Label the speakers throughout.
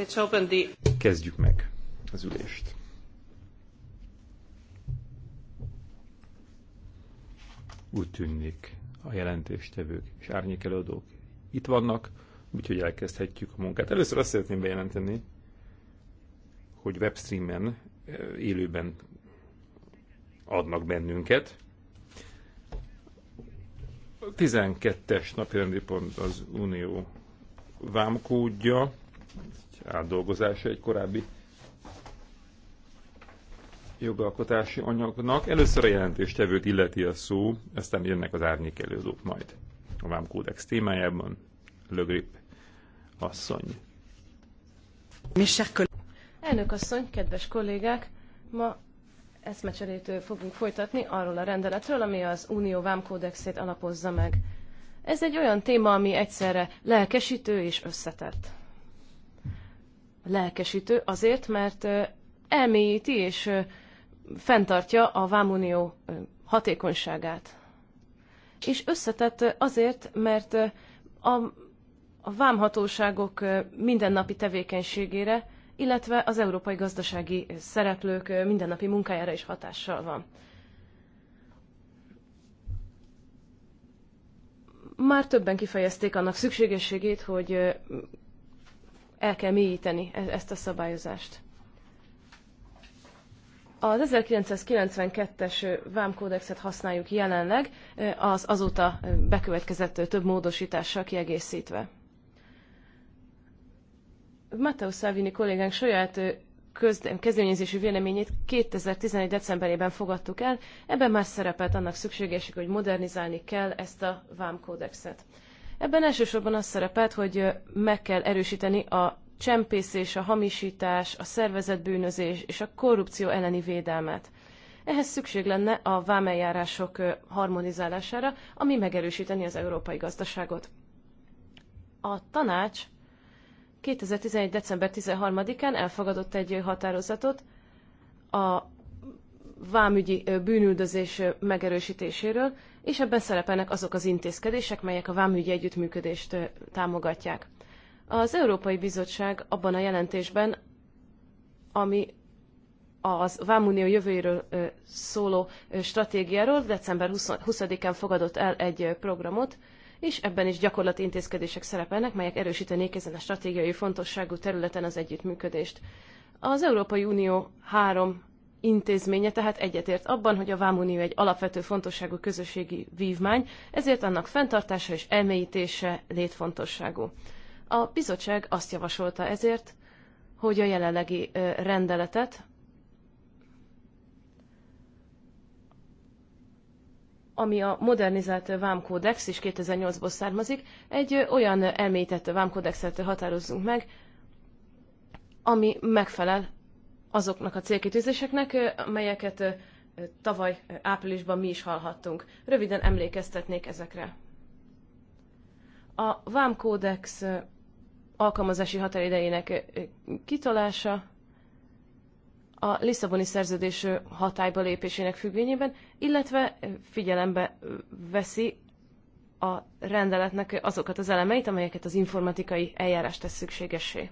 Speaker 1: Let's open the...
Speaker 2: Kezdjük meg az ülést. Úgy tűnik a jelentéstevők és árnyékelőadók itt vannak, úgyhogy elkezdhetjük a munkát. Először azt szeretném bejelenteni, hogy webstreamen eh, élőben adnak bennünket. A 12-es napi pont az Unió vámkódja, átdolgozása egy korábbi jogalkotási anyagnak. Először a jelentéstevőt illeti a szó, aztán jönnek az árnyékelőzók majd. A vámkódex témájában Lögrip asszony.
Speaker 3: Elnök asszony, kedves kollégák! Ma eszmecserétől fogunk folytatni arról a rendeletről, ami az Unió vámkódexét alapozza meg. Ez egy olyan téma, ami egyszerre lelkesítő és összetett lelkesítő, azért, mert elmélyíti és fenntartja a vámunió hatékonyságát. És összetett azért, mert a, a vámhatóságok mindennapi tevékenységére, illetve az európai gazdasági szereplők mindennapi munkájára is hatással van. Már többen kifejezték annak szükségességét, hogy el kell mélyíteni e- ezt a szabályozást. Az 1992-es vámkódexet használjuk jelenleg, az azóta bekövetkezett több módosítással kiegészítve. Matteo Salvini kollégánk saját kezdeményezésű véleményét 2011. decemberében fogadtuk el, ebben már szerepelt annak szükségeség, hogy modernizálni kell ezt a vámkódexet. Ebben elsősorban az szerepelt, hogy meg kell erősíteni a csempészés, a hamisítás, a szervezetbűnözés és a korrupció elleni védelmet. Ehhez szükség lenne a vámeljárások harmonizálására, ami megerősíteni az európai gazdaságot. A tanács 2011. december 13-án elfogadott egy határozatot a vámügyi bűnüldözés megerősítéséről, és ebben szerepelnek azok az intézkedések, melyek a vámügyi együttműködést támogatják. Az Európai Bizottság abban a jelentésben, ami az Vámunió jövőjéről szóló stratégiáról december 20-án fogadott el egy programot, és ebben is gyakorlati intézkedések szerepelnek, melyek erősítenék ezen a stratégiai fontosságú területen az együttműködést. Az Európai Unió három intézménye tehát egyetért abban, hogy a Vámunió egy alapvető fontosságú közösségi vívmány, ezért annak fenntartása és elmélyítése létfontosságú. A bizottság azt javasolta ezért, hogy a jelenlegi rendeletet, ami a modernizált vámkódex is 2008-ból származik, egy olyan elmélyített vámkódexet határozzunk meg, ami megfelel azoknak a célkitűzéseknek, amelyeket tavaly áprilisban mi is hallhattunk. Röviden emlékeztetnék ezekre. A VAM kódex alkalmazási határidejének kitolása, a Lisszaboni szerződés hatályba lépésének függvényében, illetve figyelembe veszi a rendeletnek azokat az elemeit, amelyeket az informatikai eljárás tesz szükségessé.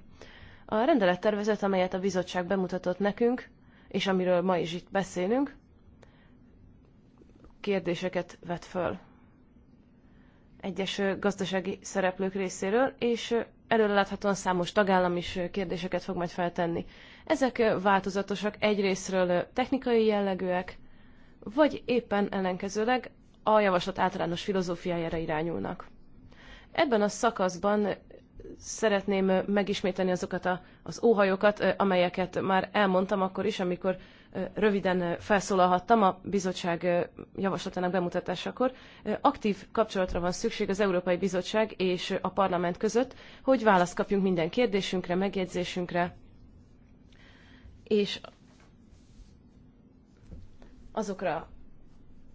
Speaker 3: A rendelettervezet, amelyet a bizottság bemutatott nekünk, és amiről ma is itt beszélünk, kérdéseket vet föl egyes gazdasági szereplők részéről, és előreláthatóan számos tagállam is kérdéseket fog majd feltenni. Ezek változatosak, egyrésztről technikai jellegűek, vagy éppen ellenkezőleg a javaslat általános filozófiájára irányulnak. Ebben a szakaszban szeretném megismételni azokat a, az óhajokat, amelyeket már elmondtam akkor is, amikor röviden felszólalhattam a bizottság javaslatának bemutatásakor. Aktív kapcsolatra van szükség az Európai Bizottság és a parlament között, hogy választ kapjunk minden kérdésünkre, megjegyzésünkre, és azokra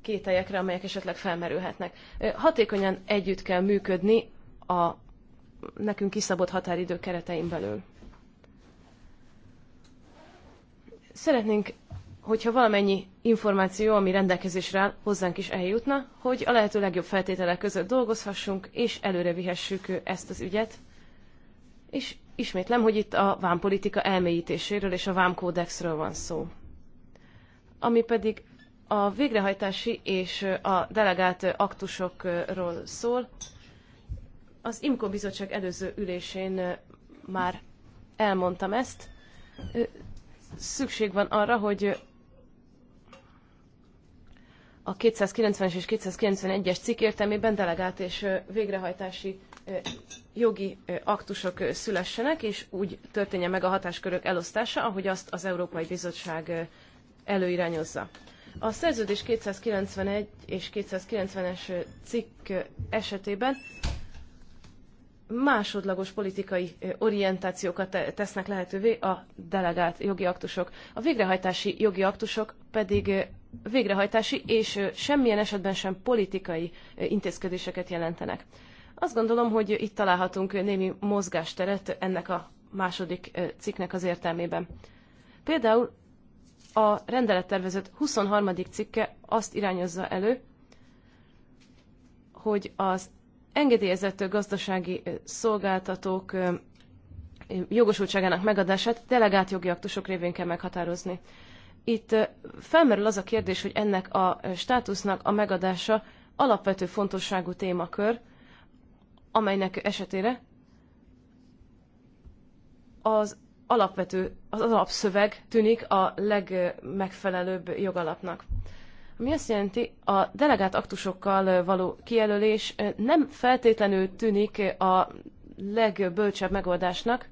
Speaker 3: kételyekre, amelyek esetleg felmerülhetnek. Hatékonyan együtt kell működni a nekünk kiszabott határidő keretein belül. Szeretnénk, hogyha valamennyi információ, ami rendelkezésre áll, hozzánk is eljutna, hogy a lehető legjobb feltételek között dolgozhassunk, és előre vihessük ezt az ügyet. És ismétlem, hogy itt a vámpolitika elmélyítéséről és a vámkódexről van szó. Ami pedig a végrehajtási és a delegált aktusokról szól, az IMKO bizottság előző ülésén már elmondtam ezt. Szükség van arra, hogy a 290-es és 291-es cikk értelmében delegált és végrehajtási jogi aktusok szülessenek, és úgy történje meg a hatáskörök elosztása, ahogy azt az Európai Bizottság előirányozza. A szerződés 291 és 290-es cikk esetében másodlagos politikai orientációkat tesznek lehetővé a delegált jogi aktusok. A végrehajtási jogi aktusok pedig végrehajtási és semmilyen esetben sem politikai intézkedéseket jelentenek. Azt gondolom, hogy itt találhatunk némi mozgásteret ennek a második cikknek az értelmében. Például a rendelettervezet 23. cikke azt irányozza elő, hogy az engedélyezett gazdasági szolgáltatók jogosultságának megadását delegált jogi aktusok révén kell meghatározni. Itt felmerül az a kérdés, hogy ennek a státusznak a megadása alapvető fontosságú témakör, amelynek esetére az alapvető, az alapszöveg tűnik a legmegfelelőbb jogalapnak ami azt jelenti, a delegált aktusokkal való kijelölés nem feltétlenül tűnik a legbölcsebb megoldásnak,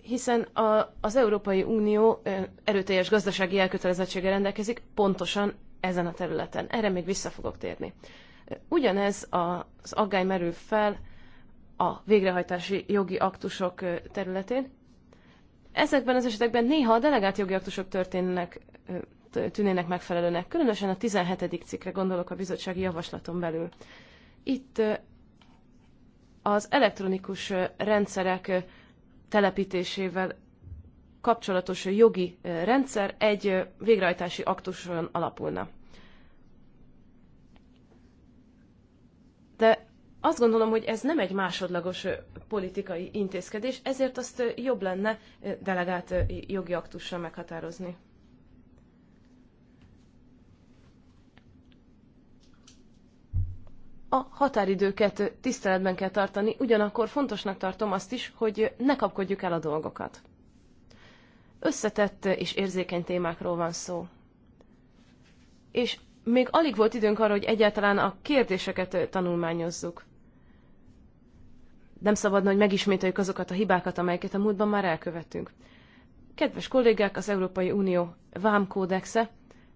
Speaker 3: hiszen a, az Európai Unió erőteljes gazdasági elkötelezettsége rendelkezik pontosan ezen a területen. Erre még vissza fogok térni. Ugyanez az aggály merül fel a végrehajtási jogi aktusok területén, Ezekben az esetekben néha a delegált jogi aktusok történnek, tűnének megfelelőnek, különösen a 17. cikkre gondolok a bizottsági javaslaton belül. Itt az elektronikus rendszerek telepítésével kapcsolatos jogi rendszer egy végrehajtási aktuson alapulna. De azt gondolom, hogy ez nem egy másodlagos politikai intézkedés, ezért azt jobb lenne delegált jogi aktussal meghatározni. A határidőket tiszteletben kell tartani, ugyanakkor fontosnak tartom azt is, hogy ne kapkodjuk el a dolgokat. Összetett és érzékeny témákról van szó. És még alig volt időnk arra, hogy egyáltalán a kérdéseket tanulmányozzuk. Nem szabadna, hogy megismételjük azokat a hibákat, amelyeket a múltban már elkövettünk. Kedves kollégák, az Európai Unió vámkódexe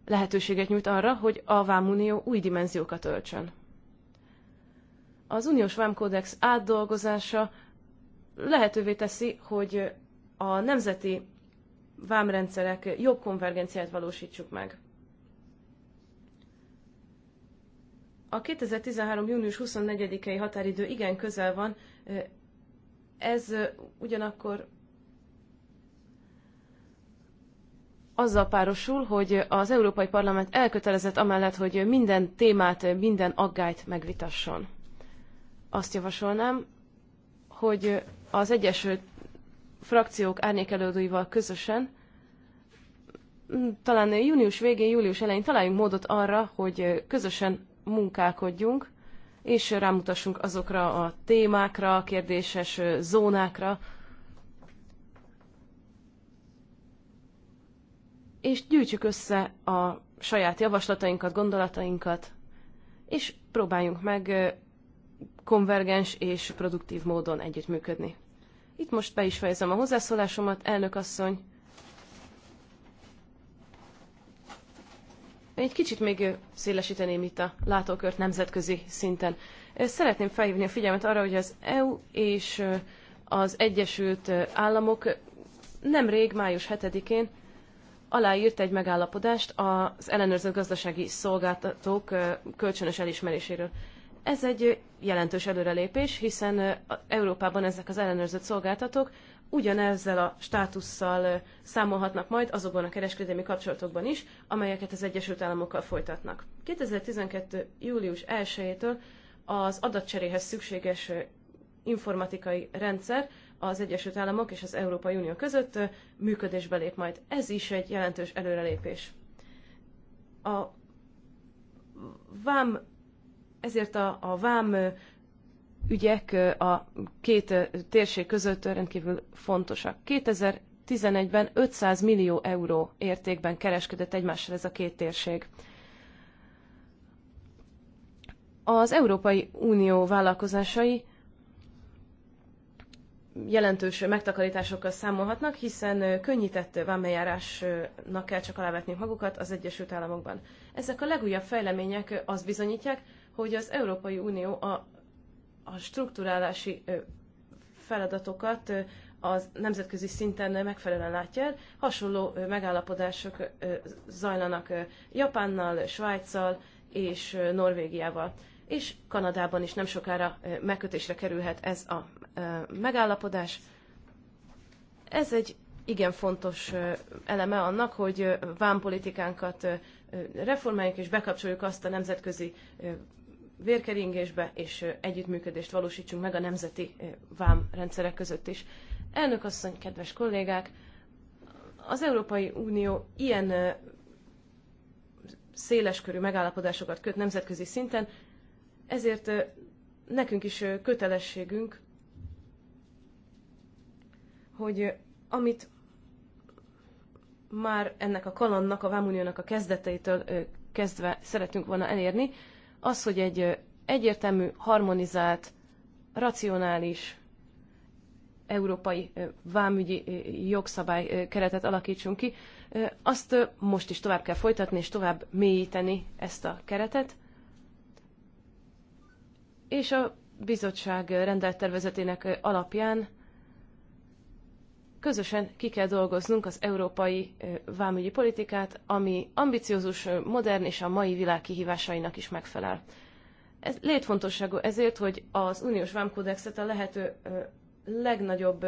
Speaker 3: lehetőséget nyújt arra, hogy a vámunió új dimenziókat öltsön. Az uniós vámkódex átdolgozása lehetővé teszi, hogy a nemzeti vámrendszerek jobb konvergenciát valósítsuk meg. A 2013. június 24-i határidő igen közel van, ez ugyanakkor azzal párosul, hogy az Európai Parlament elkötelezett amellett, hogy minden témát, minden aggályt megvitasson. Azt javasolnám, hogy az egyes frakciók árnyékelődőival közösen talán június végén, július elején találjunk módot arra, hogy közösen munkálkodjunk, és rámutassunk azokra a témákra, a kérdéses zónákra, és gyűjtsük össze a saját javaslatainkat, gondolatainkat, és próbáljunk meg konvergens és produktív módon együttműködni. Itt most be is fejezem a hozzászólásomat, elnök asszony, Egy kicsit még szélesíteném itt a látókört nemzetközi szinten. Szeretném felhívni a figyelmet arra, hogy az EU és az Egyesült Államok nemrég, május 7-én aláírt egy megállapodást az ellenőrzött gazdasági szolgáltatók kölcsönös elismeréséről. Ez egy jelentős előrelépés, hiszen Európában ezek az ellenőrzött szolgáltatók ugyanezzel a státusszal számolhatnak majd azokban a kereskedelmi kapcsolatokban is, amelyeket az Egyesült Államokkal folytatnak. 2012. július 1-től az adatcseréhez szükséges informatikai rendszer az Egyesült Államok és az Európai Unió között működésbe lép majd. Ez is egy jelentős előrelépés. A vám, ezért a, a vám ügyek a két térség között rendkívül fontosak. 2011-ben 500 millió euró értékben kereskedett egymással ez a két térség. Az Európai Unió vállalkozásai jelentős megtakarításokkal számolhatnak, hiszen könnyített vámeljárásnak kell csak alávetni magukat az Egyesült Államokban. Ezek a legújabb fejlemények azt bizonyítják, hogy az Európai Unió a a strukturálási feladatokat az nemzetközi szinten megfelelően látja el. Hasonló megállapodások zajlanak Japánnal, Svájccal és Norvégiával. És Kanadában is nem sokára megkötésre kerülhet ez a megállapodás. Ez egy igen fontos eleme annak, hogy vámpolitikánkat reformáljuk és bekapcsoljuk azt a nemzetközi vérkeringésbe, és együttműködést valósítsunk meg a nemzeti vámrendszerek között is. Elnök asszony, kedves kollégák, az Európai Unió ilyen széleskörű megállapodásokat köt nemzetközi szinten, ezért nekünk is kötelességünk, hogy amit már ennek a kalannak, a Vámuniónak a kezdeteitől kezdve szeretünk volna elérni, az, hogy egy egyértelmű, harmonizált, racionális európai vámügyi jogszabály keretet alakítsunk ki, azt most is tovább kell folytatni, és tovább mélyíteni ezt a keretet. És a bizottság rendelttervezetének alapján közösen ki kell dolgoznunk az európai vámügyi politikát, ami ambiciózus, modern és a mai világ kihívásainak is megfelel. Ez létfontosságú ezért, hogy az uniós vámkódexet a lehető legnagyobb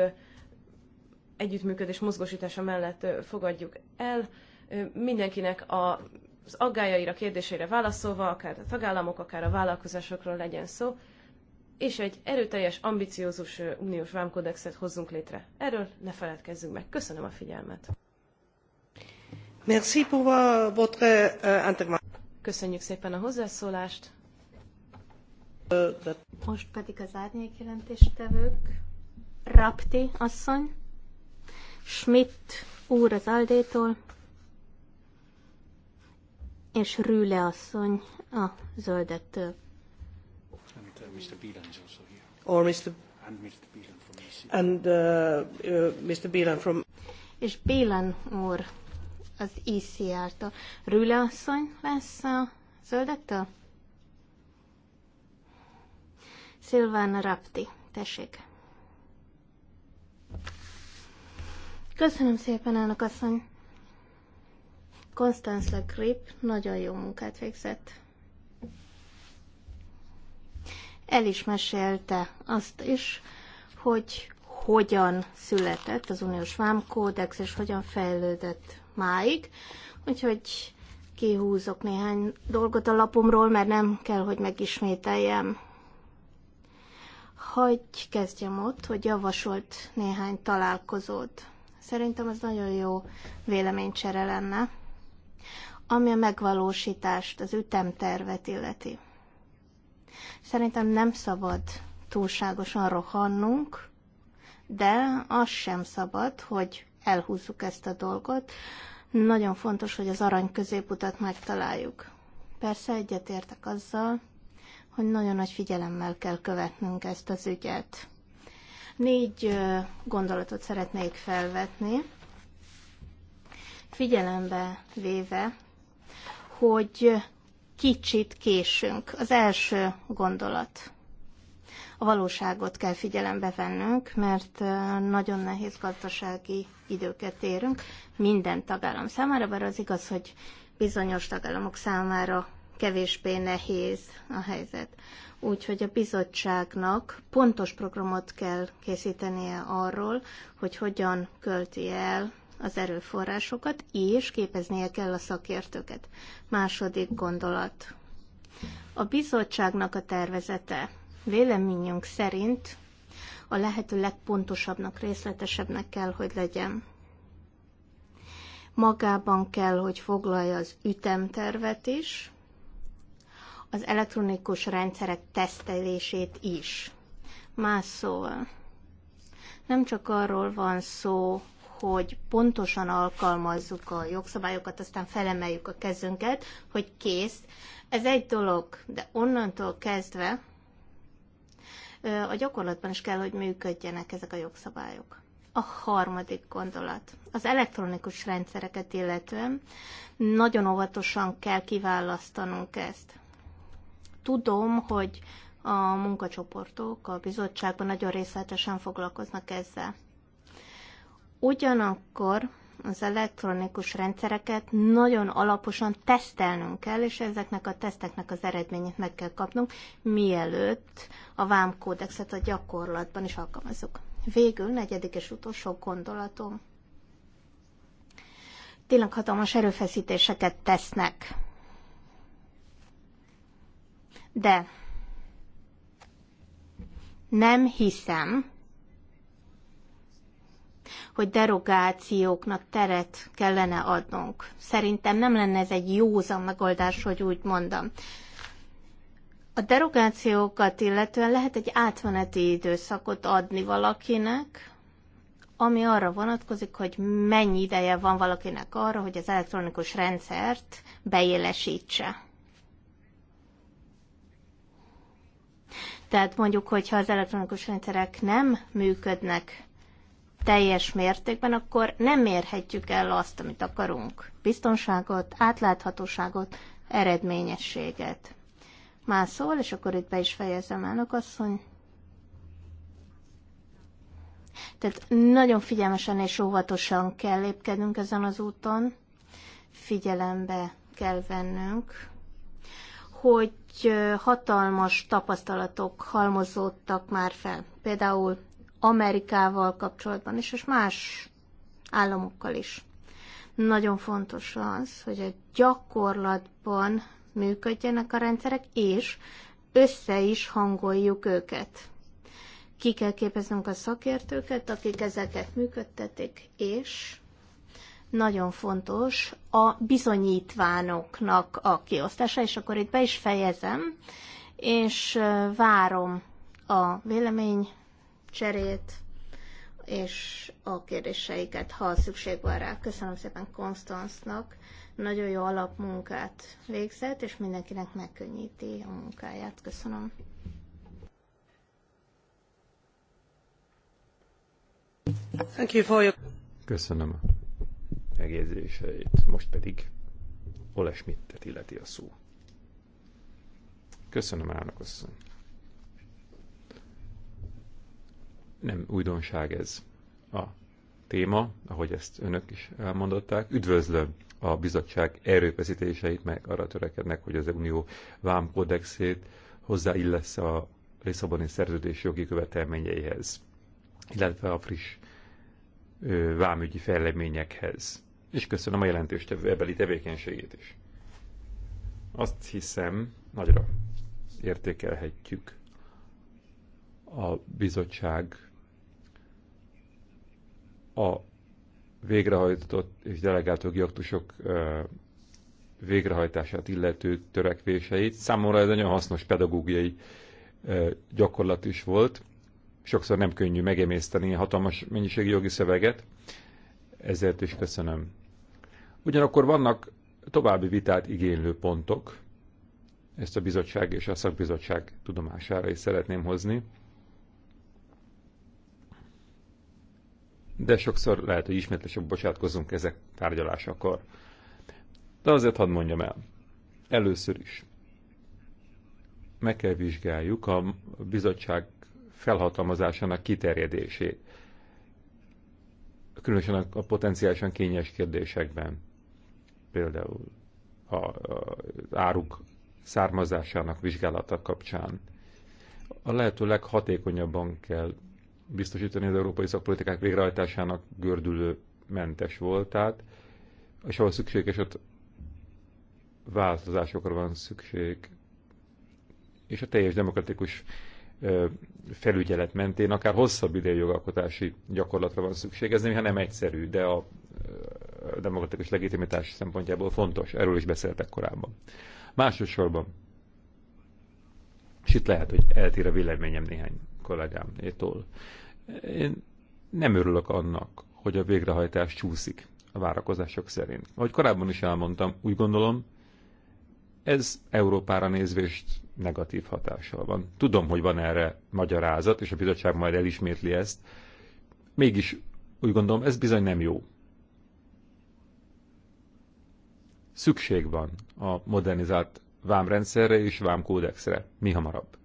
Speaker 3: együttműködés mozgósítása mellett fogadjuk el, mindenkinek az aggájaira, kérdéseire válaszolva, akár a tagállamok, akár a vállalkozásokról legyen szó, és egy erőteljes, ambiciózus uniós vámkodexet hozzunk létre. Erről ne feledkezzünk meg. Köszönöm a figyelmet. Merci pour euh, votre euh, intervention. Köszönjük
Speaker 1: szépen a hozzászólást. Most pedig az árnyék jelentéstevők. Rapti asszony, Schmidt úr az Aldétól, és Rüle asszony a zöldettől.
Speaker 4: Mr. Beelan is also here. Or Mr. And Mr. Beelan from EC. And
Speaker 1: uh, uh, Mr. Beelan from... És Bélan úr az ICR-től. E Rüle asszony lesz a zöldektől? Szilván Rapti, tessék. Köszönöm szépen, elnök asszony. Konstanz Le Grip nagyon jó munkát végzett. el is mesélte azt is, hogy hogyan született az uniós vámkódex, és hogyan fejlődött máig. Úgyhogy kihúzok néhány dolgot a lapomról, mert nem kell, hogy megismételjem. Hagy kezdjem ott, hogy javasolt néhány találkozót. Szerintem ez nagyon jó véleménycsere lenne, ami a megvalósítást, az ütemtervet illeti. Szerintem nem szabad túlságosan rohannunk, de az sem szabad, hogy elhúzzuk ezt a dolgot. Nagyon fontos, hogy az arany középutat megtaláljuk. Persze egyetértek azzal, hogy nagyon nagy figyelemmel kell követnünk ezt az ügyet. Négy gondolatot szeretnék felvetni, figyelembe véve, hogy kicsit késünk. Az első gondolat. A valóságot kell figyelembe vennünk, mert nagyon nehéz gazdasági időket érünk minden tagállam számára, bár az igaz, hogy bizonyos tagállamok számára kevésbé nehéz a helyzet. Úgyhogy a bizottságnak pontos programot kell készítenie arról, hogy hogyan költi el az erőforrásokat, és képeznie kell a szakértőket. Második gondolat. A bizottságnak a tervezete véleményünk szerint a lehető legpontosabbnak, részletesebbnek kell, hogy legyen. Magában kell, hogy foglalja az ütemtervet is, az elektronikus rendszerek tesztelését is. Más szóval, nem csak arról van szó, hogy pontosan alkalmazzuk a jogszabályokat, aztán felemeljük a kezünket, hogy kész. Ez egy dolog, de onnantól kezdve a gyakorlatban is kell, hogy működjenek ezek a jogszabályok. A harmadik gondolat. Az elektronikus rendszereket illetően nagyon óvatosan kell kiválasztanunk ezt. Tudom, hogy a munkacsoportok a bizottságban nagyon részletesen foglalkoznak ezzel. Ugyanakkor az elektronikus rendszereket nagyon alaposan tesztelnünk kell, és ezeknek a teszteknek az eredményét meg kell kapnunk, mielőtt a vámkódexet a gyakorlatban is alkalmazzuk. Végül, negyedik és utolsó gondolatom. Tényleg hatalmas erőfeszítéseket tesznek. De nem hiszem, hogy derogációknak teret kellene adnunk. Szerintem nem lenne ez egy józan megoldás, hogy úgy mondom. A derogációkat illetően lehet egy átmeneti időszakot adni valakinek, ami arra vonatkozik, hogy mennyi ideje van valakinek arra, hogy az elektronikus rendszert beélesítse. Tehát mondjuk, hogyha az elektronikus rendszerek nem működnek teljes mértékben, akkor nem mérhetjük el azt, amit akarunk. Biztonságot, átláthatóságot, eredményességet. Más szól, és akkor itt be is fejezem, elnök asszony. Tehát nagyon figyelmesen és óvatosan kell lépkednünk ezen az úton, figyelembe kell vennünk, hogy hatalmas tapasztalatok halmozódtak már fel. Például Amerikával kapcsolatban is, és más államokkal is. Nagyon fontos az, hogy a gyakorlatban működjenek a rendszerek, és össze is hangoljuk őket. Ki kell képeznünk a szakértőket, akik ezeket működtetik, és nagyon fontos a bizonyítványoknak, a kiosztása, és akkor itt be is fejezem, és várom a vélemény cserét, és a kérdéseiket, ha szükség van rá. Köszönöm szépen Konstanznak, nagyon jó alapmunkát végzett, és mindenkinek megkönnyíti a munkáját. Köszönöm.
Speaker 3: Thank you for
Speaker 2: your... Köszönöm megjegyzéseit. Most pedig Ole Schmidtet illeti a szó. Köszönöm, elnök asszony. nem újdonság ez a téma, ahogy ezt önök is elmondották. Üdvözlöm a bizottság erőfeszítéseit, meg arra törekednek, hogy az Unió vámkódexét hozzáillesz a Lisszaboni szerződés jogi követelményeihez, illetve a friss ö, vámügyi fejleményekhez. És köszönöm a jelentős ebeli tevékenységét is. Azt hiszem, nagyra értékelhetjük a bizottság a végrehajtott és delegált jogi aktusok végrehajtását illető törekvéseit. Számomra ez egy nagyon hasznos pedagógiai gyakorlat is volt. Sokszor nem könnyű megemészteni hatalmas mennyiségű jogi szöveget, ezért is köszönöm. Ugyanakkor vannak további vitát igénylő pontok, ezt a bizottság és a szakbizottság tudomására is szeretném hozni. de sokszor lehet, hogy ismétlesen bocsátkozunk ezek tárgyalásakor. De azért hadd mondjam el. Először is meg kell vizsgáljuk a bizottság felhatalmazásának kiterjedését. Különösen a, potenciálisan kényes kérdésekben. Például a, az áruk származásának vizsgálata kapcsán. A lehető leghatékonyabban kell biztosítani az európai szakpolitikák végrehajtásának gördülő mentes voltát, és ahol szükséges, ott változásokra van szükség. És a teljes demokratikus felügyelet mentén akár hosszabb idejű jogalkotási gyakorlatra van szükség. Ez nem, nem egyszerű, de a demokratikus legitimitás szempontjából fontos. Erről is beszéltek korábban. Másodszorban, és itt lehet, hogy eltér a véleményem néhány kollégámtól. Én nem örülök annak, hogy a végrehajtás csúszik a várakozások szerint. Ahogy korábban is elmondtam, úgy gondolom, ez Európára nézvést negatív hatással van. Tudom, hogy van erre magyarázat, és a bizottság majd elismétli ezt. Mégis úgy gondolom, ez bizony nem jó. Szükség van a modernizált vámrendszerre és vámkódexre, mi hamarabb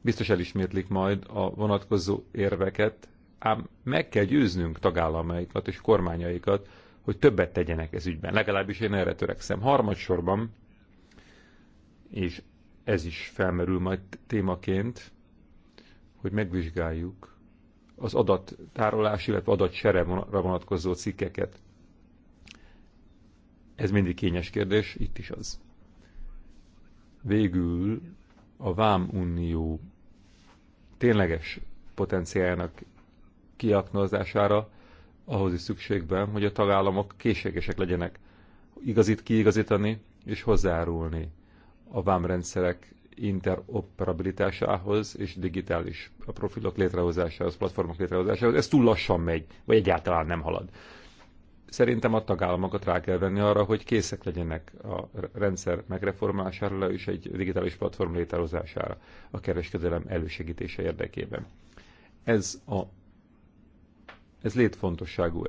Speaker 2: biztos elismétlik majd a vonatkozó érveket, ám meg kell győznünk tagállamaikat és kormányaikat, hogy többet tegyenek ez ügyben. Legalábbis én erre törekszem. Harmadsorban, és ez is felmerül majd témaként, hogy megvizsgáljuk az adattárolás, illetve adatseremre vonatkozó cikkeket. Ez mindig kényes kérdés, itt is az. Végül a Vám Unió tényleges potenciájának kiaknozására ahhoz is szükségben, hogy a tagállamok készségesek legyenek igazít kiigazítani és hozzárulni a vámrendszerek interoperabilitásához és digitális a profilok létrehozásához, platformok létrehozásához. Ez túl lassan megy, vagy egyáltalán nem halad szerintem a tagállamokat rá kell venni arra, hogy készek legyenek a rendszer megreformására és egy digitális platform létrehozására a kereskedelem elősegítése érdekében. Ez, a, ez létfontosságú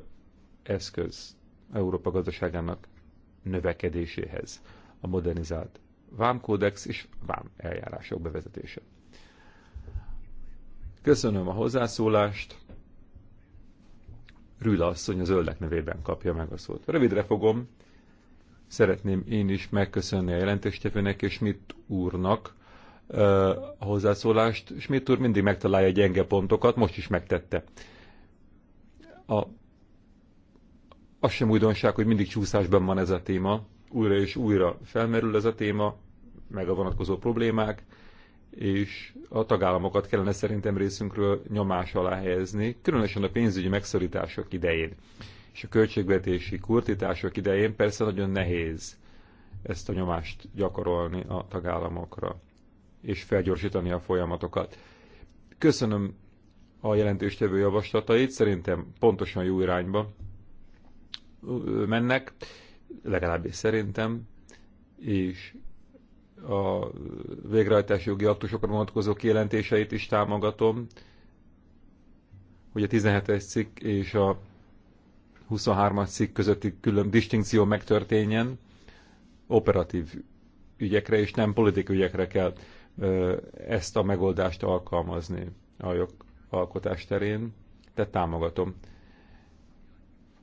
Speaker 2: eszköz Európa gazdaságának növekedéséhez, a modernizált vámkódex és vám eljárások bevezetése. Köszönöm a hozzászólást! Rüla asszony az öldek nevében kapja meg a szót. Rövidre fogom. Szeretném én is megköszönni a jelentéstevőnek és Schmidt úrnak a hozzászólást. Schmidt úr mindig megtalálja gyenge pontokat, most is megtette. A, az sem újdonság, hogy mindig csúszásban van ez a téma. Újra és újra felmerül ez a téma, meg a vonatkozó problémák és a tagállamokat kellene szerintem részünkről nyomás alá helyezni, különösen a pénzügyi megszorítások idején és a költségvetési kurtítások idején persze nagyon nehéz ezt a nyomást gyakorolni a tagállamokra, és felgyorsítani a folyamatokat. Köszönöm a jelentéstevő javaslatait, szerintem pontosan jó irányba mennek, legalábbis szerintem, és a végrehajtási jogi aktusokra vonatkozó kijelentéseit is támogatom, hogy a 17-es cikk és a 23-as cikk közötti külön distinkció megtörténjen, operatív ügyekre és nem politikai ügyekre kell ezt a megoldást alkalmazni a jogalkotás terén, tehát támogatom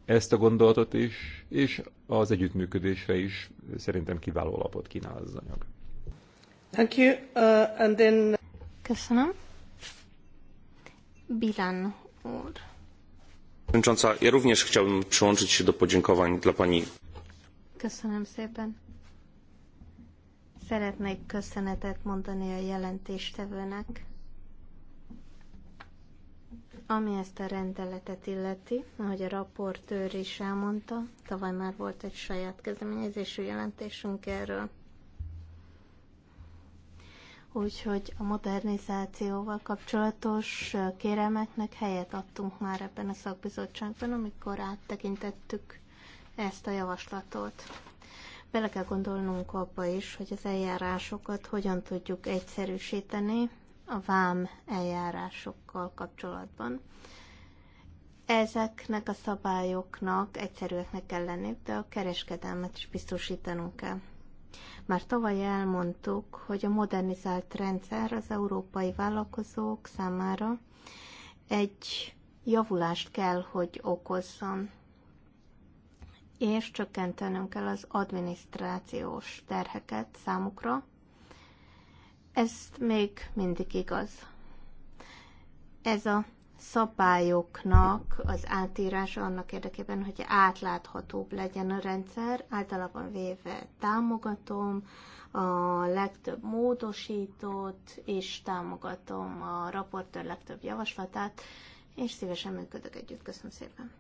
Speaker 2: ezt a gondolatot is, és az együttműködésre is szerintem kiváló lapot kínál az anyag.
Speaker 1: Uh, Köszönöm. Bilan úr.
Speaker 2: Przewodnicząca, ja również chciałbym przyłączyć się do podziękowań dla Pani.
Speaker 1: Köszönöm szépen. Szeretnék köszönetet mondani a jelentéstevőnek, ami ezt a rendeletet illeti, ahogy a raportőr is elmondta, tavaly már volt egy saját kezdeményezésű jelentésünk erről úgyhogy a modernizációval kapcsolatos kérelmeknek helyet adtunk már ebben a szakbizottságban, amikor áttekintettük ezt a javaslatot. Bele kell gondolnunk abba is, hogy az eljárásokat hogyan tudjuk egyszerűsíteni a vám eljárásokkal kapcsolatban. Ezeknek a szabályoknak egyszerűeknek kell lenni, de a kereskedelmet is biztosítanunk kell. Már tavaly elmondtuk, hogy a modernizált rendszer az európai vállalkozók számára egy javulást kell, hogy okozzon, és csökkentenünk kell az adminisztrációs terheket számukra. Ez még mindig igaz. Ez a szabályoknak az átírása annak érdekében, hogy átláthatóbb legyen a rendszer. Általában véve támogatom a legtöbb módosítót, és támogatom a raportőr legtöbb javaslatát, és szívesen működök együtt. Köszönöm szépen.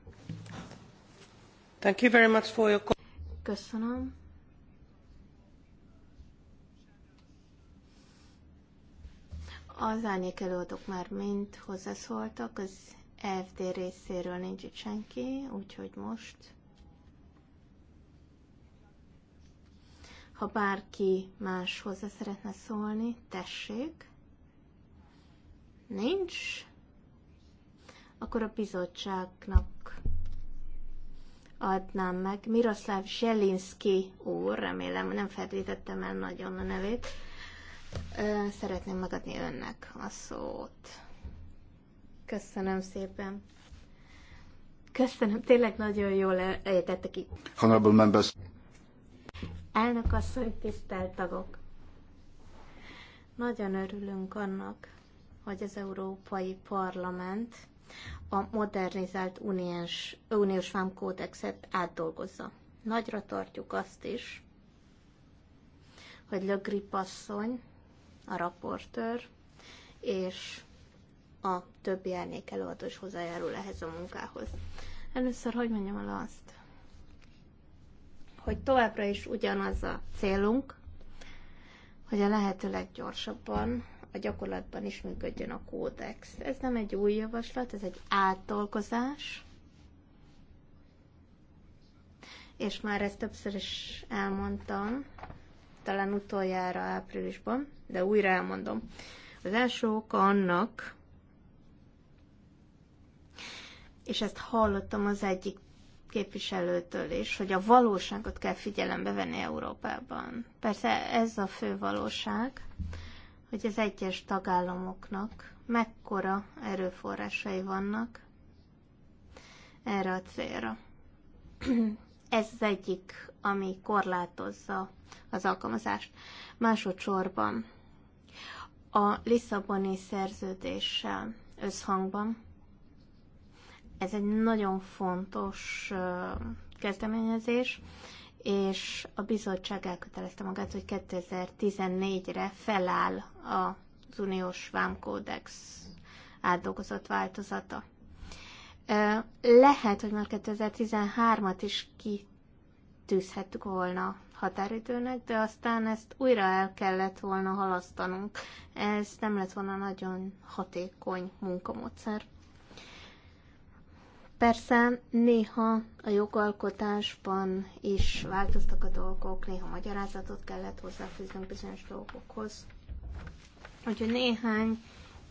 Speaker 1: Thank you very much for your... Köszönöm. Az árnyék előadók már mind hozzászóltak, az EFD részéről nincs itt senki, úgyhogy most... Ha bárki más hozzá szeretne szólni, tessék. Nincs. Akkor a bizottságnak adnám meg. Miroslav Zselinski úr, remélem nem fedítettem el nagyon a nevét Szeretném megadni önnek a szót. Köszönöm szépen. Köszönöm, tényleg nagyon jól ejtette ki.
Speaker 3: Honorable members.
Speaker 1: Elnök asszony, tisztelt tagok. Nagyon örülünk annak, hogy az Európai Parlament a modernizált uniós, uniós vámkódexet átdolgozza. Nagyra tartjuk azt is, hogy Le Grip asszony a raportőr, és a többi elnék előadó is hozzájárul ehhez a munkához. Először, hogy mondjam el azt, hogy továbbra is ugyanaz a célunk, hogy a lehető leggyorsabban a gyakorlatban is működjön a kódex. Ez nem egy új javaslat, ez egy átdolgozás, és már ezt többször is elmondtam, talán utoljára áprilisban, de újra elmondom. Az első oka annak, és ezt hallottam az egyik képviselőtől is, hogy a valóságot kell figyelembe venni Európában. Persze ez a fő valóság, hogy az egyes tagállamoknak mekkora erőforrásai vannak erre a célra. Ez az egyik, ami korlátozza az alkalmazást. Másodszorban a Lisszaboni szerződéssel összhangban ez egy nagyon fontos kezdeményezés, és a bizottság elkötelezte magát, hogy 2014-re feláll az uniós vámkódex átdolgozott változata. Lehet, hogy már 2013-at is kitűzhettük volna határidőnek, de aztán ezt újra el kellett volna halasztanunk. Ez nem lett volna nagyon hatékony munkamódszer. Persze néha a jogalkotásban is változtak a dolgok, néha magyarázatot kellett hozzáfűznünk bizonyos dolgokhoz. Úgyhogy néhány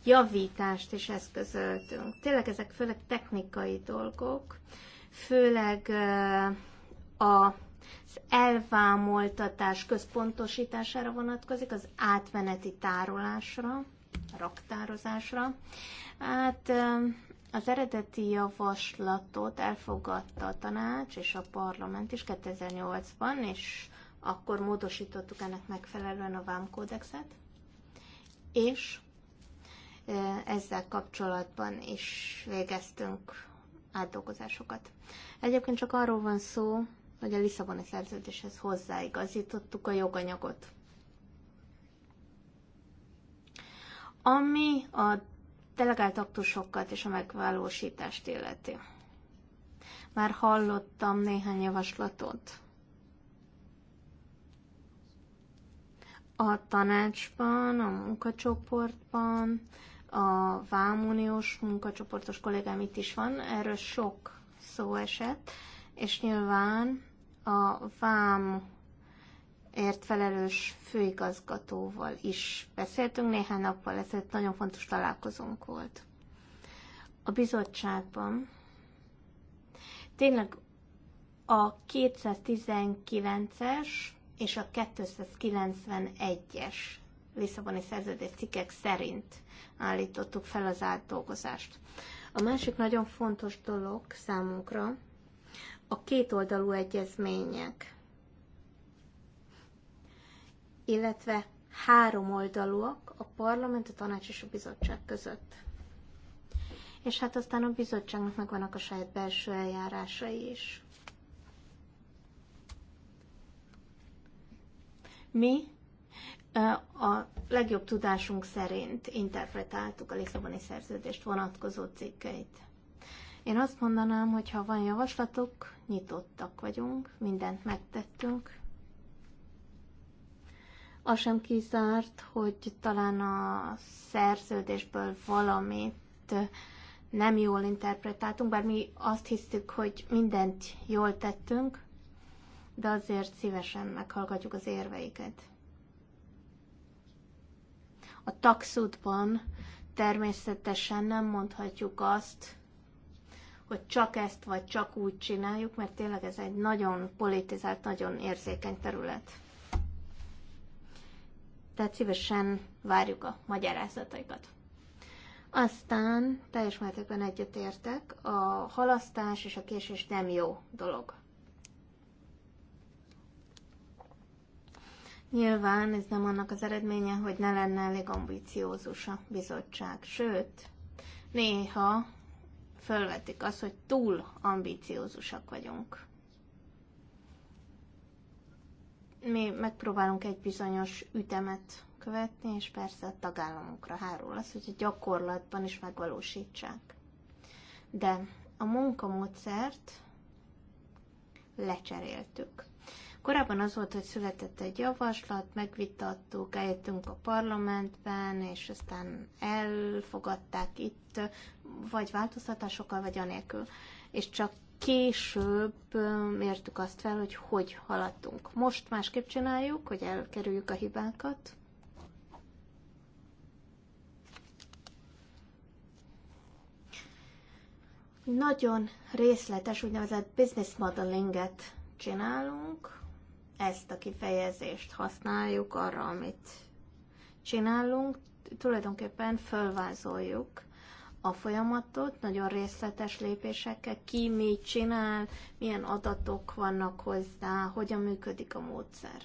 Speaker 1: javítást is eszközöltünk. Tényleg ezek főleg technikai dolgok, főleg a az elvámoltatás központosítására vonatkozik, az átmeneti tárolásra, raktározásra. Hát az eredeti javaslatot elfogadta a tanács és a parlament is 2008-ban, és akkor módosítottuk ennek megfelelően a vámkódexet, és ezzel kapcsolatban is végeztünk átdolgozásokat. Egyébként csak arról van szó, hogy a Lisszaboni szerződéshez hozzáigazítottuk a joganyagot. Ami a delegált aktusokat és a megvalósítást illeti. Már hallottam néhány javaslatot. A tanácsban, a munkacsoportban, a Vámuniós munkacsoportos kollégám itt is van, erről sok szó esett, és nyilván a vám ért felelős főigazgatóval is beszéltünk néhány nappal ezelőtt, nagyon fontos találkozónk volt. A bizottságban tényleg a 219-es és a 291-es Lisszaboni szerződés cikkek szerint állítottuk fel az átdolgozást. A másik nagyon fontos dolog számunkra, a kétoldalú egyezmények, illetve háromoldalúak a parlament, a tanács és a bizottság között. És hát aztán a bizottságnak megvannak a saját belső eljárásai is. Mi a legjobb tudásunk szerint interpretáltuk a Lisszaboni szerződést vonatkozó cikkeit. Én azt mondanám, hogy ha van javaslatok, nyitottak vagyunk, mindent megtettünk. Az sem kizárt, hogy talán a szerződésből valamit nem jól interpretáltunk, bár mi azt hisztük, hogy mindent jól tettünk, de azért szívesen meghallgatjuk az érveiket. A taxutban természetesen nem mondhatjuk azt, hogy csak ezt vagy csak úgy csináljuk, mert tényleg ez egy nagyon politizált, nagyon érzékeny terület. Tehát szívesen várjuk a magyarázataikat. Aztán teljes mértékben egyetértek, a halasztás és a késés nem jó dolog. Nyilván ez nem annak az eredménye, hogy ne lenne elég ambiciózus a bizottság, sőt, néha felvetik azt, hogy túl ambiciózusak vagyunk. Mi megpróbálunk egy bizonyos ütemet követni, és persze a tagállamokra hárul az, hogy a gyakorlatban is megvalósítsák. De a munkamódszert lecseréltük. Korábban az volt, hogy született egy javaslat, megvitattuk, eljöttünk a parlamentben, és aztán elfogadták itt, vagy változtatásokkal, vagy anélkül. És csak később mértük azt fel, hogy hogy haladtunk. Most másképp csináljuk, hogy elkerüljük a hibákat. Nagyon részletes úgynevezett business modeling-et csinálunk, ezt a kifejezést használjuk arra, amit csinálunk, tulajdonképpen fölvázoljuk a folyamatot, nagyon részletes lépésekkel, ki mit csinál, milyen adatok vannak hozzá, hogyan működik a módszer.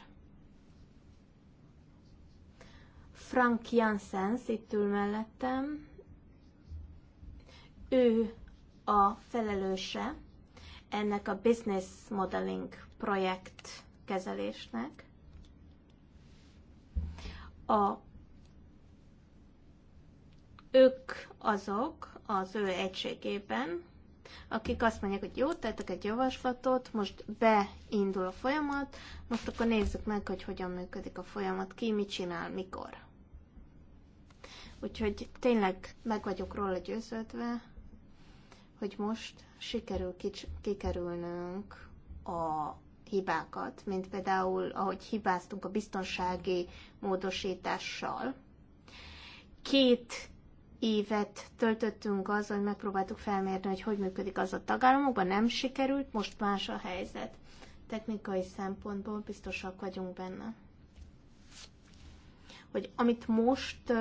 Speaker 1: Frank Janssens itt ül mellettem, ő a felelőse ennek a business modeling projekt kezelésnek. A, ők azok az ő egységében, akik azt mondják, hogy jó, tettek egy javaslatot, most beindul a folyamat, most akkor nézzük meg, hogy hogyan működik a folyamat, ki mit csinál, mikor. Úgyhogy tényleg meg vagyok róla győződve, hogy most sikerül kics- kikerülnünk a hibákat, mint például, ahogy hibáztunk a biztonsági módosítással. Két évet töltöttünk az, hogy megpróbáltuk felmérni, hogy hogy működik az a tagállamokban, nem sikerült, most más a helyzet. Technikai szempontból biztosak vagyunk benne. Hogy amit most uh,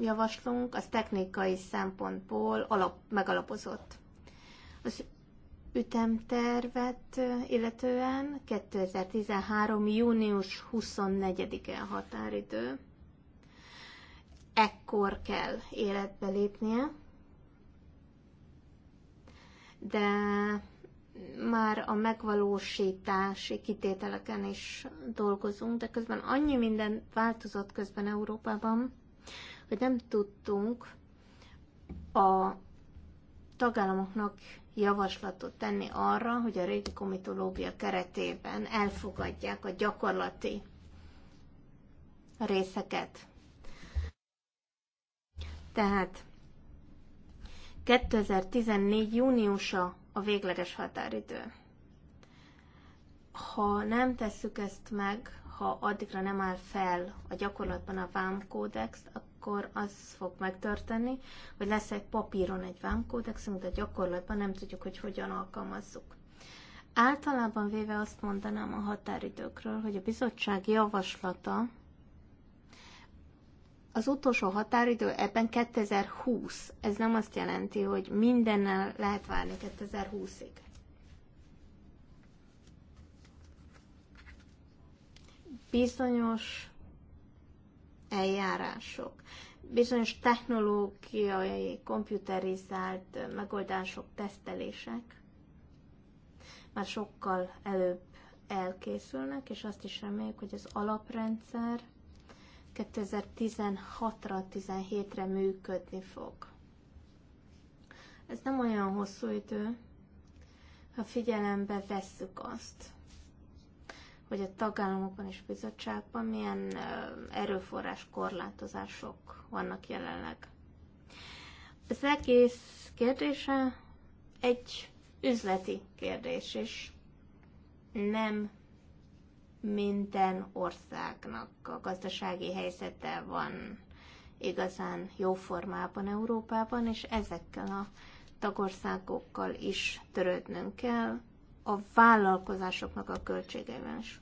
Speaker 1: javaslunk, az technikai szempontból alap, megalapozott. Az ütemtervet illetően 2013. június 24-e a határidő. Ekkor kell életbe lépnie, de már a megvalósítási kitételeken is dolgozunk, de közben annyi minden változott közben Európában, hogy nem tudtunk a tagállamoknak javaslatot tenni arra, hogy a régi komitológia keretében elfogadják a gyakorlati részeket. Tehát 2014. júniusa a végleges határidő. Ha nem tesszük ezt meg, ha addigra nem áll fel a gyakorlatban a vámkódex, akkor az fog megtörténni, hogy lesz egy papíron egy vámkódexünk, de gyakorlatban nem tudjuk, hogy hogyan alkalmazzuk. Általában véve azt mondanám a határidőkről, hogy a bizottság javaslata az utolsó határidő ebben 2020. Ez nem azt jelenti, hogy mindennel lehet várni 2020-ig. Bizonyos eljárások, bizonyos technológiai, komputerizált megoldások, tesztelések már sokkal előbb elkészülnek, és azt is reméljük, hogy az alaprendszer 2016-ra, 17-re működni fog. Ez nem olyan hosszú idő, ha figyelembe vesszük azt, hogy a tagállamokban és bizottságban milyen erőforrás korlátozások vannak jelenleg. Az egész kérdése egy üzleti kérdés is. Nem minden országnak a gazdasági helyzete van igazán jó formában Európában, és ezekkel a tagországokkal is törődnünk kell, a vállalkozásoknak a költségeivel is.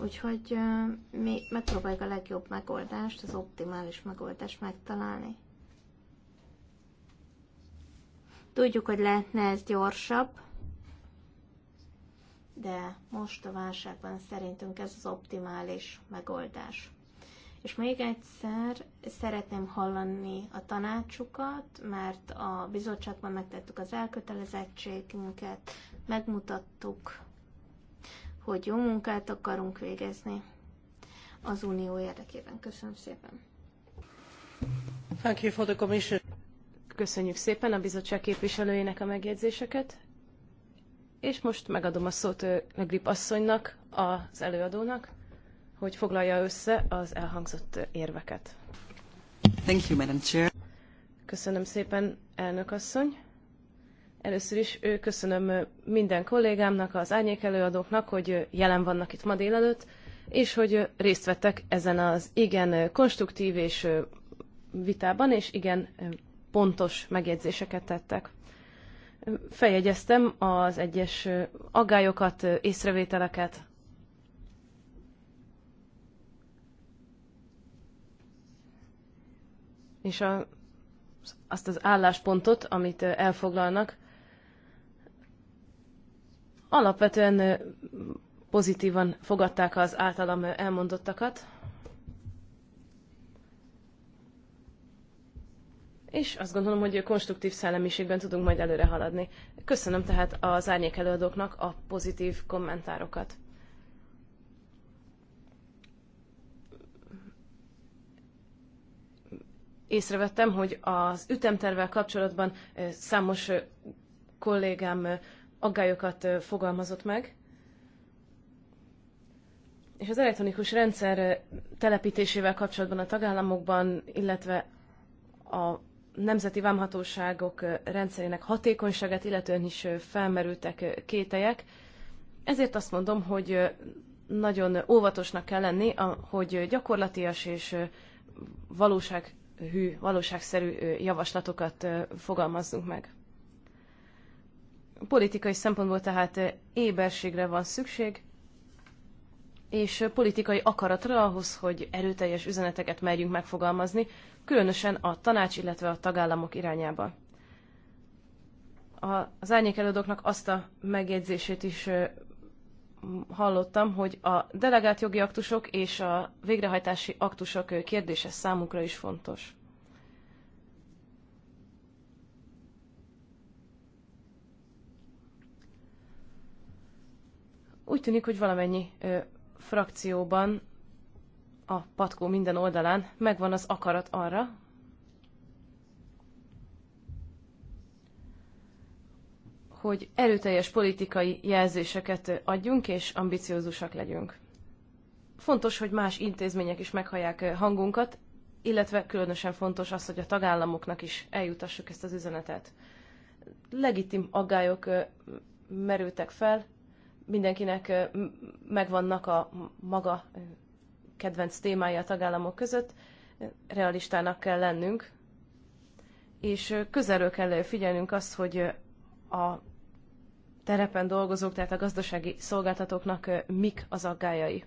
Speaker 1: Úgyhogy mi megpróbáljuk a legjobb megoldást, az optimális megoldást megtalálni. Tudjuk, hogy lehetne ez gyorsabb, de most a válságban szerintünk ez az optimális megoldás. És még egyszer szeretném hallani a tanácsukat, mert a bizottságban megtettük az elkötelezettségünket, megmutattuk, hogy jó munkát akarunk végezni az unió érdekében. Köszönöm szépen.
Speaker 3: Thank you for the commission. Köszönjük szépen a bizottság képviselőjének a megjegyzéseket. És most megadom a szót Grip asszonynak, az előadónak hogy foglalja össze az elhangzott érveket.
Speaker 4: Thank you, Madam Chair.
Speaker 3: Köszönöm szépen, elnök asszony. Először is köszönöm minden kollégámnak, az árnyék előadóknak, hogy jelen vannak itt ma délelőtt, és hogy részt vettek ezen az igen konstruktív és vitában, és igen pontos megjegyzéseket tettek. Feljegyeztem az egyes aggályokat, észrevételeket, és a, azt az álláspontot, amit elfoglalnak, alapvetően pozitívan fogadták az általam elmondottakat, és azt gondolom, hogy konstruktív szellemiségben tudunk majd előre haladni. Köszönöm tehát az árnyék előadóknak a pozitív kommentárokat. észrevettem, hogy az ütemtervel kapcsolatban számos kollégám aggályokat fogalmazott meg, és az elektronikus rendszer telepítésével kapcsolatban a tagállamokban, illetve a nemzeti vámhatóságok rendszerének hatékonyságát, illetően is felmerültek kételyek. Ezért azt mondom, hogy nagyon óvatosnak kell lenni, hogy gyakorlatias és valóság hű, valóságszerű javaslatokat fogalmazzunk meg. Politikai szempontból tehát éberségre van szükség, és politikai akaratra ahhoz, hogy erőteljes üzeneteket merjünk megfogalmazni, különösen a tanács, illetve a tagállamok irányába. Az árnyék azt a megjegyzését is hallottam, hogy a delegált jogi aktusok és a végrehajtási aktusok kérdése számukra is fontos. Úgy tűnik, hogy valamennyi ö, frakcióban a patkó minden oldalán megvan az akarat arra, hogy erőteljes politikai jelzéseket adjunk és ambiciózusak legyünk. Fontos, hogy más intézmények is meghallják hangunkat, illetve különösen fontos az, hogy a tagállamoknak is eljutassuk ezt az üzenetet. Legitim aggályok merültek fel, mindenkinek megvannak a maga kedvenc témája a tagállamok között, realistának kell lennünk, és közelről kell figyelnünk azt, hogy a terepen dolgozók, tehát a gazdasági szolgáltatóknak mik az aggályai.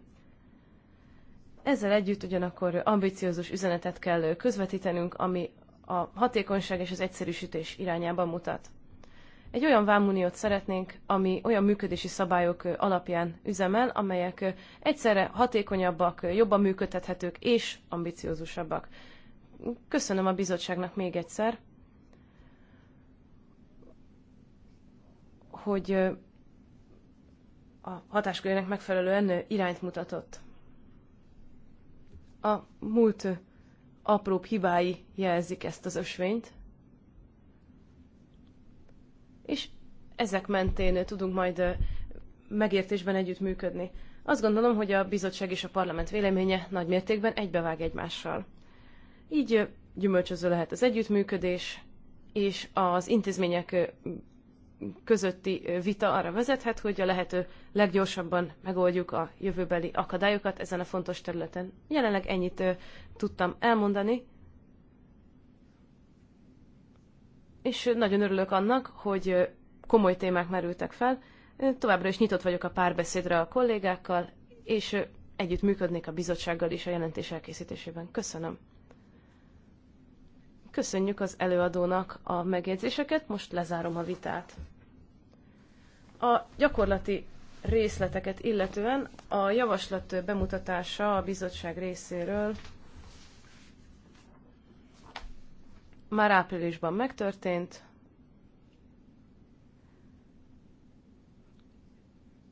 Speaker 3: Ezzel együtt ugyanakkor ambiciózus üzenetet kell közvetítenünk, ami a hatékonyság és az egyszerűsítés irányában mutat. Egy olyan vámuniót szeretnénk, ami olyan működési szabályok alapján üzemel, amelyek egyszerre hatékonyabbak, jobban működtethetők és ambiciózusabbak. Köszönöm a bizottságnak még egyszer, hogy a hatáskörének megfelelően irányt mutatott. A múlt apróbb hibái jelzik ezt az ösvényt, és ezek mentén tudunk majd megértésben együttműködni. Azt gondolom, hogy a bizottság és a parlament véleménye nagy mértékben egybevág egymással. Így gyümölcsöző lehet az együttműködés, és az intézmények közötti vita arra vezethet, hogy a lehető leggyorsabban megoldjuk a jövőbeli akadályokat ezen a fontos területen. Jelenleg ennyit tudtam elmondani, és nagyon örülök annak, hogy komoly témák merültek fel. Továbbra is nyitott vagyok a párbeszédre a kollégákkal, és együtt működnék a bizottsággal is a jelentés elkészítésében. Köszönöm. Köszönjük az előadónak a megjegyzéseket, most lezárom a vitát. A gyakorlati részleteket illetően a javaslat bemutatása a bizottság részéről már áprilisban megtörtént.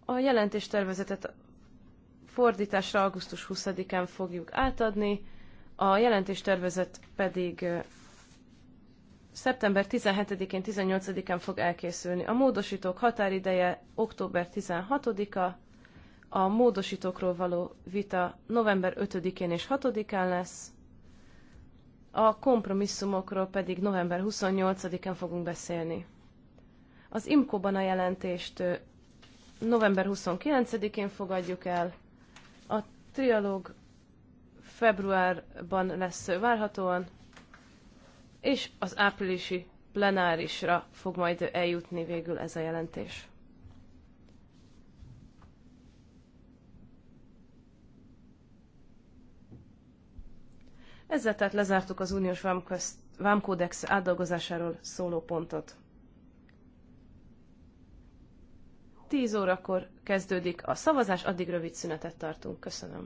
Speaker 3: A jelentéstervezetet fordításra augusztus 20-án fogjuk átadni, a jelentéstervezet pedig szeptember 17-én, 18-án fog elkészülni. A módosítók határideje október 16-a, a módosítókról való vita november 5-én és 6-án lesz, a kompromisszumokról pedig november 28-án fogunk beszélni. Az IMKO-ban a jelentést november 29-én fogadjuk el, a trialóg februárban lesz várhatóan, és az áprilisi plenárisra fog majd eljutni végül ez a jelentés. Ezzel tehát lezártuk az uniós vámkódex átdolgozásáról szóló pontot. 10 órakor kezdődik a szavazás, addig rövid szünetet tartunk. Köszönöm.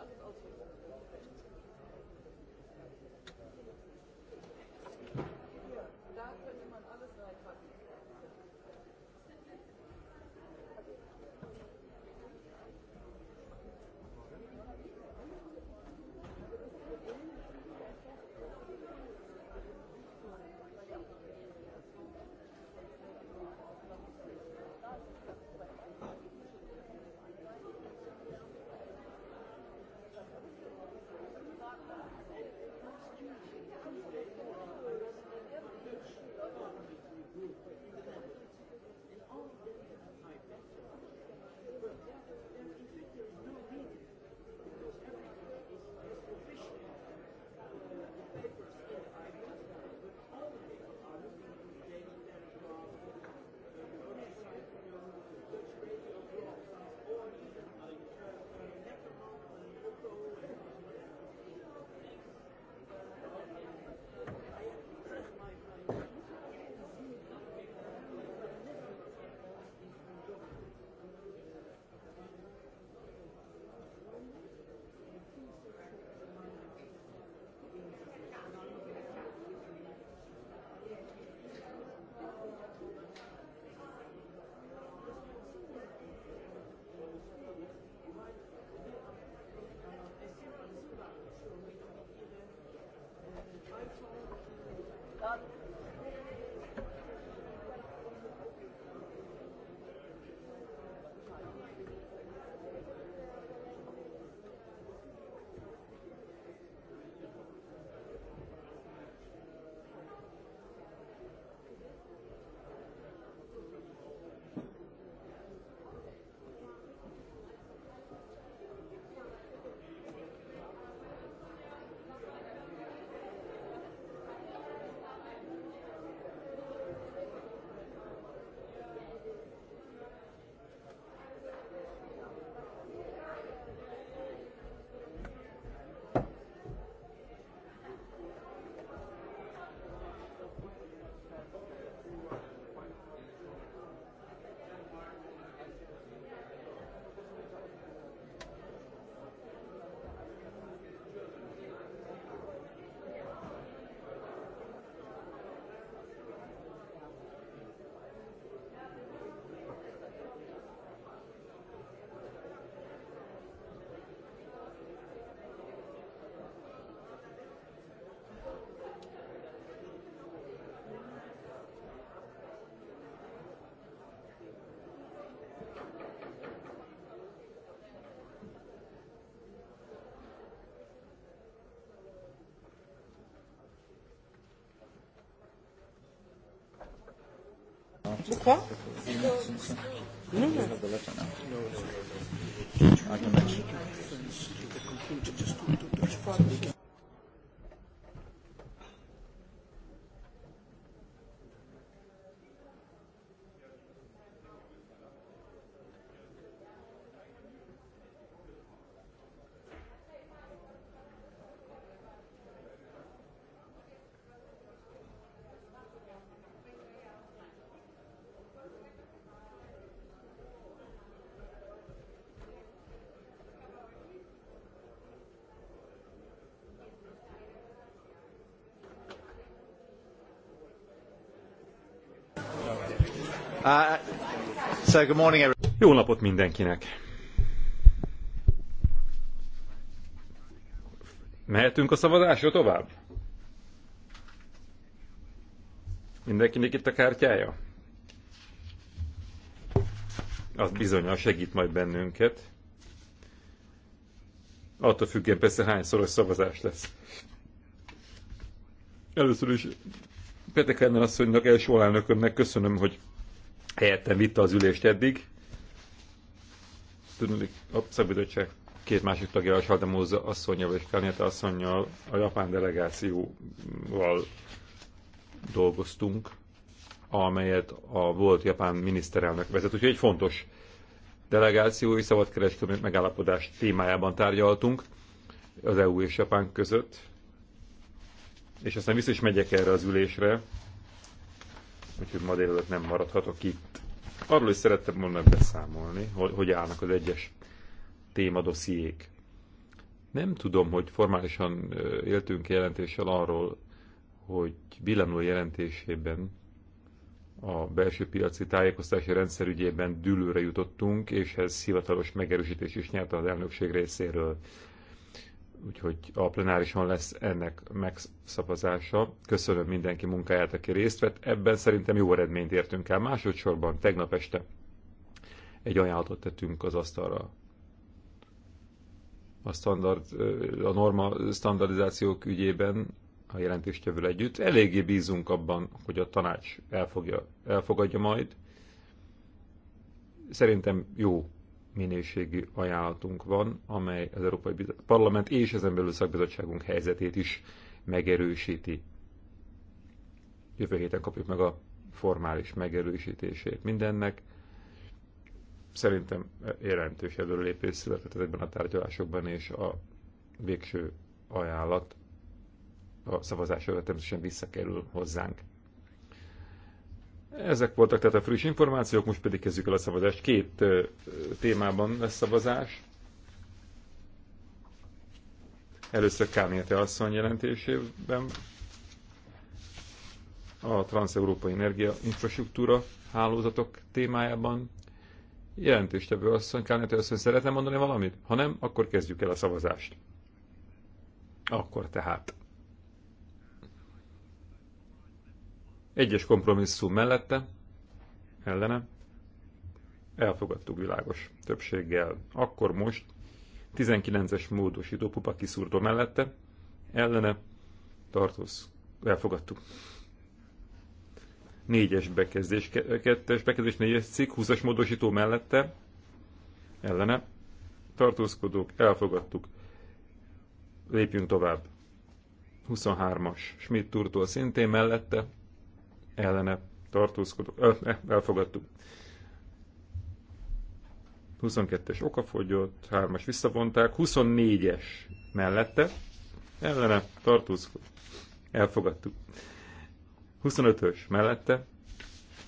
Speaker 4: others also Pourquoi Non, non. I
Speaker 2: Uh, good morning, Jó napot mindenkinek! Mehetünk a szavazásra tovább? Mindenkinek itt a kártyája? Az bizonyal segít majd bennünket. Attól függően persze hányszoros szavazás lesz. Először is Petek Lenner asszonynak, első alelnökömnek köszönöm, hogy helyettem vitte az ülést eddig. Tudnék, a szabadítottság két másik tagja, a Saldemóza asszonyjal és Kanyata asszonyjal, a japán delegációval dolgoztunk, amelyet a volt japán miniszterelnök vezet. Úgyhogy egy fontos delegációi szabadkereskedelmi megállapodás témájában tárgyaltunk az EU és Japán között. És aztán vissza is megyek erre az ülésre, úgyhogy ma délelőtt nem maradhatok itt. Arról is szerettem volna beszámolni, hogy, hogy állnak az egyes témadossziék. Nem tudom, hogy formálisan éltünk -e jelentéssel arról, hogy Billenó jelentésében a belső piaci tájékoztási rendszer ügyében dülőre jutottunk, és ez hivatalos megerősítés is nyert az elnökség részéről úgyhogy a plenárison lesz ennek megszavazása. Köszönöm mindenki munkáját, aki részt vett. Ebben szerintem jó eredményt értünk el. Másodszorban tegnap este egy ajánlatot tettünk az asztalra a, standard, a norma standardizációk ügyében a jelentéstevővel együtt. Eléggé bízunk abban, hogy a tanács elfogja, elfogadja majd. Szerintem jó minőségi ajánlatunk van, amely az Európai Parlament és ezen belül szakbizottságunk helyzetét is megerősíti. Jövő héten kapjuk meg a formális megerősítését mindennek. Szerintem jelentős előlépés született ezekben a tárgyalásokban, és a végső ajánlat a szavazásokat természetesen visszakerül hozzánk. Ezek voltak tehát a friss információk, most pedig kezdjük el a szavazást. Két témában lesz szavazás. Először Kárnyete asszony jelentésében a transeurópai energia infrastruktúra hálózatok témájában. Jelentéstevő asszony, Kárnyete asszony, szeretne mondani valamit? Ha nem, akkor kezdjük el a szavazást. Akkor tehát. Egyes kompromisszum mellette, ellene, elfogadtuk világos többséggel. Akkor most 19-es módosító pupa kiszúrtó mellette, ellene, tartóz, elfogadtuk. 4-es bekezdés, 2-es bekezdés, 4-es cikk, 20-as módosító mellette, ellene, tartózkodók, elfogadtuk. Lépjünk tovább. 23-as, Schmidt-Turtól szintén mellette, ellene tartózkodok, elfogadtuk. 22-es okafogyott, 3-as visszavonták, 24-es mellette, ellene tartózkodó, elfogadtuk. 25-ös mellette,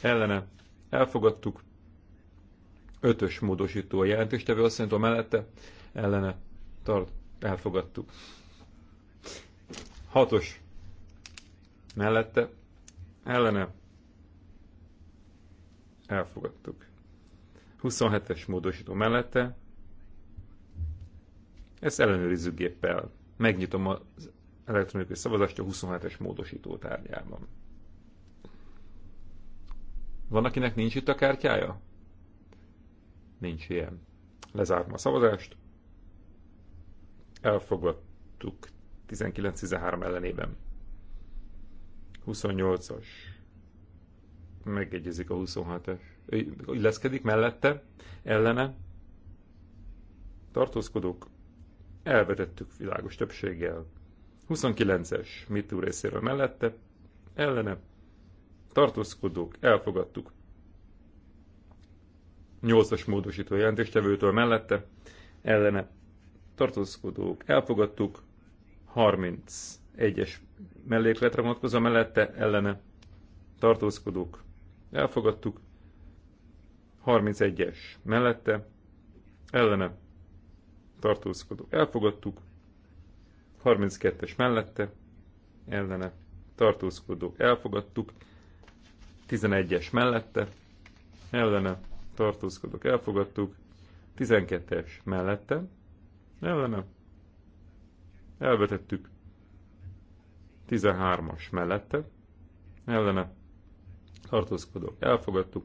Speaker 2: ellene elfogadtuk, 5-ös módosító a jelentéstevő asszonytól mellette, ellene tart, elfogadtuk. 6-os mellette, ellene elfogadtuk. 27-es módosító mellette ezt ellenőrizzük géppel. Megnyitom az elektronikus szavazást a 27-es módosító tárgyában. Van, akinek nincs itt a kártyája? Nincs ilyen. Lezárom a szavazást. Elfogadtuk 19-13 ellenében. 28-as. Megegyezik a 26-es. Leszkedik mellette, ellene. Tartózkodók. Elvetettük világos többséggel. 29-es mit túl részéről mellette, ellene. Tartózkodók. Elfogadtuk. 8-as módosító jelentéstevőtől mellette, ellene. Tartózkodók. Elfogadtuk. 30 egyes mellékletre vonatkozó mellette ellene tartózkodók. Elfogadtuk. 31-es mellette ellene tartózkodók. Elfogadtuk. 32-es mellette ellene tartózkodók. Elfogadtuk. 11-es mellette ellene tartózkodók. Elfogadtuk. 12-es mellette ellene elvetettük. 13-as mellette, ellene tartózkodók elfogadtuk,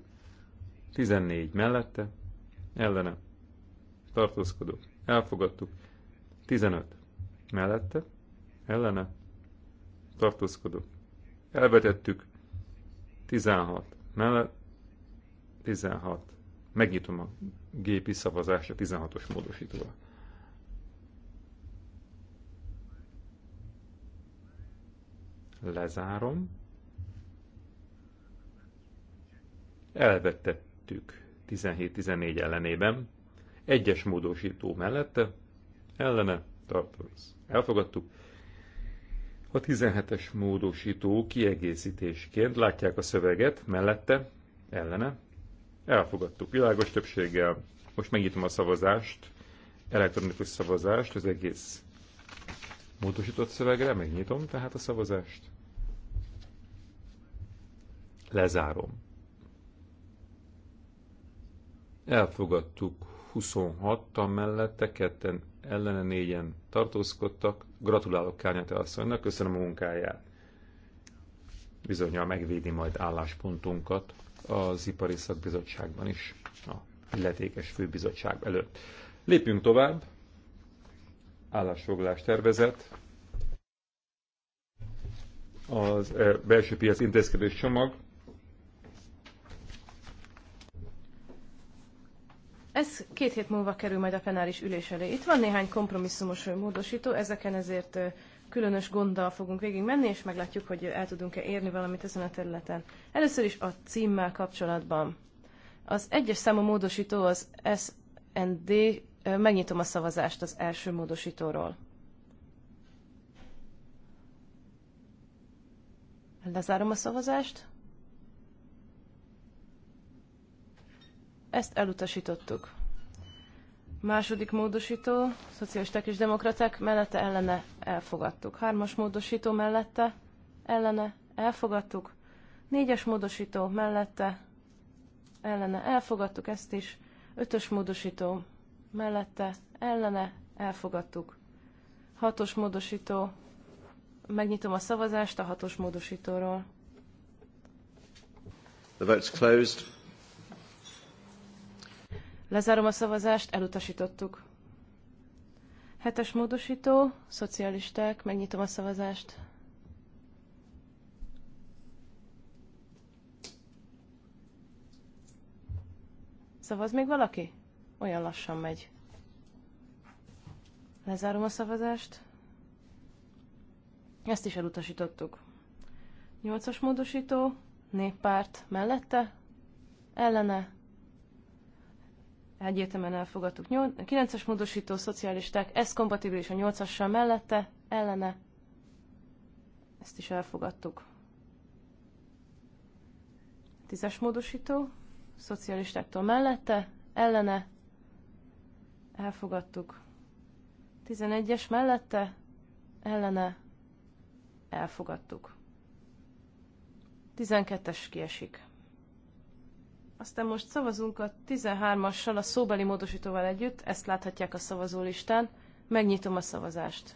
Speaker 2: 14 mellette, ellene tartózkodók elfogadtuk, 15 mellette, ellene tartózkodók elvetettük, 16 mellett, 16 megnyitom a gépi szavazást a 16-os módosítóval. Lezárom. Elvettettük 17-14 ellenében. Egyes módosító mellette, ellene tartoz. Elfogadtuk. A 17-es módosító kiegészítésként látják a szöveget mellette, ellene. Elfogadtuk világos többséggel. Most megnyitom a szavazást, elektronikus szavazást, az egész módosított szövegre, megnyitom tehát a szavazást. Lezárom. Elfogadtuk 26-tan mellette, ketten ellene négyen tartózkodtak. Gratulálok Kányate asszonynak, köszönöm a munkáját. Bizonyal megvédi majd álláspontunkat az Ipari Szakbizottságban is, a illetékes főbizottság előtt. Lépjünk tovább. Állásfoglalás tervezet. Az eh, belső piac intézkedés csomag.
Speaker 3: Ez két hét múlva kerül majd a plenáris ülés elé. Itt van néhány kompromisszumos módosító, ezeken ezért különös gonddal fogunk végig menni, és meglátjuk, hogy el tudunk-e érni valamit ezen a területen. Először is a címmel kapcsolatban. Az egyes számú módosító az SND, megnyitom a szavazást az első módosítóról. Lezárom a szavazást. Ezt elutasítottuk. Második módosító, szocialisták és demokraták mellette ellene elfogadtuk. Hármas módosító mellette ellene elfogadtuk. Négyes módosító mellette ellene elfogadtuk ezt is. Ötös módosító mellette ellene elfogadtuk. Hatos módosító. Megnyitom a szavazást a hatos módosítóról.
Speaker 4: The vote's closed.
Speaker 3: Lezárom a szavazást, elutasítottuk. Hetes módosító, szocialisták, megnyitom a szavazást. Szavaz még valaki? Olyan lassan megy. Lezárom a szavazást. Ezt is elutasítottuk. Nyolcas módosító, néppárt mellette, ellene, egyértelműen elfogadtuk. 9-es módosító szocialisták, ez kompatibilis a 8-assal mellette, ellene, ezt is elfogadtuk. 10-es módosító, szocialistáktól mellette, ellene, elfogadtuk. 11-es mellette, ellene, elfogadtuk. 12-es kiesik. Aztán most szavazunk a 13-assal, a szóbeli módosítóval együtt, ezt láthatják a szavazólistán. Megnyitom a szavazást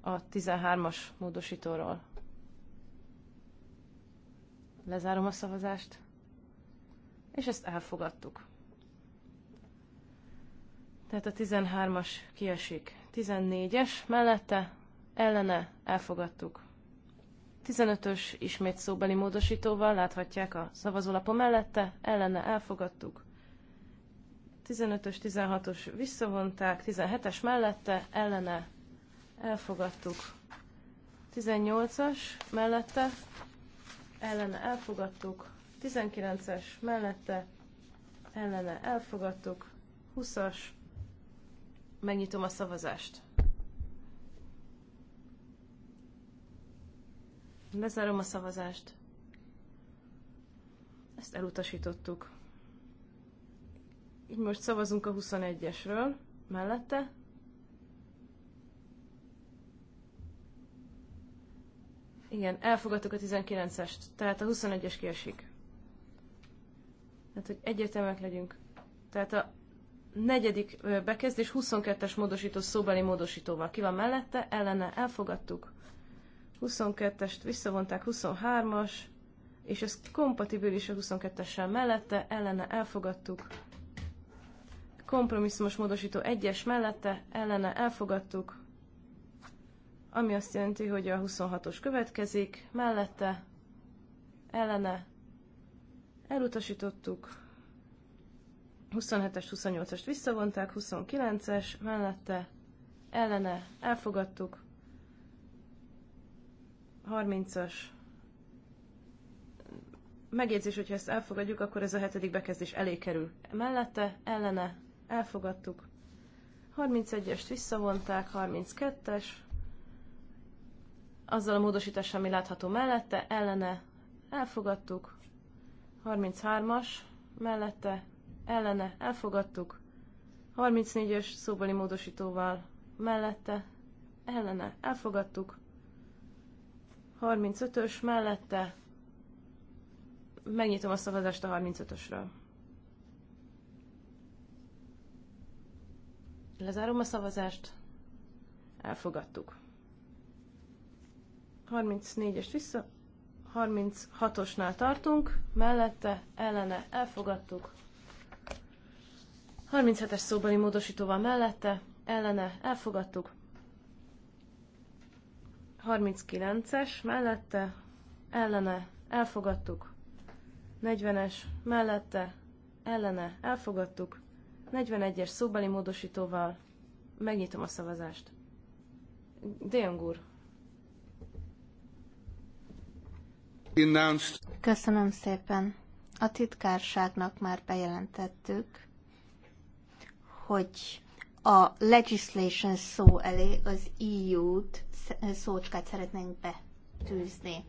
Speaker 3: a 13-as módosítóról. Lezárom a szavazást, és ezt elfogadtuk. Tehát a 13-as kiesik. 14-es mellette, ellene elfogadtuk. 15-ös ismét szóbeli módosítóval láthatják a szavazólapon mellette, ellene elfogadtuk. 15-ös, 16-os visszavonták, 17-es mellette, ellene elfogadtuk. 18-as mellette, ellene elfogadtuk. 19-es mellette, ellene elfogadtuk. 20-as, megnyitom a szavazást. Lezárom a szavazást. Ezt elutasítottuk. Így most szavazunk a 21-esről. Mellette. Igen, elfogadtuk a 19-est, tehát a 21-es kiesik. Tehát, hogy egyértelműek legyünk. Tehát a negyedik bekezdés 22-es módosító szóbeli módosítóval. Ki van mellette? Ellene elfogadtuk. 22-est visszavonták, 23-as, és ez kompatibilis a 22-essel mellette, ellene elfogadtuk. Kompromisszumos módosító 1-es mellette, ellene elfogadtuk. Ami azt jelenti, hogy a 26-os következik, mellette, ellene elutasítottuk. 27-es, 28-est visszavonták, 29-es mellette, ellene elfogadtuk. 30-as megjegyzés, hogyha ezt elfogadjuk, akkor ez a hetedik bekezdés elé kerül. Mellette, ellene, elfogadtuk. 31-est visszavonták, 32-es, azzal a módosítás, ami látható mellette, ellene, elfogadtuk. 33-as, mellette, ellene, elfogadtuk. 34-es szóbeli módosítóval, mellette, ellene, elfogadtuk. 35-ös mellette. Megnyitom a szavazást a 35-ösről. Lezárom a szavazást. Elfogadtuk. 34-est vissza. 36-osnál tartunk. Mellette, ellene elfogadtuk. 37-es szóbeli módosítóval mellette, ellene elfogadtuk. 39-es mellette, ellene, elfogadtuk. 40-es mellette, ellene, elfogadtuk. 41-es szóbeli módosítóval megnyitom a szavazást. Déjong úr.
Speaker 1: Köszönöm szépen. A titkárságnak már bejelentettük, hogy a legislation szó elé az EU-t szócskát szeretnénk betűzni.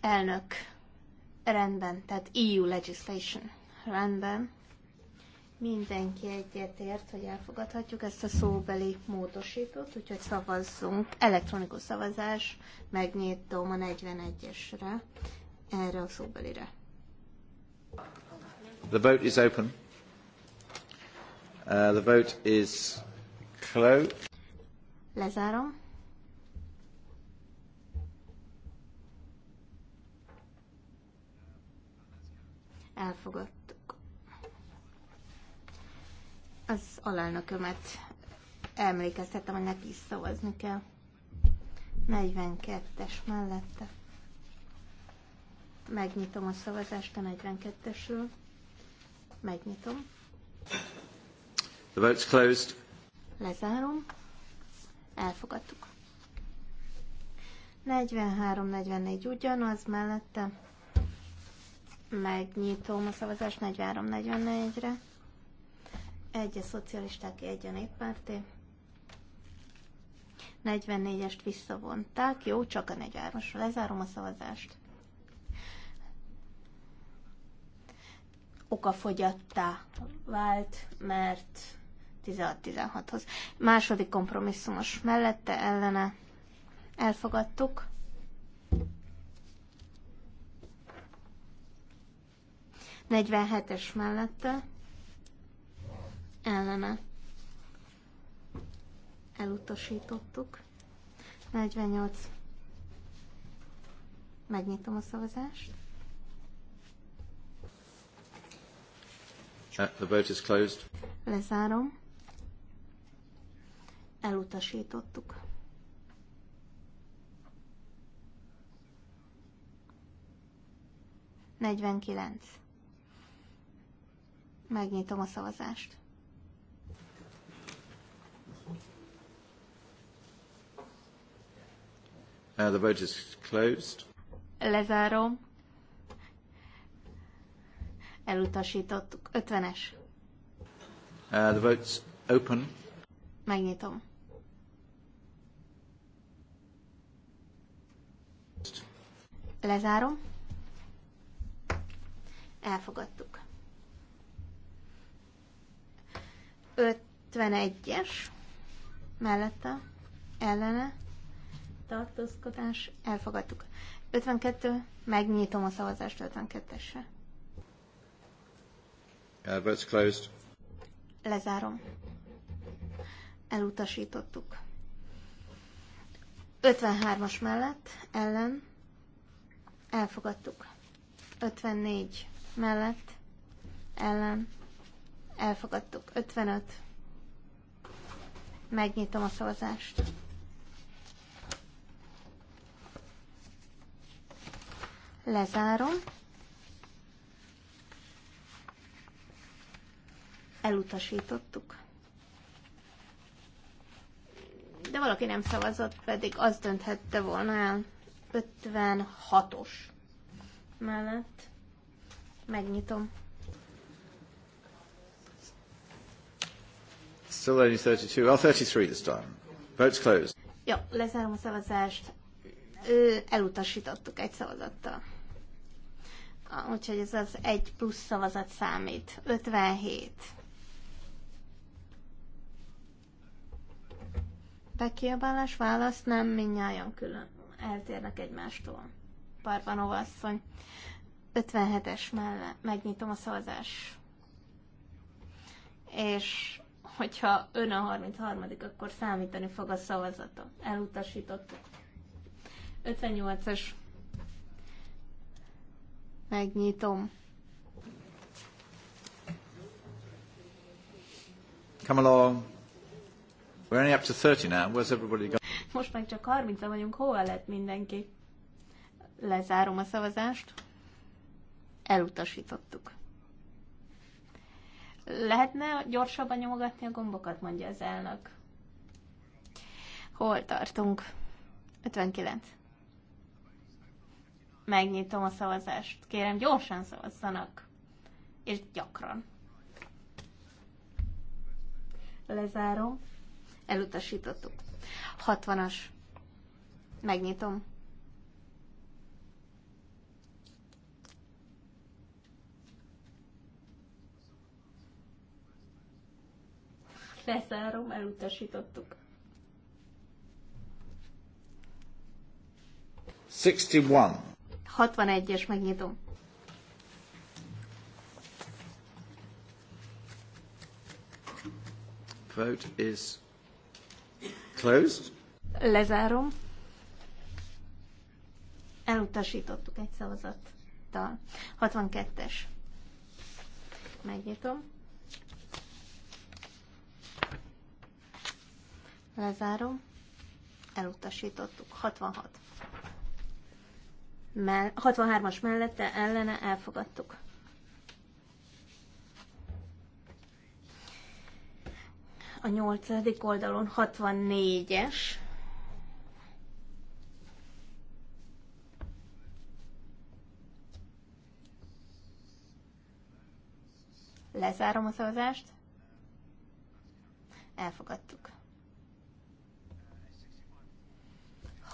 Speaker 1: Elnök, rendben, tehát EU legislation, rendben. Mindenki egyetért, hogy elfogadhatjuk ezt a szóbeli módosítót, úgyhogy szavazzunk. Elektronikus szavazás, megnyitom a 41-esre, erre a szóbelire.
Speaker 4: The vote is open. Uh, the vote is closed.
Speaker 1: Lezárom. Elfogadtuk. Az alelnökömet emlékeztetem, hogy neki is szavazni kell. 42-es mellette. Megnyitom a szavazást a 42-esről. Megnyitom.
Speaker 4: The vote's closed.
Speaker 1: Lezárom. Elfogadtuk. 43-44 ugyanaz mellette. Megnyitom a szavazást 43-44-re. Egy a szocialisták, egy a néppárté. 44-est visszavonták. Jó, csak a 43-asra. Lezárom a szavazást. Okafogyattá vált, mert 16-16-hoz. Második kompromisszumos mellette ellene elfogadtuk. hetes mellette ellene elutasítottuk. 48. Megnyitom a szavazást.
Speaker 4: Uh, the vote is closed.
Speaker 1: Lezárom elutasítottuk. Negyvenkilenc. Megnyitom a szavazást.
Speaker 4: Uh, the vote is closed.
Speaker 1: Lezárom. Elutasítottuk. Ötvenes.
Speaker 4: Uh, the vote's open.
Speaker 1: Megnyitom. Lezárom. Elfogadtuk. 51-es mellette, ellene, tartózkodás, elfogadtuk. 52, megnyitom a szavazást 52-esre.
Speaker 4: Uh, vote's closed.
Speaker 1: Lezárom. Elutasítottuk. 53-as mellett, ellen, Elfogadtuk. 54 mellett, ellen, elfogadtuk. 55. Megnyitom a szavazást. Lezárom. Elutasítottuk. De valaki nem szavazott, pedig az dönthette volna el. 56-os mellett. Megnyitom.
Speaker 4: Still only 32. Well, 33 this time. Vote's closed.
Speaker 1: Jó, lezárom a szavazást. Ő, elutasítottuk egy szavazattal. Úgyhogy ez az egy plusz szavazat számít. 57. Bekiabálás, válasz, nem, minnyáján külön eltérnek egymástól. Parvanova asszony. 57-es mellett megnyitom a szavazás. És hogyha ön a 33 akkor számítani fog a szavazata. Elutasítottuk. 58-as. Megnyitom.
Speaker 4: Come along. We're only up to 30 now. Where's everybody
Speaker 1: most meg csak 30 vagyunk, hova lett mindenki? Lezárom a szavazást. Elutasítottuk. Lehetne gyorsabban nyomogatni a gombokat, mondja az elnök. Hol tartunk? 59. Megnyitom a szavazást. Kérem, gyorsan szavazzanak. És gyakran. Lezárom. Elutasítottuk. 60-as. Megnyitom. Leszárom, elutasítottuk.
Speaker 4: 61.
Speaker 1: 61-es megnyitom.
Speaker 4: Vote is Closed.
Speaker 1: Lezárom. Elutasítottuk egy szavazattal. 62-es. Megnyitom. Lezárom. Elutasítottuk. 66. Mell 63-as mellette ellene elfogadtuk. a nyolcadik oldalon 64-es. Lezárom a szavazást. Elfogadtuk.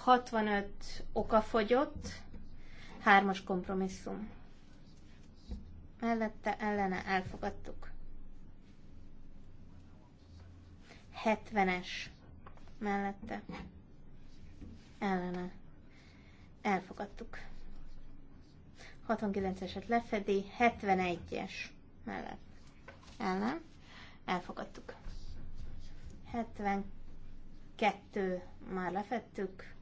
Speaker 1: 65 oka fogyott, hármas kompromisszum. Mellette ellene elfogadtuk. 70-es mellette ellene elfogadtuk. 69-eset lefedi, 71-es mellett ellen elfogadtuk. 72 már lefettük.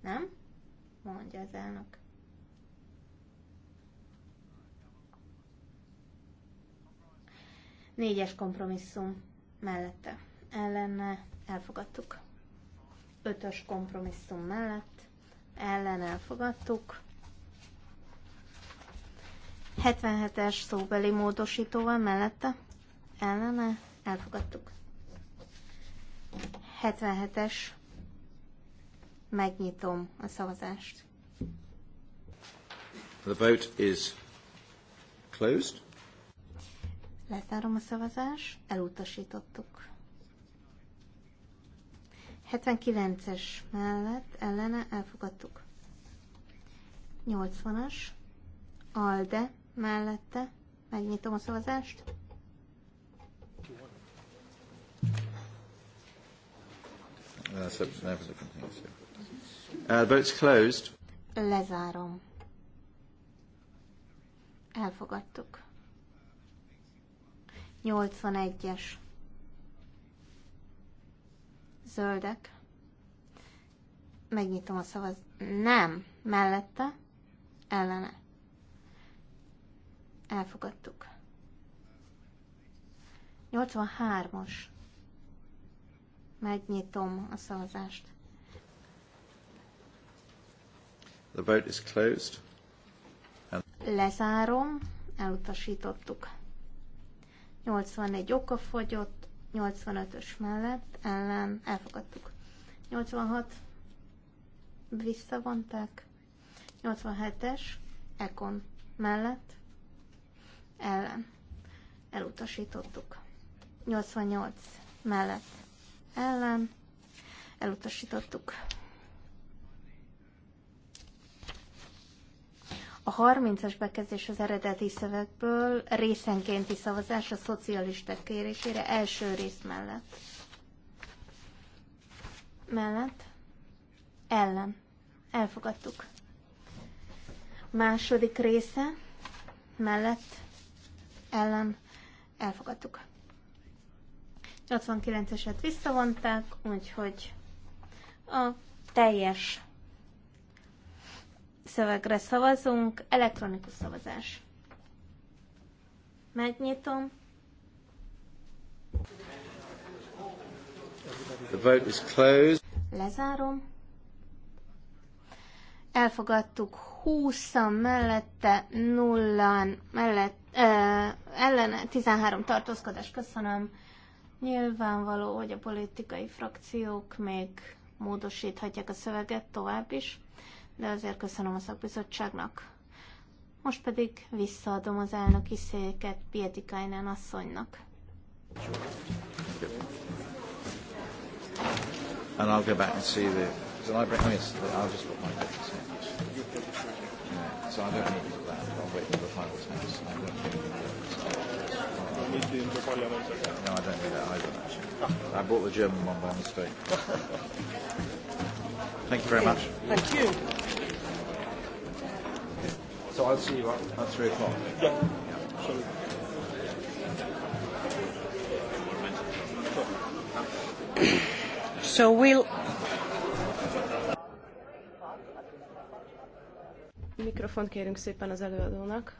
Speaker 1: Nem? Mondja az elnök. Négyes kompromisszum mellette ellene elfogadtuk. Ötös kompromisszum mellett ellen elfogadtuk. 77-es szóbeli módosítóval mellette ellene elfogadtuk. 77-es megnyitom a szavazást.
Speaker 4: The vote is closed.
Speaker 1: Lezárom a szavazás, elutasítottuk. 79-es mellett ellene elfogadtuk. 80-as, ALDE mellette, megnyitom a szavazást.
Speaker 4: Uh, closed.
Speaker 1: Lezárom. Elfogadtuk. 81-es. Zöldek. Megnyitom a szavaz. Nem. Mellette. Ellene. Elfogadtuk. 83 os Megnyitom a szavazást.
Speaker 4: The vote is closed.
Speaker 1: And... Lezárom. Elutasítottuk. 81 oka fogyott, 85-ös mellett ellen elfogadtuk. 86 visszavonták, 87-es Ekon mellett ellen elutasítottuk. 88 mellett ellen elutasítottuk. A 30-as bekezdés az eredeti szövegből részenkénti szavazás a szocialisták kérésére első rész mellett. Mellett. Ellen. Elfogadtuk. Második része. Mellett. Ellen. Elfogadtuk. 89-eset visszavonták, úgyhogy a teljes szövegre szavazunk, elektronikus szavazás. Megnyitom.
Speaker 4: The vote is closed.
Speaker 1: Lezárom. Elfogadtuk 20 mellette, 0 mellett, eh, ellene, 13 tartózkodás. Köszönöm. Nyilvánvaló, hogy a politikai frakciók még módosíthatják a szöveget tovább is de azért köszönöm a szakbizottságnak. Most pedig visszaadom az elnöki széket Pietikainen asszonynak.
Speaker 4: And I'll go back and see the. I'll just put my Yeah, so I don't need that. I'll wait for the final
Speaker 2: I don't need the No, I don't need that either,
Speaker 4: actually. I bought the German one by mistake. Thank you very much.
Speaker 2: Thank you. So I'll see you at, at 3 o'clock. Yeah.
Speaker 3: yeah. So we'll... Mikrofont kérünk szépen az előadónak.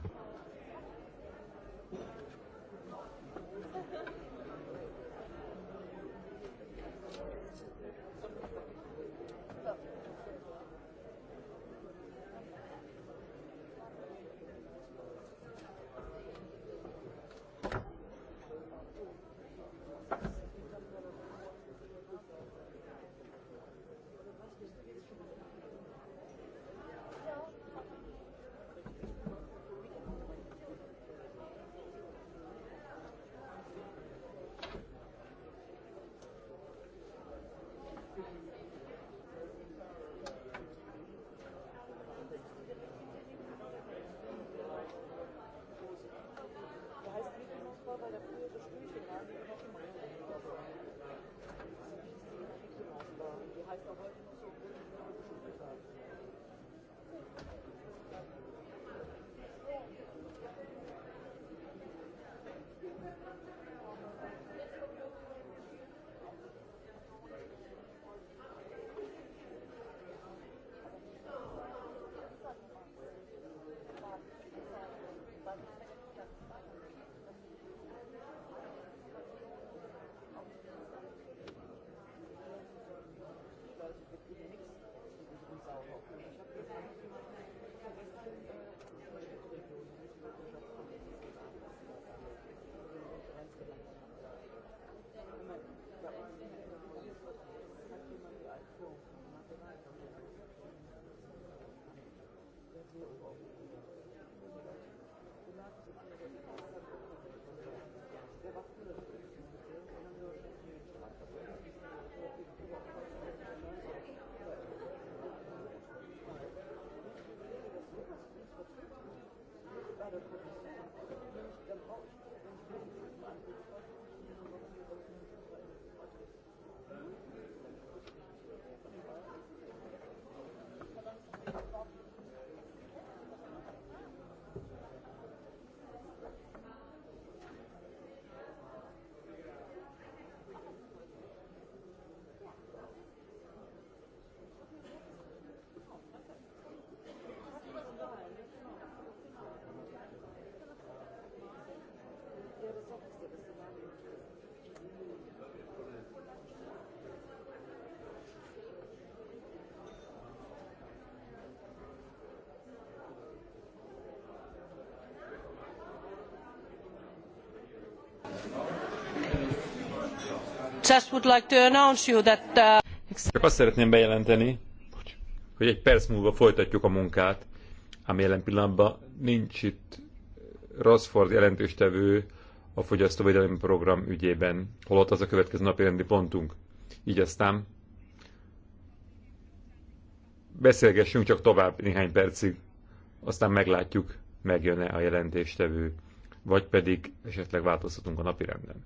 Speaker 3: Uh,
Speaker 2: Csak azt szeretném bejelenteni, hogy egy perc múlva folytatjuk a munkát, ám jelen pillanatban nincs itt Rosford jelentéstevő, a fogyasztóvédelmi program ügyében, holott az a következő napi rendi pontunk. Így aztán beszélgessünk csak tovább néhány percig, aztán meglátjuk, megjön-e a jelentéstevő, vagy pedig esetleg változtatunk a napirenden.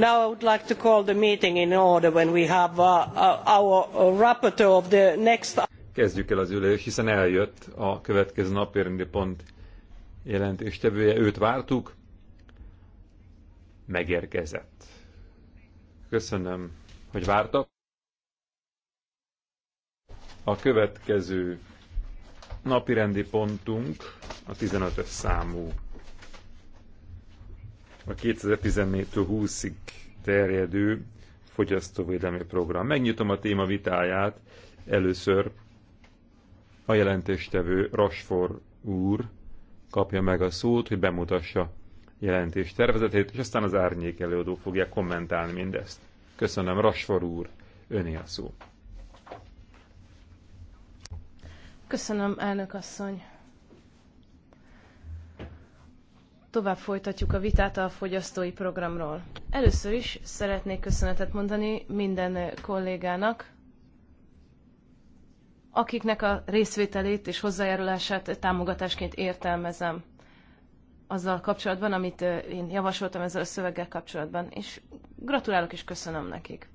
Speaker 4: now i would like to call the meeting to order when we have uh, uh, our uh, rapporteur of the next
Speaker 2: Kezdjük el az ülést, hiszen eljött a következő napérendi pont jelentéstevője. Őt vártuk, megérkezett. Köszönöm, hogy vártak. A következő napirendi pontunk a 15-ös számú a 2014-20-ig terjedő fogyasztóvédelmi program. Megnyitom a téma vitáját először a jelentéstevő Rasfor úr kapja meg a szót, hogy bemutassa jelentés tervezetét, és aztán az árnyék előadó fogja kommentálni mindezt. Köszönöm, Rasfor úr, öné a szó.
Speaker 3: Köszönöm, elnök asszony. Tovább folytatjuk a vitát a fogyasztói programról. Először is szeretnék köszönetet mondani minden kollégának, akiknek a részvételét és hozzájárulását támogatásként értelmezem azzal kapcsolatban, amit eh, én javasoltam ezzel a szöveggel kapcsolatban, és gratulálok és köszönöm nekik.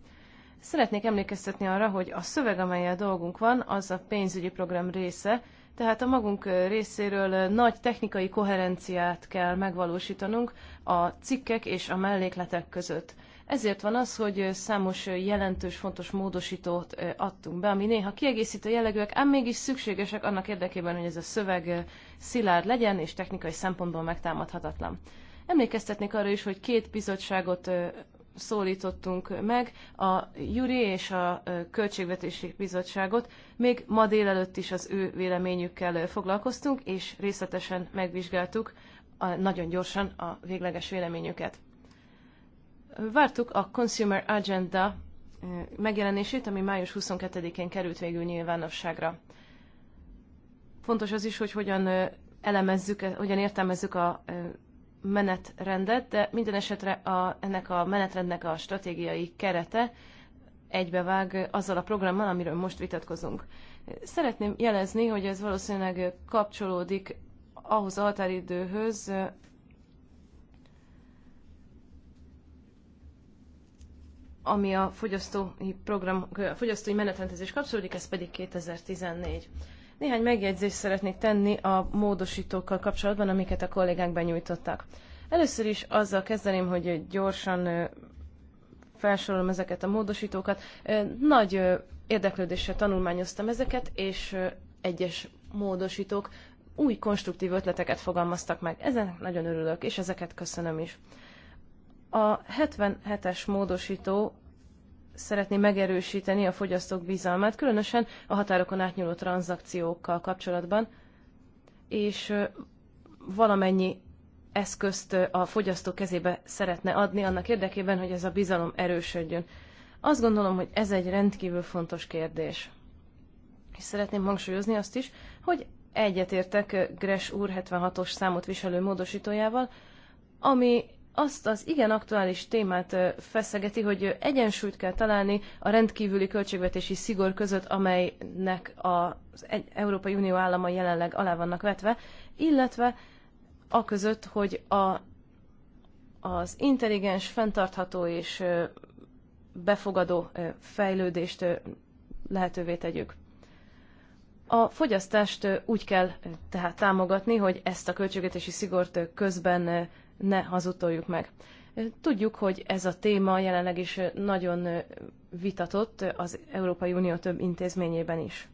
Speaker 3: Szeretnék emlékeztetni arra, hogy a szöveg, amelyel dolgunk van, az a pénzügyi program része, tehát a magunk részéről nagy technikai koherenciát kell megvalósítanunk a cikkek és a mellékletek között. Ezért van az, hogy számos jelentős, fontos módosítót adtunk be, ami néha kiegészítő jellegűek, ám mégis szükségesek annak érdekében, hogy ez a szöveg szilárd legyen és technikai szempontból megtámadhatatlan. Emlékeztetnék arra is, hogy két bizottságot szólítottunk meg a Juri és a Költségvetési Bizottságot. Még ma délelőtt is az ő véleményükkel foglalkoztunk, és részletesen megvizsgáltuk a, nagyon gyorsan a végleges véleményüket. Vártuk a Consumer Agenda megjelenését, ami május 22-én került végül nyilvánosságra. Fontos az is, hogy hogyan elemezzük, hogyan értelmezzük a menetrendet, de minden esetre a, ennek a menetrendnek a stratégiai kerete egybevág azzal a programmal, amiről most vitatkozunk. Szeretném jelezni, hogy ez valószínűleg kapcsolódik ahhoz a határidőhöz, ami a fogyasztói, program, a fogyasztói menetrendezés kapcsolódik, ez pedig 2014. Néhány megjegyzést szeretnék tenni a módosítókkal kapcsolatban, amiket a kollégánk benyújtottak. Először is azzal kezdeném, hogy gyorsan felsorolom ezeket a módosítókat. Nagy érdeklődéssel tanulmányoztam ezeket, és egyes módosítók új konstruktív ötleteket fogalmaztak meg. Ezen nagyon örülök, és ezeket köszönöm is. A 77-es módosító szeretné megerősíteni a fogyasztók bizalmát, különösen a határokon átnyúló tranzakciókkal kapcsolatban, és valamennyi eszközt a fogyasztó kezébe szeretne adni annak érdekében, hogy ez a bizalom erősödjön. Azt gondolom, hogy ez egy rendkívül fontos kérdés. És szeretném hangsúlyozni azt is, hogy egyetértek Gres úr 76-os számot viselő módosítójával, ami azt az igen aktuális témát feszegeti, hogy egyensúlyt kell találni a rendkívüli költségvetési szigor között, amelynek az Európai Unió állama jelenleg alá vannak vetve, illetve a között, hogy a, az intelligens, fenntartható és befogadó fejlődést lehetővé tegyük. A fogyasztást úgy kell tehát támogatni, hogy ezt a költségvetési szigort közben ne hazudtoljuk meg. Tudjuk, hogy ez a téma jelenleg is nagyon vitatott az Európai Unió több intézményében is.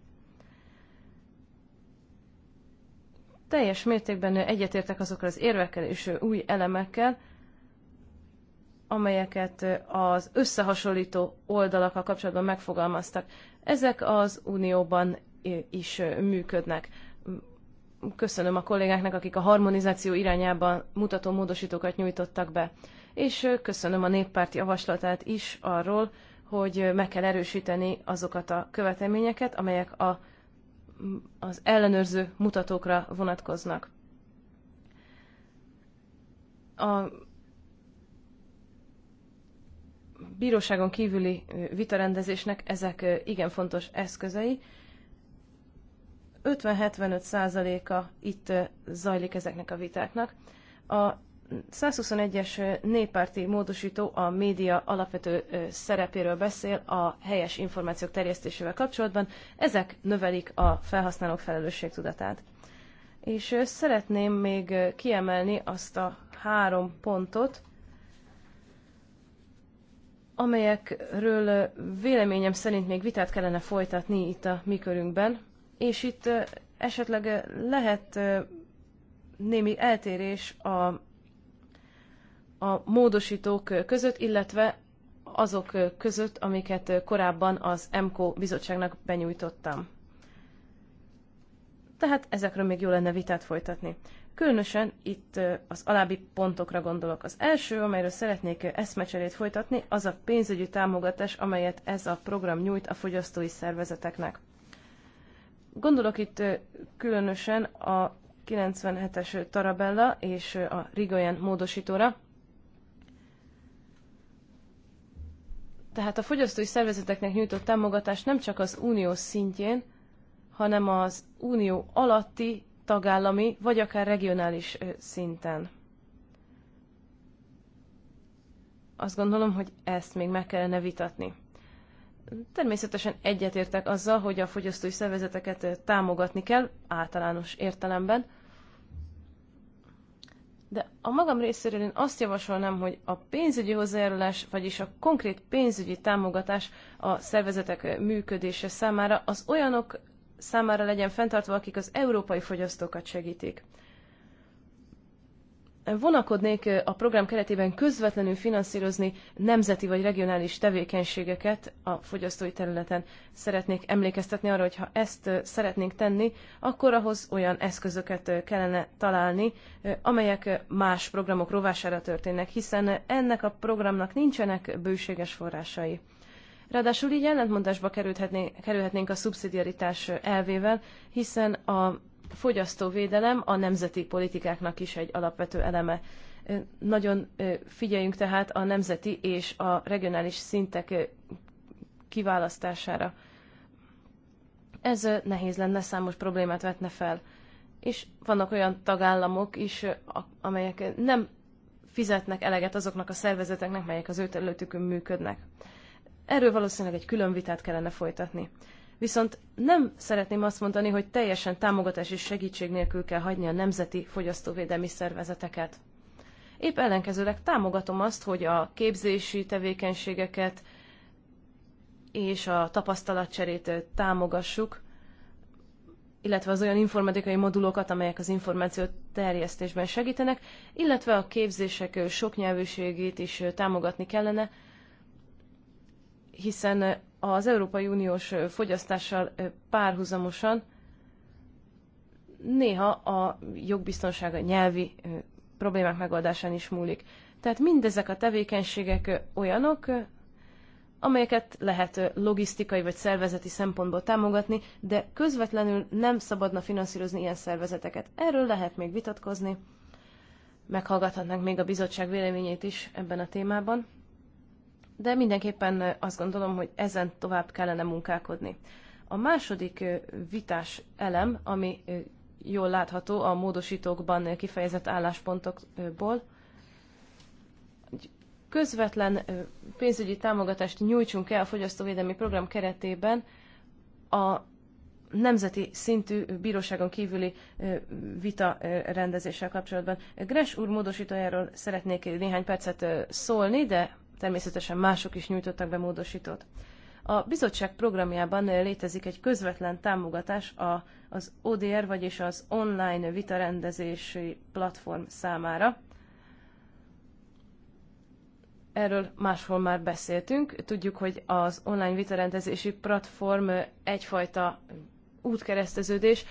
Speaker 3: Teljes mértékben egyetértek azokkal az érvekkel és új elemekkel, amelyeket az összehasonlító oldalakkal kapcsolatban megfogalmaztak. Ezek az Unióban is működnek köszönöm a kollégáknak, akik a harmonizáció irányába mutató módosítókat nyújtottak be. És köszönöm a néppárt javaslatát is arról, hogy meg kell erősíteni azokat a követelményeket, amelyek a, az ellenőrző mutatókra vonatkoznak. A bíróságon kívüli vitarendezésnek ezek igen fontos eszközei, 50-75 százaléka itt zajlik ezeknek a vitáknak. A 121-es néppárti módosító a média alapvető szerepéről beszél a helyes információk terjesztésével kapcsolatban. Ezek növelik a felhasználók felelősségtudatát. És szeretném még kiemelni azt a három pontot, amelyekről véleményem szerint még vitát kellene folytatni itt a mi körünkben és itt esetleg lehet némi eltérés a, a módosítók között, illetve azok között, amiket korábban az MKO bizottságnak benyújtottam. Tehát ezekről még jó lenne vitát folytatni. Különösen itt az alábbi pontokra gondolok. Az első, amelyről szeretnék eszmecserét folytatni, az a pénzügyi támogatás, amelyet ez a program nyújt a fogyasztói szervezeteknek. Gondolok itt különösen a 97-es Tarabella és a Rigoyen módosítóra. Tehát a fogyasztói szervezeteknek nyújtott támogatás nem csak az unió szintjén, hanem az unió alatti, tagállami vagy akár regionális szinten. Azt gondolom, hogy ezt még meg kellene vitatni. Természetesen egyetértek azzal, hogy a fogyasztói szervezeteket eh, támogatni kell általános értelemben, de a magam részéről én azt javasolnám, hogy a pénzügyi hozzájárulás, vagyis a konkrét pénzügyi támogatás a szervezetek eh, működése számára az olyanok számára legyen fenntartva, akik az európai fogyasztókat segítik vonakodnék a program keretében közvetlenül finanszírozni nemzeti vagy regionális tevékenységeket a fogyasztói területen. Szeretnék emlékeztetni arra, hogy ha ezt szeretnénk tenni, akkor ahhoz olyan eszközöket kellene találni, amelyek más programok rovására történnek, hiszen ennek a programnak nincsenek bőséges forrásai. Ráadásul így ellentmondásba kerülhetnénk a szubszidiaritás elvével, hiszen a fogyasztóvédelem a nemzeti politikáknak is egy alapvető eleme. Nagyon figyeljünk tehát a nemzeti és a regionális szintek kiválasztására. Ez nehéz lenne, számos problémát vetne fel. És vannak olyan tagállamok is, amelyek nem fizetnek eleget azoknak a szervezeteknek, melyek az ő területükön működnek. Erről valószínűleg egy külön vitát kellene folytatni. Viszont nem szeretném azt mondani, hogy teljesen támogatás és segítség nélkül kell hagyni a nemzeti fogyasztóvédelmi szervezeteket. Épp ellenkezőleg támogatom azt, hogy a képzési tevékenységeket és a tapasztalatcserét támogassuk, illetve az olyan informatikai modulokat, amelyek az információ terjesztésben segítenek, illetve a képzések soknyelvűségét is támogatni kellene, hiszen az Európai Uniós fogyasztással párhuzamosan néha a jogbiztonsága nyelvi problémák megoldásán is múlik. Tehát mindezek a tevékenységek olyanok, amelyeket lehet logisztikai vagy szervezeti szempontból támogatni, de közvetlenül nem szabadna finanszírozni ilyen szervezeteket. Erről lehet még vitatkozni, meghallgathatnánk még a bizottság véleményét is ebben a témában de mindenképpen azt gondolom, hogy ezen tovább kellene munkálkodni. A második vitás elem, ami jól látható a módosítókban kifejezett álláspontokból, közvetlen pénzügyi támogatást nyújtsunk el a fogyasztóvédelmi program keretében a nemzeti szintű bíróságon kívüli vita rendezéssel kapcsolatban. Gres úr módosítójáról szeretnék néhány percet szólni, de természetesen mások is nyújtottak be módosítót. A bizottság programjában létezik egy közvetlen támogatás a, az ODR, vagyis az online vitarendezési platform számára. Erről máshol már beszéltünk. Tudjuk, hogy az online vitarendezési platform egyfajta útkereszteződés,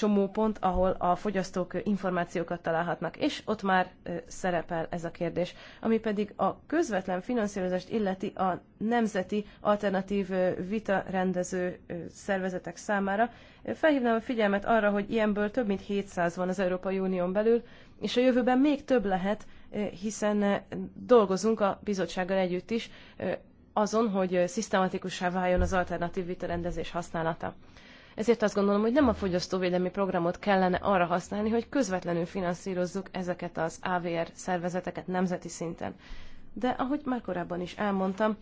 Speaker 3: csomó pont, ahol a fogyasztók információkat találhatnak, és ott már szerepel ez a kérdés. Ami pedig a közvetlen finanszírozást illeti a nemzeti alternatív vita rendező szervezetek számára, felhívnám a figyelmet arra, hogy ilyenből több mint 700 van az Európai Unión belül, és a jövőben még több lehet, hiszen dolgozunk a bizottsággal együtt is azon, hogy szisztematikussá váljon az alternatív vita rendezés használata. Ezért azt gondolom, hogy nem a fogyasztóvédelmi programot kellene arra használni, hogy közvetlenül finanszírozzuk ezeket az AVR szervezeteket nemzeti szinten. De ahogy már korábban is elmondtam,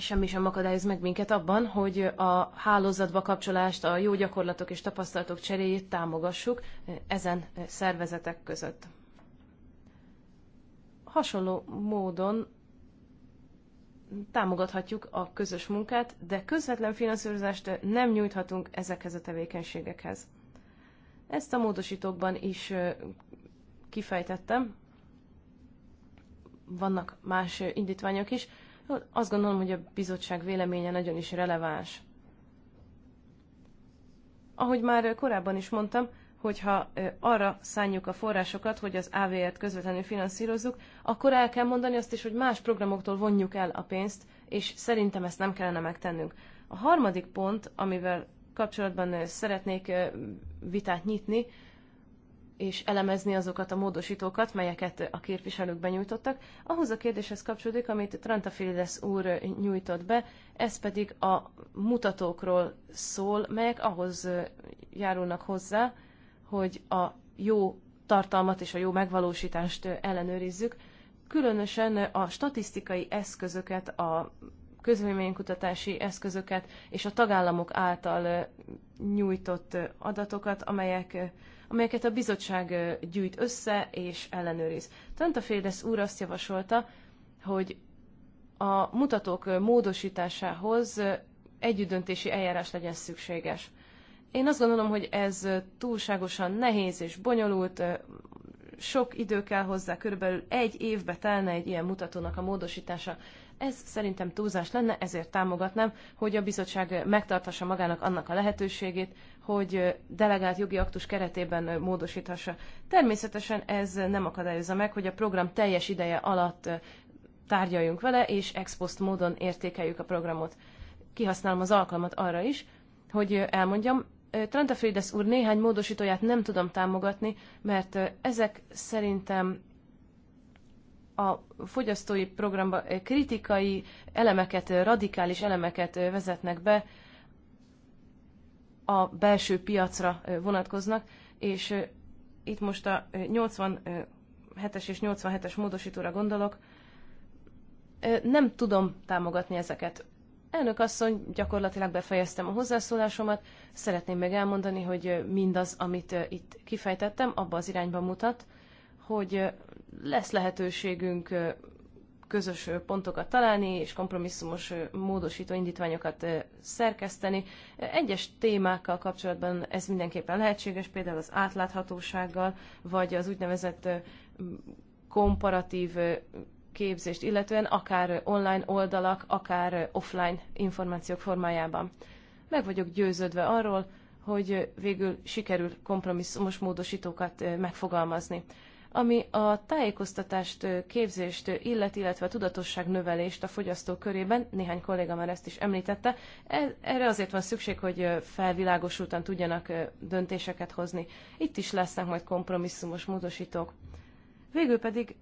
Speaker 3: semmi sem akadályoz meg minket abban, hogy a hálózatba kapcsolást, a jó gyakorlatok és tapasztalatok cseréjét támogassuk ezen szervezetek között. Hasonló módon támogathatjuk a közös munkát, de közvetlen finanszírozást nem nyújthatunk ezekhez a tevékenységekhez. Ezt a módosítókban is kifejtettem. Vannak más indítványok is. Azt gondolom, hogy a bizottság véleménye nagyon is releváns. Ahogy már korábban is mondtam, hogyha arra szánjuk a forrásokat, hogy az AVR-t közvetlenül finanszírozzuk, akkor el kell mondani azt is, hogy más programoktól vonjuk el a pénzt, és szerintem ezt nem kellene megtennünk. A harmadik pont, amivel kapcsolatban szeretnék vitát nyitni, és elemezni azokat a módosítókat, melyeket a képviselők benyújtottak. Ahhoz a kérdéshez kapcsolódik, amit Trantafilides úr nyújtott be, ez pedig a mutatókról szól, melyek ahhoz járulnak hozzá, hogy a jó tartalmat és a jó megvalósítást ellenőrizzük, különösen a statisztikai eszközöket, a közvéleménykutatási eszközöket és a tagállamok által nyújtott adatokat, amelyek, amelyeket a bizottság gyűjt össze és ellenőriz. Tanta Fédesz úr azt javasolta, hogy a mutatók módosításához együttdöntési eljárás legyen szükséges. Én azt gondolom, hogy ez túlságosan nehéz és bonyolult, sok idő kell hozzá, körülbelül egy évbe telne egy ilyen mutatónak a módosítása. Ez szerintem túlzás lenne, ezért támogatnám, hogy a bizottság megtartassa magának annak a lehetőségét, hogy delegált jogi aktus keretében módosíthassa. Természetesen ez nem akadályozza meg, hogy a program teljes ideje alatt tárgyaljunk vele, és ex post módon értékeljük a programot. Kihasználom az alkalmat arra is, hogy elmondjam, Frides úr néhány módosítóját nem tudom támogatni, mert ezek szerintem a fogyasztói programba kritikai elemeket, radikális elemeket vezetnek be, a belső piacra vonatkoznak, és itt most a 87-es és 87-es módosítóra gondolok, nem tudom támogatni ezeket. Elnök asszony, gyakorlatilag befejeztem a hozzászólásomat. Szeretném meg elmondani, hogy mindaz, amit itt kifejtettem, abba az irányba mutat, hogy lesz lehetőségünk közös pontokat találni, és kompromisszumos módosító indítványokat szerkeszteni. Egyes témákkal kapcsolatban ez mindenképpen lehetséges, például az átláthatósággal, vagy az úgynevezett komparatív képzést illetően, akár online oldalak, akár offline információk formájában. Meg vagyok győződve arról, hogy végül sikerül kompromisszumos módosítókat eh, megfogalmazni. Ami a tájékoztatást, eh, képzést eh, illet, illetve a tudatosság növelést a fogyasztó körében, néhány kolléga már ezt is említette, e, erre azért van szükség, hogy felvilágosultan tudjanak döntéseket hozni. Itt is lesznek majd kompromisszumos módosítók. Végül pedig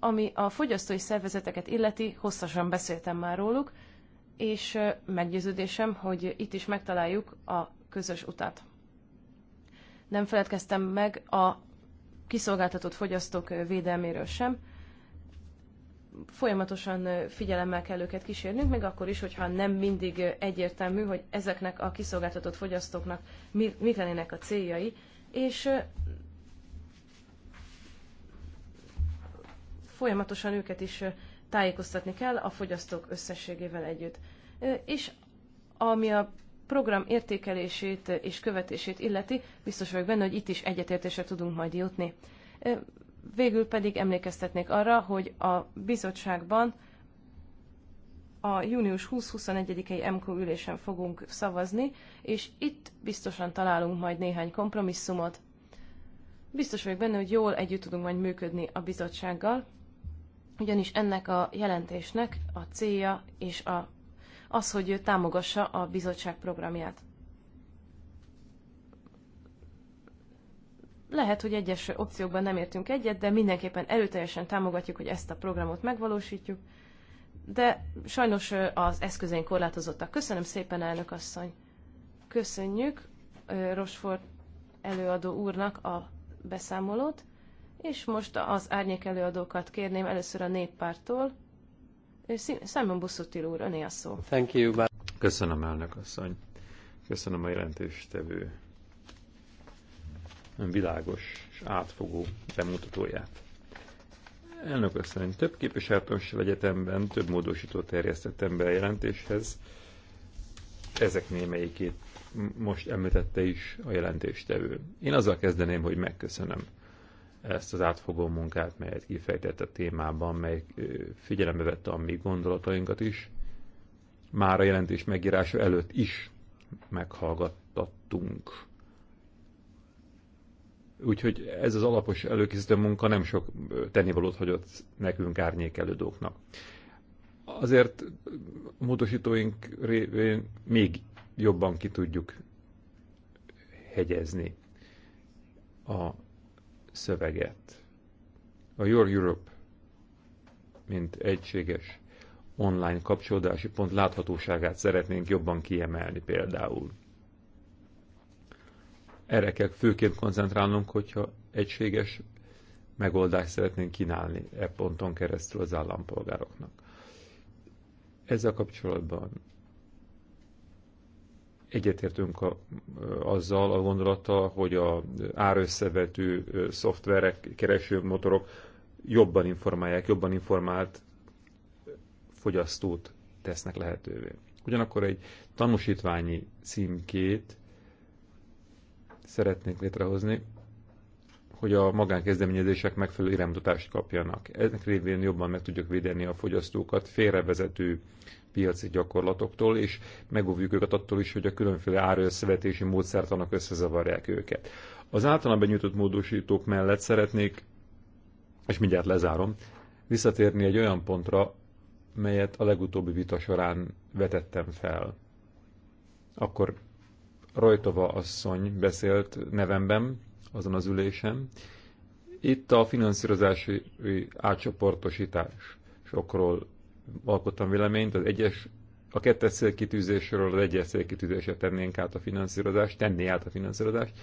Speaker 3: ami a fogyasztói szervezeteket illeti, hosszasan beszéltem már róluk, és meggyőződésem, hogy itt is megtaláljuk a közös utat. Nem feledkeztem meg a kiszolgáltatott fogyasztók védelméről sem. Folyamatosan figyelemmel kell őket kísérnünk, még akkor is, hogyha nem mindig egyértelmű, hogy ezeknek a kiszolgáltatott fogyasztóknak mik lennének a céljai, és folyamatosan őket is tájékoztatni kell a fogyasztók összességével együtt. És ami a program értékelését és követését illeti, biztos vagyok benne, hogy itt is egyetértésre tudunk majd jutni. Végül pedig emlékeztetnék arra, hogy a bizottságban a június 20-21-i MK ülésen fogunk szavazni, és itt biztosan találunk majd néhány kompromisszumot. Biztos vagyok benne, hogy jól együtt tudunk majd működni a bizottsággal, ugyanis ennek a jelentésnek a célja és a, az, hogy támogassa a bizottság programját. Lehet, hogy egyes opciókban nem értünk egyet, de mindenképpen erőteljesen támogatjuk, hogy ezt a programot megvalósítjuk. De sajnos az eszközén korlátozottak. Köszönöm szépen, elnök asszony! Köszönjük Rosford előadó úrnak a beszámolót. És most az árnyék előadókat kérném először a néppártól. Simon Buszutil úr, öné a szó.
Speaker 2: Thank you. Bye. Köszönöm, elnök asszony. Köszönöm a jelentéstevő világos és átfogó bemutatóját. Elnök asszony, több képviselőtömsel egyetemben több módosító terjesztettem be a jelentéshez. Ezek némelyikét most említette is a jelentéstevő. Én azzal kezdeném, hogy megköszönöm ezt az átfogó munkát, melyet kifejtett a témában, mely figyelembe vette a mi gondolatainkat is. Már a jelentés megírása előtt is meghallgattattunk. Úgyhogy ez az alapos előkészítő munka nem sok tennivalót hagyott nekünk árnyékelődóknak. Azért módosítóink révén még jobban ki tudjuk hegyezni a szöveget. A Your Europe, mint egységes online kapcsolódási pont láthatóságát szeretnénk jobban kiemelni például. Erre kell főként koncentrálnunk, hogyha egységes megoldást szeretnénk kínálni e ponton keresztül az állampolgároknak. Ezzel kapcsolatban Egyetértünk a, azzal a gondolattal, hogy a árösszevető szoftverek, keresőmotorok jobban informálják, jobban informált fogyasztót tesznek lehetővé. Ugyanakkor egy tanúsítványi címkét szeretnék létrehozni, hogy a magánkezdeményezések megfelelő iránymutatást kapjanak. Ennek révén jobban meg tudjuk védeni a fogyasztókat félrevezető piaci gyakorlatoktól, és megóvjuk őket attól is, hogy a különféle árösszevetési módszertanak összezavarják őket. Az általában benyújtott módosítók mellett szeretnék, és mindjárt lezárom, visszatérni egy olyan pontra, melyet a legutóbbi vita során vetettem fel. Akkor Rajtova asszony beszélt nevemben, azon az ülésen. Itt a finanszírozási átcsoportosításokról alkottam véleményt, az egyes, a kettes célkitűzésről az egyes célkitűzésre tennénk át a finanszírozást, tenni át a finanszírozást.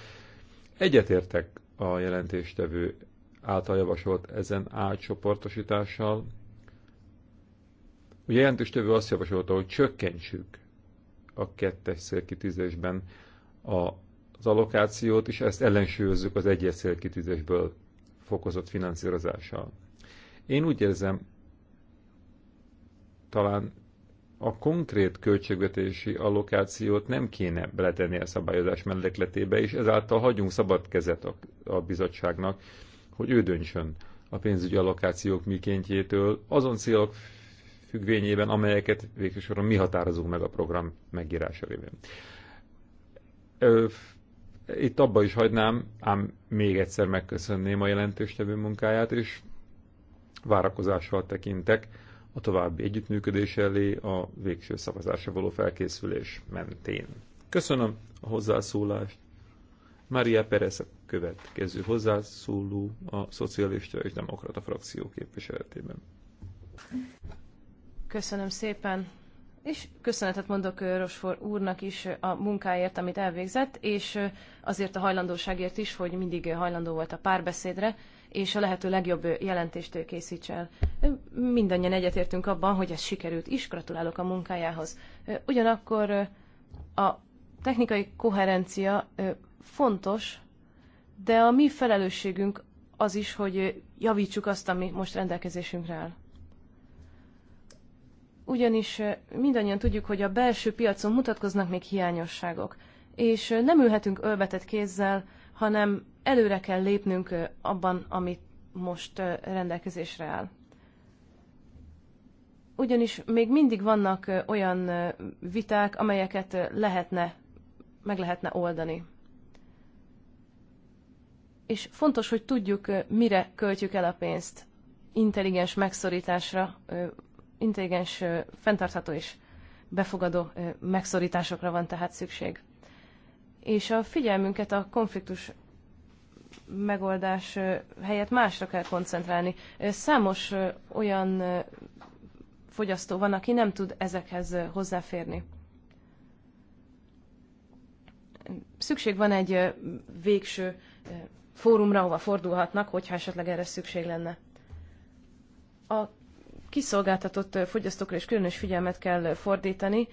Speaker 2: Egyetértek a jelentéstevő által javasolt ezen átcsoportosítással. Ugye jelentéstevő azt javasolta, hogy csökkentsük a kettes célkitűzésben a, az allokációt, és ezt ellensúlyozzuk az egyes célkitűzésből fokozott finanszírozással. Én úgy érzem, talán a konkrét költségvetési allokációt nem kéne beletenni a szabályozás mellékletébe, és ezáltal hagyunk szabad kezet a, a bizottságnak, hogy ő döntsön a pénzügyi allokációk mikéntjétől, azon célok függvényében, amelyeket végső mi határozunk meg a program megírása révén. Itt abba is hagynám, ám még egyszer megköszönném a jelentőstevő munkáját, és várakozással tekintek a további együttműködés elé a végső szavazásra való felkészülés mentén. Köszönöm a hozzászólást. Maria Perez a következő hozzászóló a Szocialista és Demokrata frakció képviseletében.
Speaker 3: Köszönöm szépen, és köszönetet mondok Rosfor úrnak is a munkáért, amit elvégzett, és azért a hajlandóságért is, hogy mindig hajlandó volt a párbeszédre, és a lehető legjobb jelentést készíts el. Mindannyian egyetértünk abban, hogy ez sikerült is, gratulálok a munkájához. Ugyanakkor a technikai koherencia fontos, de a mi felelősségünk az is, hogy javítsuk azt, ami most rendelkezésünkre áll ugyanis mindannyian tudjuk, hogy a belső piacon mutatkoznak még hiányosságok, és nem ülhetünk ölbetett kézzel, hanem előre kell lépnünk abban, amit most rendelkezésre áll. Ugyanis még mindig vannak olyan viták, amelyeket lehetne, meg lehetne oldani. És fontos, hogy tudjuk, mire költjük el a pénzt. Intelligens megszorításra intelligens, fenntartható és befogadó megszorításokra van tehát szükség. És a figyelmünket a konfliktus megoldás helyett másra kell koncentrálni. Számos olyan fogyasztó van, aki nem tud ezekhez hozzáférni. Szükség van egy végső fórumra, ahova fordulhatnak, hogyha esetleg erre szükség lenne. A kiszolgáltatott fogyasztókra is különös figyelmet kell fordítani,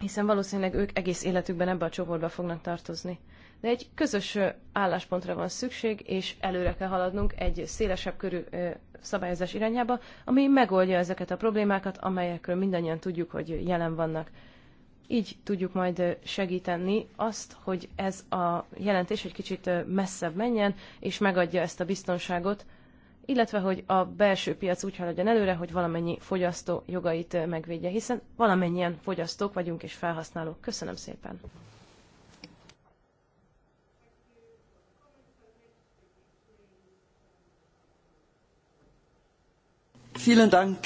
Speaker 3: hiszen valószínűleg ők egész életükben ebbe a csoportba fognak tartozni. De egy közös álláspontra van szükség, és előre kell haladnunk egy szélesebb körű szabályozás irányába, ami megoldja ezeket a problémákat, amelyekről mindannyian tudjuk, hogy jelen vannak. Így tudjuk majd segíteni azt, hogy ez a jelentés egy kicsit messzebb menjen, és megadja ezt a biztonságot, illetve hogy a belső piac úgy haladjon előre, hogy valamennyi fogyasztó jogait megvédje, hiszen valamennyien fogyasztók vagyunk és felhasználók. Köszönöm szépen!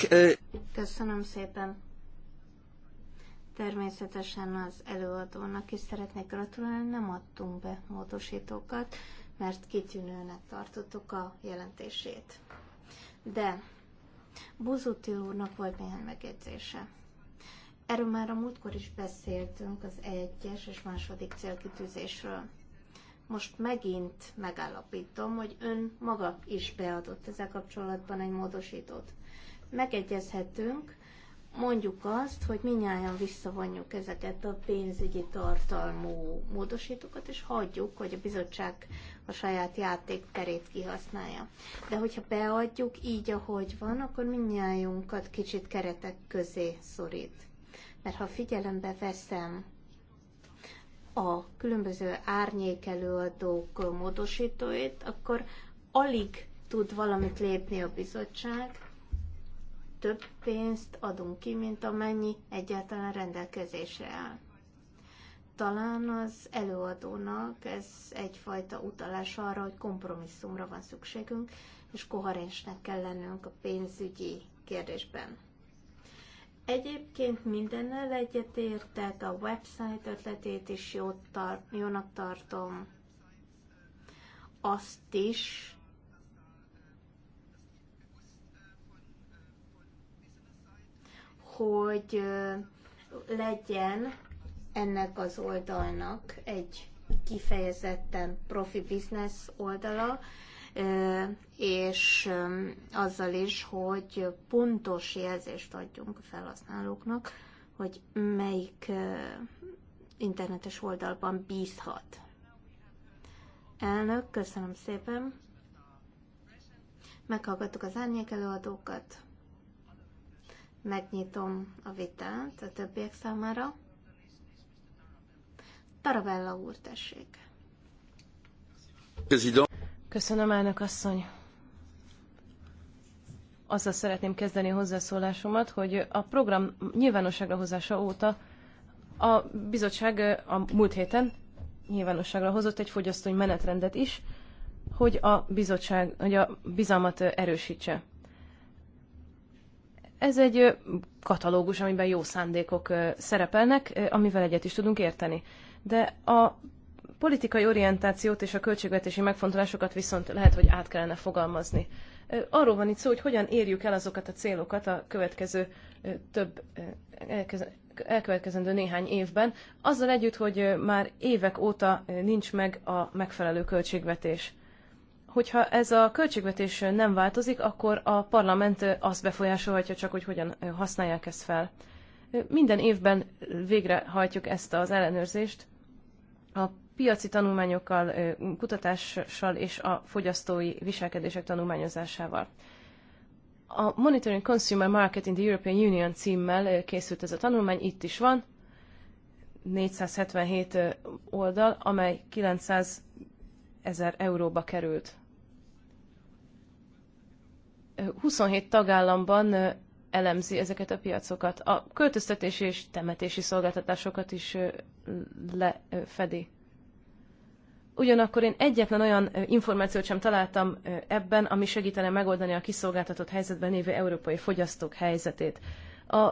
Speaker 4: Äh,
Speaker 1: Köszönöm szépen! Természetesen az előadónak is szeretnék gratulálni, nem adtunk be módosítókat mert kitűnőnek tartottuk a jelentését. De Buzuti úrnak volt néhány megjegyzése. Erről már a múltkor is beszéltünk az egyes és második célkitűzésről. Most megint megállapítom, hogy ön maga is beadott ezzel kapcsolatban egy módosítót. Megegyezhetünk, mondjuk azt, hogy minnyáján visszavonjuk ezeket a pénzügyi tartalmú módosítókat, és hagyjuk, hogy a bizottság a saját játékterét kihasználja. De hogyha beadjuk így, ahogy van, akkor minnyájunkat kicsit keretek közé szorít. Mert ha figyelembe veszem a különböző árnyékelőadók módosítóit, akkor alig tud valamit lépni a bizottság, több pénzt adunk ki, mint amennyi egyáltalán rendelkezésre áll. Talán az előadónak ez egyfajta utalás arra, hogy kompromisszumra van szükségünk, és koherensnek kell lennünk a pénzügyi kérdésben. Egyébként mindennel egyetértek, a website ötletét is jót tar- jónak tartom, azt is, hogy legyen ennek az oldalnak egy kifejezetten profi business oldala, és azzal is, hogy pontos jelzést adjunk a felhasználóknak, hogy melyik internetes oldalban bízhat. Elnök, köszönöm szépen. Meghallgattuk az árnyék előadókat megnyitom a vitát a többiek számára. Tarabella úr, tessék.
Speaker 3: Köszönöm, elnök asszony. Azzal szeretném kezdeni hozzászólásomat, hogy a program nyilvánosságra hozása óta a bizottság a múlt héten nyilvánosságra hozott egy fogyasztói menetrendet is, hogy a bizottság, hogy a bizalmat erősítse. Ez egy katalógus, amiben jó szándékok szerepelnek, amivel egyet is tudunk érteni. De a politikai orientációt és a költségvetési megfontolásokat viszont lehet, hogy át kellene fogalmazni. Arról van itt szó, hogy hogyan érjük el azokat a célokat a következő több elkövetkezendő néhány évben, azzal együtt, hogy már évek óta nincs meg a megfelelő költségvetés hogyha ez a költségvetés nem változik, akkor a parlament azt befolyásolhatja csak, hogy hogyan használják ezt fel. Minden évben végrehajtjuk ezt az ellenőrzést. A piaci tanulmányokkal, kutatással és a fogyasztói viselkedések tanulmányozásával. A Monitoring Consumer Market in the European Union címmel készült ez a tanulmány, itt is van, 477 oldal, amely 900 ezer euróba került. 27 tagállamban elemzi ezeket a piacokat. A költöztetési és temetési szolgáltatásokat is lefedi. Ugyanakkor én egyetlen olyan információt sem találtam ebben, ami segítene megoldani a kiszolgáltatott helyzetben lévő európai fogyasztók helyzetét. A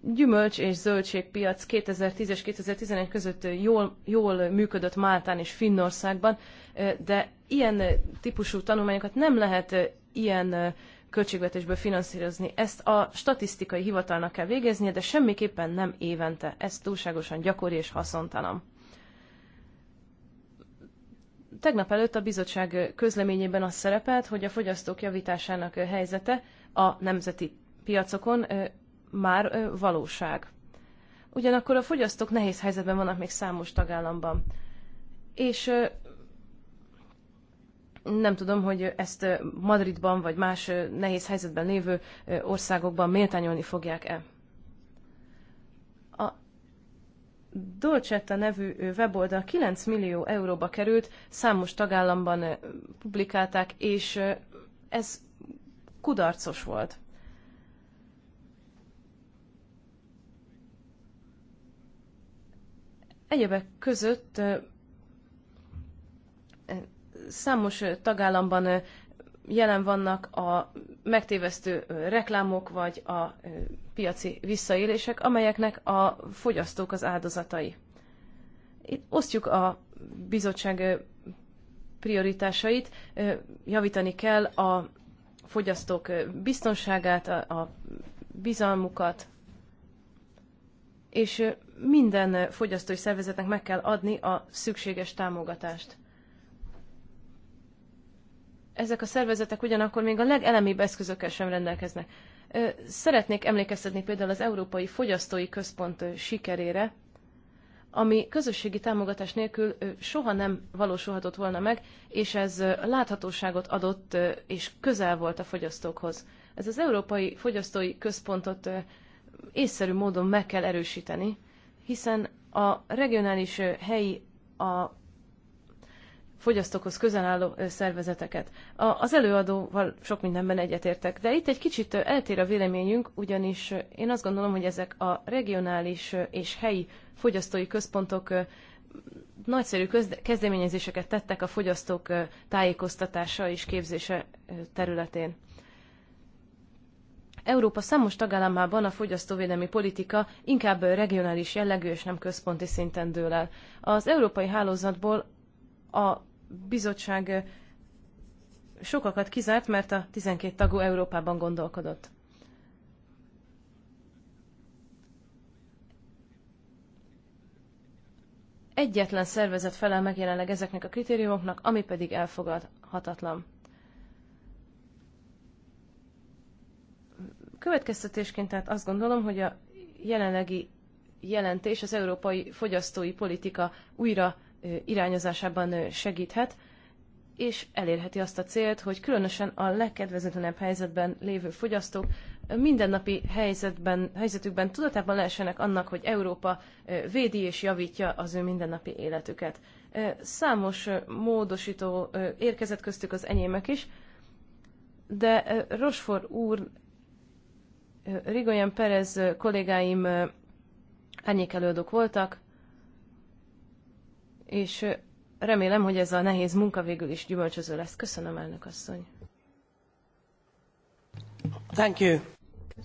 Speaker 3: gyümölcs és zöldségpiac 2010 és 2011 között jól, jól működött Máltán és Finnországban, de ilyen típusú tanulmányokat nem lehet ilyen költségvetésből finanszírozni. Ezt a statisztikai hivatalnak kell végeznie, de semmiképpen nem évente. Ez túlságosan gyakori és haszontalan. Tegnap előtt a bizottság közleményében az szerepelt, hogy a fogyasztók javításának helyzete a nemzeti piacokon már valóság. Ugyanakkor a fogyasztók nehéz helyzetben vannak még számos tagállamban. És nem tudom, hogy ezt Madridban vagy más nehéz helyzetben lévő országokban méltányolni fogják-e. A Dolcetta nevű weboldal 9 millió euróba került, számos tagállamban publikálták, és ez kudarcos volt. Egyebek között Számos tagállamban jelen vannak a megtévesztő reklámok vagy a piaci visszaélések, amelyeknek a fogyasztók az áldozatai. Itt osztjuk a bizottság prioritásait, javítani kell a fogyasztók biztonságát, a bizalmukat, és minden fogyasztói szervezetnek meg kell adni a szükséges támogatást ezek a szervezetek ugyanakkor még a legelemibb eszközökkel sem rendelkeznek. Szeretnék emlékeztetni például az Európai Fogyasztói Központ sikerére, ami közösségi támogatás nélkül soha nem valósulhatott volna meg, és ez láthatóságot adott, és közel volt a fogyasztókhoz. Ez az Európai Fogyasztói Központot észszerű módon meg kell erősíteni, hiszen a regionális helyi, a fogyasztókhoz közel álló szervezeteket. A, az előadóval sok mindenben egyetértek, de itt egy kicsit eltér a véleményünk, ugyanis én azt gondolom, hogy ezek a regionális és helyi fogyasztói központok nagyszerű kezdeményezéseket tettek a fogyasztók tájékoztatása és képzése területén. Európa számos tagállamában a fogyasztóvédelmi politika inkább regionális jellegű és nem központi szinten dől el. Az európai hálózatból a bizottság sokakat kizárt, mert a 12 tagú Európában gondolkodott. Egyetlen szervezet felel meg jelenleg ezeknek a kritériumoknak, ami pedig elfogadhatatlan. Következtetésként tehát azt gondolom, hogy a jelenlegi jelentés az európai fogyasztói politika újra irányozásában segíthet, és elérheti azt a célt, hogy különösen a legkedvezetlenebb helyzetben lévő fogyasztók mindennapi helyzetben, helyzetükben tudatában lehessenek annak, hogy Európa védi és javítja az ő mindennapi életüket. Számos módosító érkezett köztük az enyémek is, de Rosfor úr, Rigoyen Perez kollégáim árnyékelődők voltak, és remélem, hogy ez a nehéz munka végül is gyümölcsöző lesz. Köszönöm, elnök asszony.
Speaker 2: Thank you.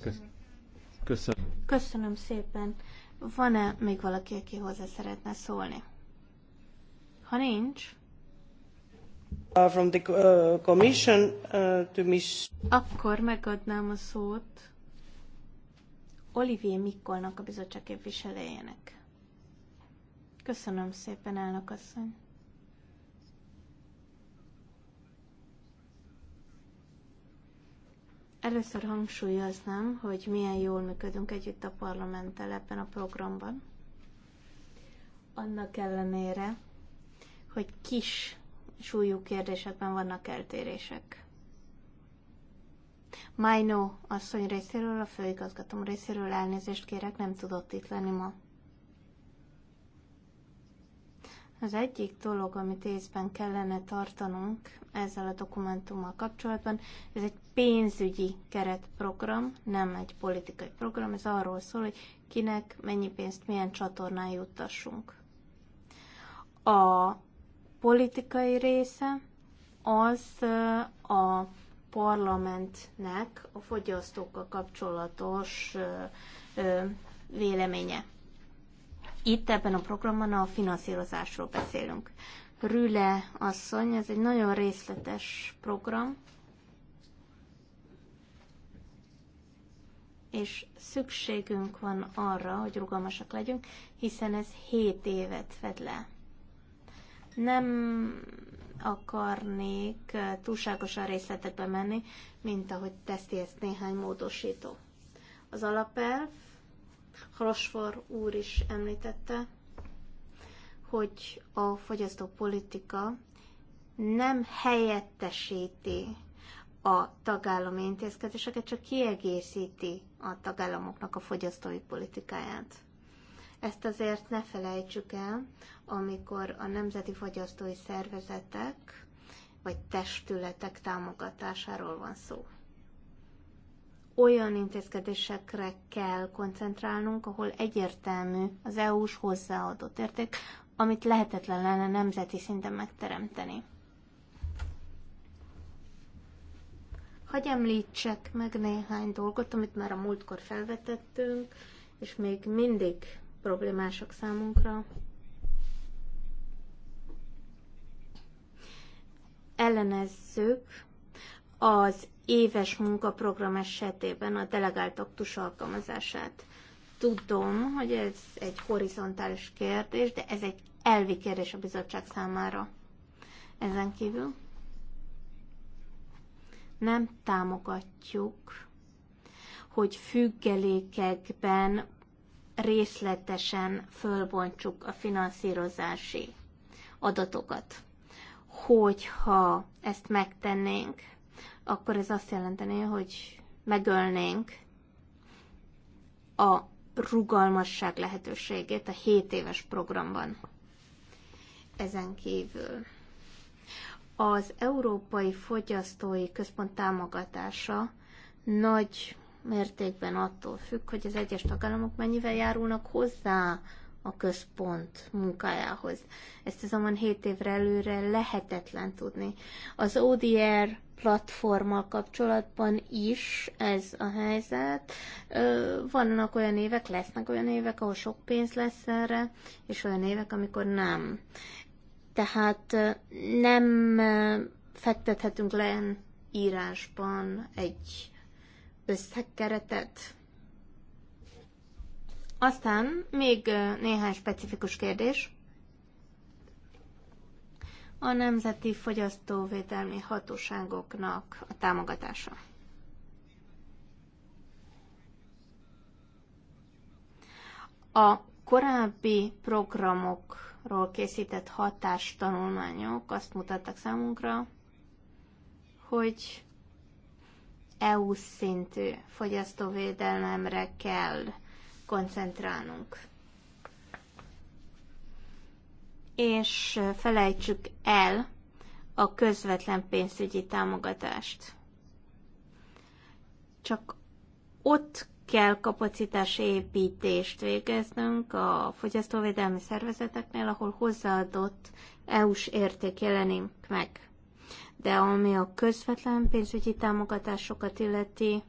Speaker 2: Köszönöm. Köszönöm,
Speaker 1: Köszönöm szépen. Van-e még valaki, aki hozzá szeretne szólni? Ha nincs,
Speaker 3: uh, from the uh, commission uh, to miss...
Speaker 1: Akkor megadnám a szót Olivier Mikkolnak a bizottság képviselőjének. Köszönöm szépen, elnök asszony. Először hangsúlyoznám, hogy milyen jól működünk együtt a parlamenttel ebben a programban. Annak ellenére, hogy kis súlyú kérdésekben vannak eltérések. Májnó asszony részéről, a főigazgatóm részéről elnézést kérek, nem tudott itt lenni ma. Az egyik dolog, amit észben kellene tartanunk ezzel a dokumentummal kapcsolatban, ez egy pénzügyi keretprogram, nem egy politikai program, ez arról szól, hogy kinek mennyi pénzt milyen csatornán juttassunk. A politikai része az a parlamentnek a fogyasztókkal kapcsolatos véleménye itt ebben a programban a finanszírozásról beszélünk. Rüle asszony, ez egy nagyon részletes program, és szükségünk van arra, hogy rugalmasak legyünk, hiszen ez 7 évet fed le. Nem akarnék túlságosan részletekbe menni, mint ahogy teszi ezt néhány módosító. Az alapelv Rosfor úr is említette, hogy a fogyasztópolitika nem helyettesíti a tagállami intézkedéseket, csak kiegészíti a tagállamoknak a fogyasztói politikáját. Ezt azért ne felejtsük el, amikor a nemzeti fogyasztói szervezetek vagy testületek támogatásáról van szó olyan intézkedésekre kell koncentrálnunk, ahol egyértelmű az EU-s hozzáadott érték, amit lehetetlen lenne nemzeti szinten megteremteni. Hagy említsek meg néhány dolgot, amit már a múltkor felvetettünk, és még mindig problémások számunkra. Ellenezzük az éves munkaprogram esetében a delegált aktus alkalmazását. Tudom, hogy ez egy horizontális kérdés, de ez egy elvi kérdés a bizottság számára. Ezen kívül nem támogatjuk, hogy függelékekben részletesen fölbontsuk a finanszírozási adatokat. Hogyha ezt megtennénk, akkor ez azt jelenteni, hogy megölnénk a rugalmasság lehetőségét a 7 éves programban. Ezen kívül az Európai Fogyasztói Központ támogatása nagy mértékben attól függ, hogy az egyes tagállamok mennyivel járulnak hozzá a központ munkájához. Ezt azonban 7 évre előre lehetetlen tudni. Az ODR platformmal kapcsolatban is ez a helyzet. Vannak olyan évek, lesznek olyan évek, ahol sok pénz lesz erre, és olyan évek, amikor nem. Tehát nem fektethetünk le írásban egy összegkeretet, aztán még néhány specifikus kérdés. A Nemzeti Fogyasztóvédelmi Hatóságoknak a támogatása. A korábbi programokról készített hatástanulmányok azt mutattak számunkra, hogy EU szintű fogyasztóvédelemre kell koncentrálnunk. És felejtsük el a közvetlen pénzügyi támogatást. Csak ott kell kapacitás építést végeznünk a fogyasztóvédelmi szervezeteknél, ahol hozzáadott EU-s érték jelenik meg. De ami a közvetlen pénzügyi támogatásokat illeti,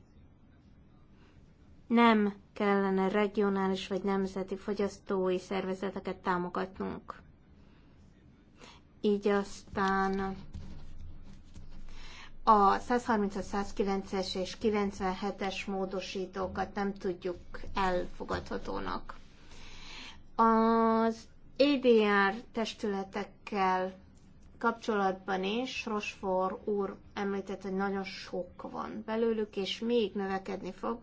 Speaker 1: nem kellene regionális vagy nemzeti fogyasztói szervezeteket támogatnunk. Így aztán a 130 109-es és 97-es módosítókat nem tudjuk elfogadhatónak. Az EDR testületekkel kapcsolatban is Rosfor úr említett, hogy nagyon sok van belőlük, és még növekedni fog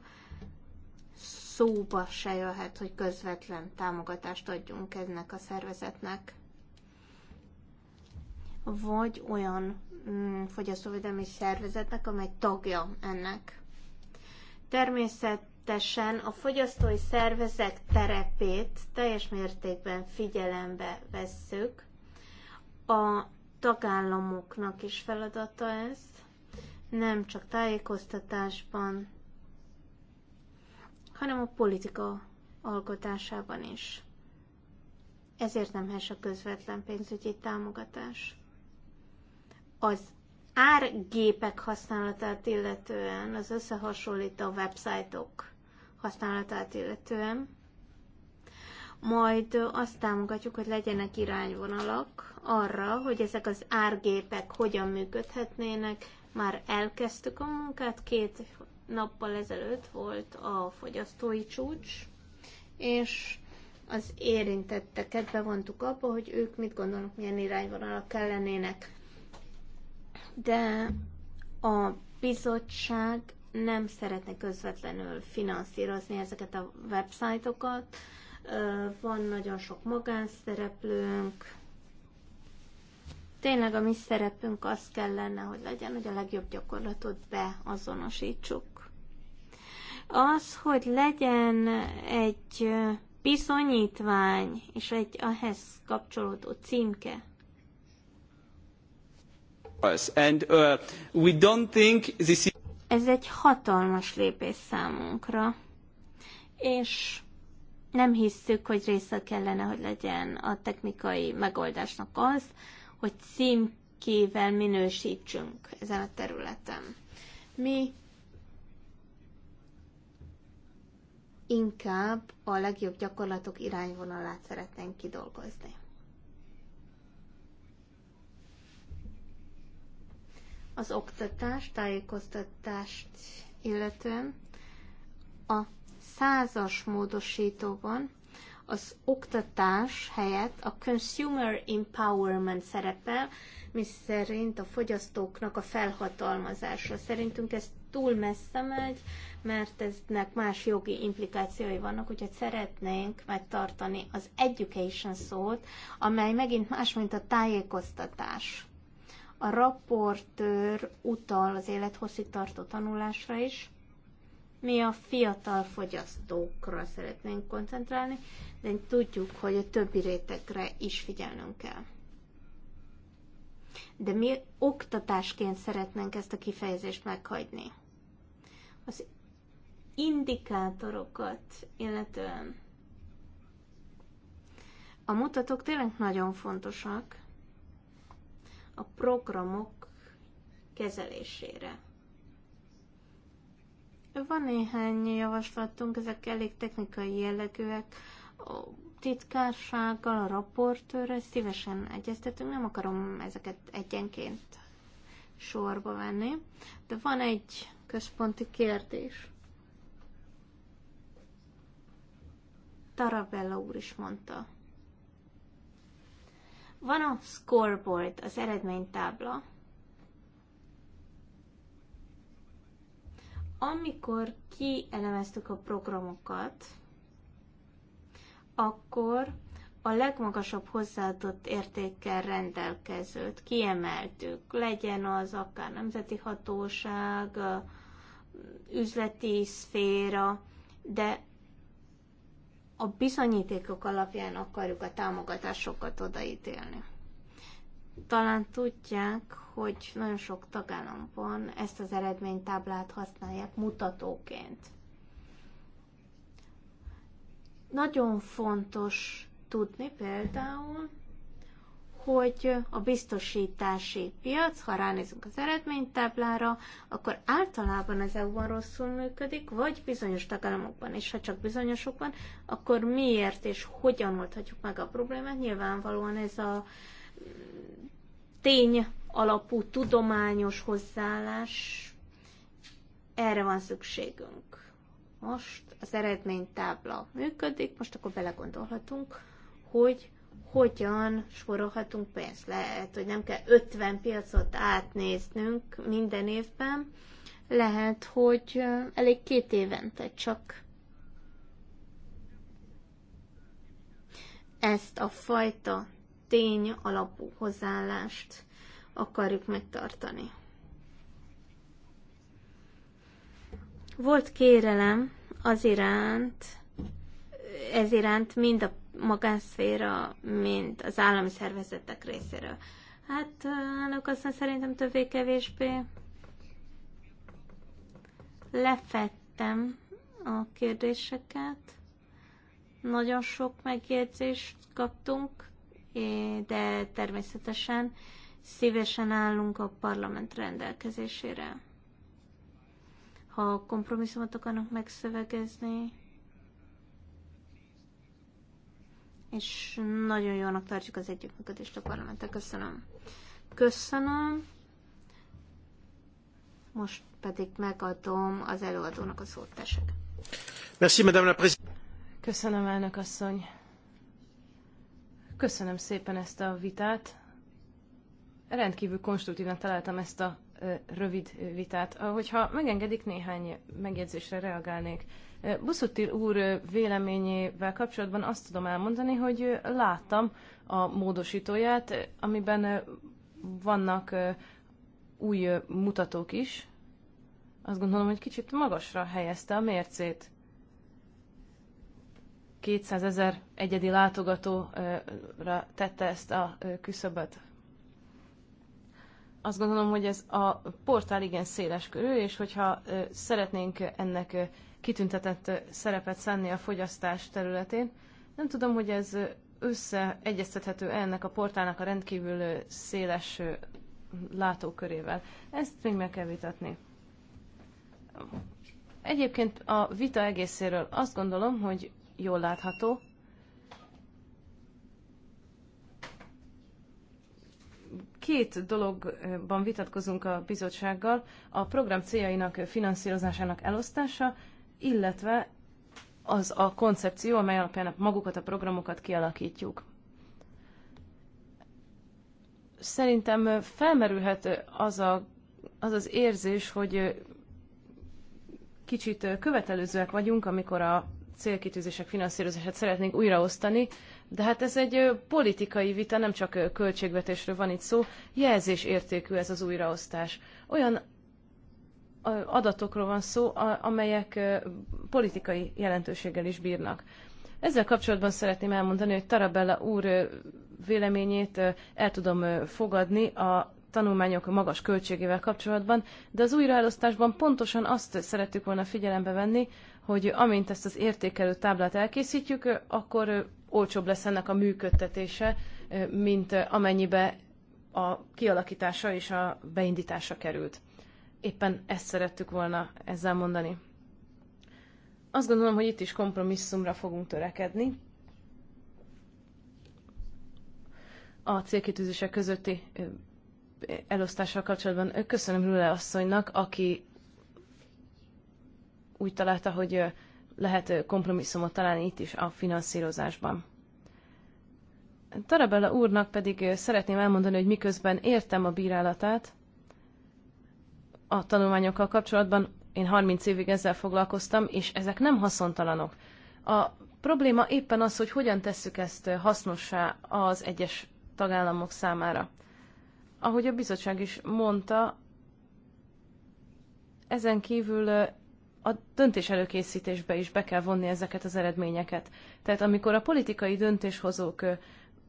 Speaker 1: szóba se jöhet, hogy közvetlen támogatást adjunk ennek a szervezetnek. Vagy olyan mm, fogyasztóvédelmi szervezetnek, amely tagja ennek. Természetesen a fogyasztói szervezet terepét teljes mértékben figyelembe vesszük. A tagállamoknak is feladata ez, nem csak tájékoztatásban, hanem a politika alkotásában is. Ezért nem hes a közvetlen pénzügyi támogatás. Az árgépek használatát illetően, az összehasonlító websájtok használatát illetően, majd azt támogatjuk, hogy legyenek irányvonalak arra, hogy ezek az árgépek hogyan működhetnének. Már elkezdtük a munkát, két nappal ezelőtt volt a fogyasztói csúcs, és az érintetteket bevontuk abba, hogy ők mit gondolnak, milyen irányvonalak kellenének. De a bizottság nem szeretne közvetlenül finanszírozni ezeket a websájtokat. Van nagyon sok magánszereplőnk. Tényleg a mi szerepünk az kellene, hogy legyen, hogy a legjobb gyakorlatot beazonosítsuk az, hogy legyen egy bizonyítvány és egy ahhez kapcsolódó címke.
Speaker 2: And, uh, we don't think this is...
Speaker 1: Ez egy hatalmas lépés számunkra, és nem hisszük, hogy része kellene, hogy legyen a technikai megoldásnak az, hogy címkével minősítsünk ezen a területen. Mi inkább a legjobb gyakorlatok irányvonalát szeretnénk kidolgozni. Az oktatás, tájékoztatást illetően a százas módosítóban az oktatás helyett a consumer empowerment szerepel, mi szerint a fogyasztóknak a felhatalmazása. Szerintünk ez túl messze megy, mert eznek más jogi implikációi vannak, úgyhogy szeretnénk megtartani az education szót, amely megint más, mint a tájékoztatás. A raportőr utal az élethosszig tartó tanulásra is, mi a fiatal fogyasztókra szeretnénk koncentrálni, de tudjuk, hogy a többi rétegre is figyelnünk kell. De mi oktatásként szeretnénk ezt a kifejezést meghagyni. Az indikátorokat, illetően a mutatók tényleg nagyon fontosak a programok kezelésére. Van néhány javaslatunk, ezek elég technikai jellegűek. A titkársággal, a raportőrrel szívesen egyeztetünk, nem akarom ezeket egyenként sorba venni, de van egy központi kérdés. Tarabella úr is mondta. Van a scoreboard, az eredménytábla. Amikor kielemeztük a programokat, akkor a legmagasabb hozzáadott értékkel rendelkezőt kiemeltük. Legyen az akár nemzeti hatóság, üzleti szféra, de a bizonyítékok alapján akarjuk a támogatásokat odaítélni. Talán tudják, hogy nagyon sok tagállamban ezt az eredménytáblát használják mutatóként. Nagyon fontos tudni például, hogy a biztosítási piac, ha ránézünk az eredménytáblára, akkor általában az EU-ban rosszul működik, vagy bizonyos tagállamokban, és ha csak bizonyosokban, akkor miért és hogyan oldhatjuk meg a problémát? Nyilvánvalóan ez a tény alapú tudományos hozzáállás, erre van szükségünk. Most az eredménytábla működik, most akkor belegondolhatunk, hogy hogyan sporolhatunk pénzt. Lehet, hogy nem kell 50 piacot átnéznünk minden évben, lehet, hogy elég két évente csak ezt a fajta tény alapú hozzáállást akarjuk megtartani. Volt kérelem az iránt, ez iránt mind a magánszféra, mint az állami szervezetek részéről. Hát annak aztán szerintem többé-kevésbé lefettem a kérdéseket. Nagyon sok megjegyzést kaptunk, de természetesen szívesen állunk a parlament rendelkezésére. Ha kompromisszumot akarnak megszövegezni, és nagyon jónak tartjuk az együttműködést a parlamentet. Köszönöm. Köszönöm. Most pedig megadom az előadónak a szót, tessék.
Speaker 3: Merci, Madame la
Speaker 1: Köszönöm, elnök asszony.
Speaker 3: Köszönöm szépen ezt a vitát. Rendkívül konstruktívan találtam ezt a rövid vitát. Hogyha megengedik, néhány megjegyzésre reagálnék. Buszutil úr véleményével kapcsolatban azt tudom elmondani, hogy láttam a módosítóját, amiben vannak új mutatók is. Azt gondolom, hogy kicsit magasra helyezte a mércét. 200 ezer egyedi látogatóra tette ezt a küszöböt. Azt gondolom, hogy ez a portál igen széles körül, és hogyha szeretnénk ennek kitüntetett szerepet szánni a fogyasztás területén. Nem tudom, hogy ez összeegyeztethető ennek a portálnak a rendkívül széles látókörével. Ezt még meg kell vitatni. Egyébként a vita egészéről azt gondolom, hogy jól látható. Két dologban vitatkozunk a bizottsággal, a program céljainak finanszírozásának elosztása illetve az a koncepció, amely alapján magukat a programokat kialakítjuk. Szerintem felmerülhet az, a, az az érzés, hogy kicsit követelőzőek vagyunk, amikor a célkitűzések finanszírozását szeretnénk újraosztani, de hát ez egy politikai vita, nem csak költségvetésről van itt szó, jelzésértékű ez az újraosztás. Olyan adatokról van szó, amelyek politikai jelentőséggel is bírnak. Ezzel kapcsolatban szeretném elmondani, hogy Tarabella úr véleményét el tudom fogadni a tanulmányok magas költségével kapcsolatban, de az újraelosztásban pontosan azt szerettük volna figyelembe venni, hogy amint ezt az értékelő táblát elkészítjük, akkor olcsóbb lesz ennek a működtetése, mint amennyibe a kialakítása és a beindítása került. Éppen ezt szerettük volna ezzel mondani. Azt gondolom, hogy itt is kompromisszumra fogunk törekedni. A célkitűzések közötti elosztással kapcsolatban köszönöm Rüle asszonynak, aki úgy találta, hogy lehet kompromisszumot találni itt is a finanszírozásban. Tarabella úrnak pedig szeretném elmondani, hogy miközben értem a bírálatát, a tanulmányokkal kapcsolatban, én 30 évig ezzel foglalkoztam, és ezek nem haszontalanok. A probléma éppen az, hogy hogyan tesszük ezt hasznossá az egyes tagállamok számára. Ahogy a bizottság is mondta, ezen kívül a döntés előkészítésbe is be kell vonni ezeket az eredményeket. Tehát amikor a politikai döntéshozók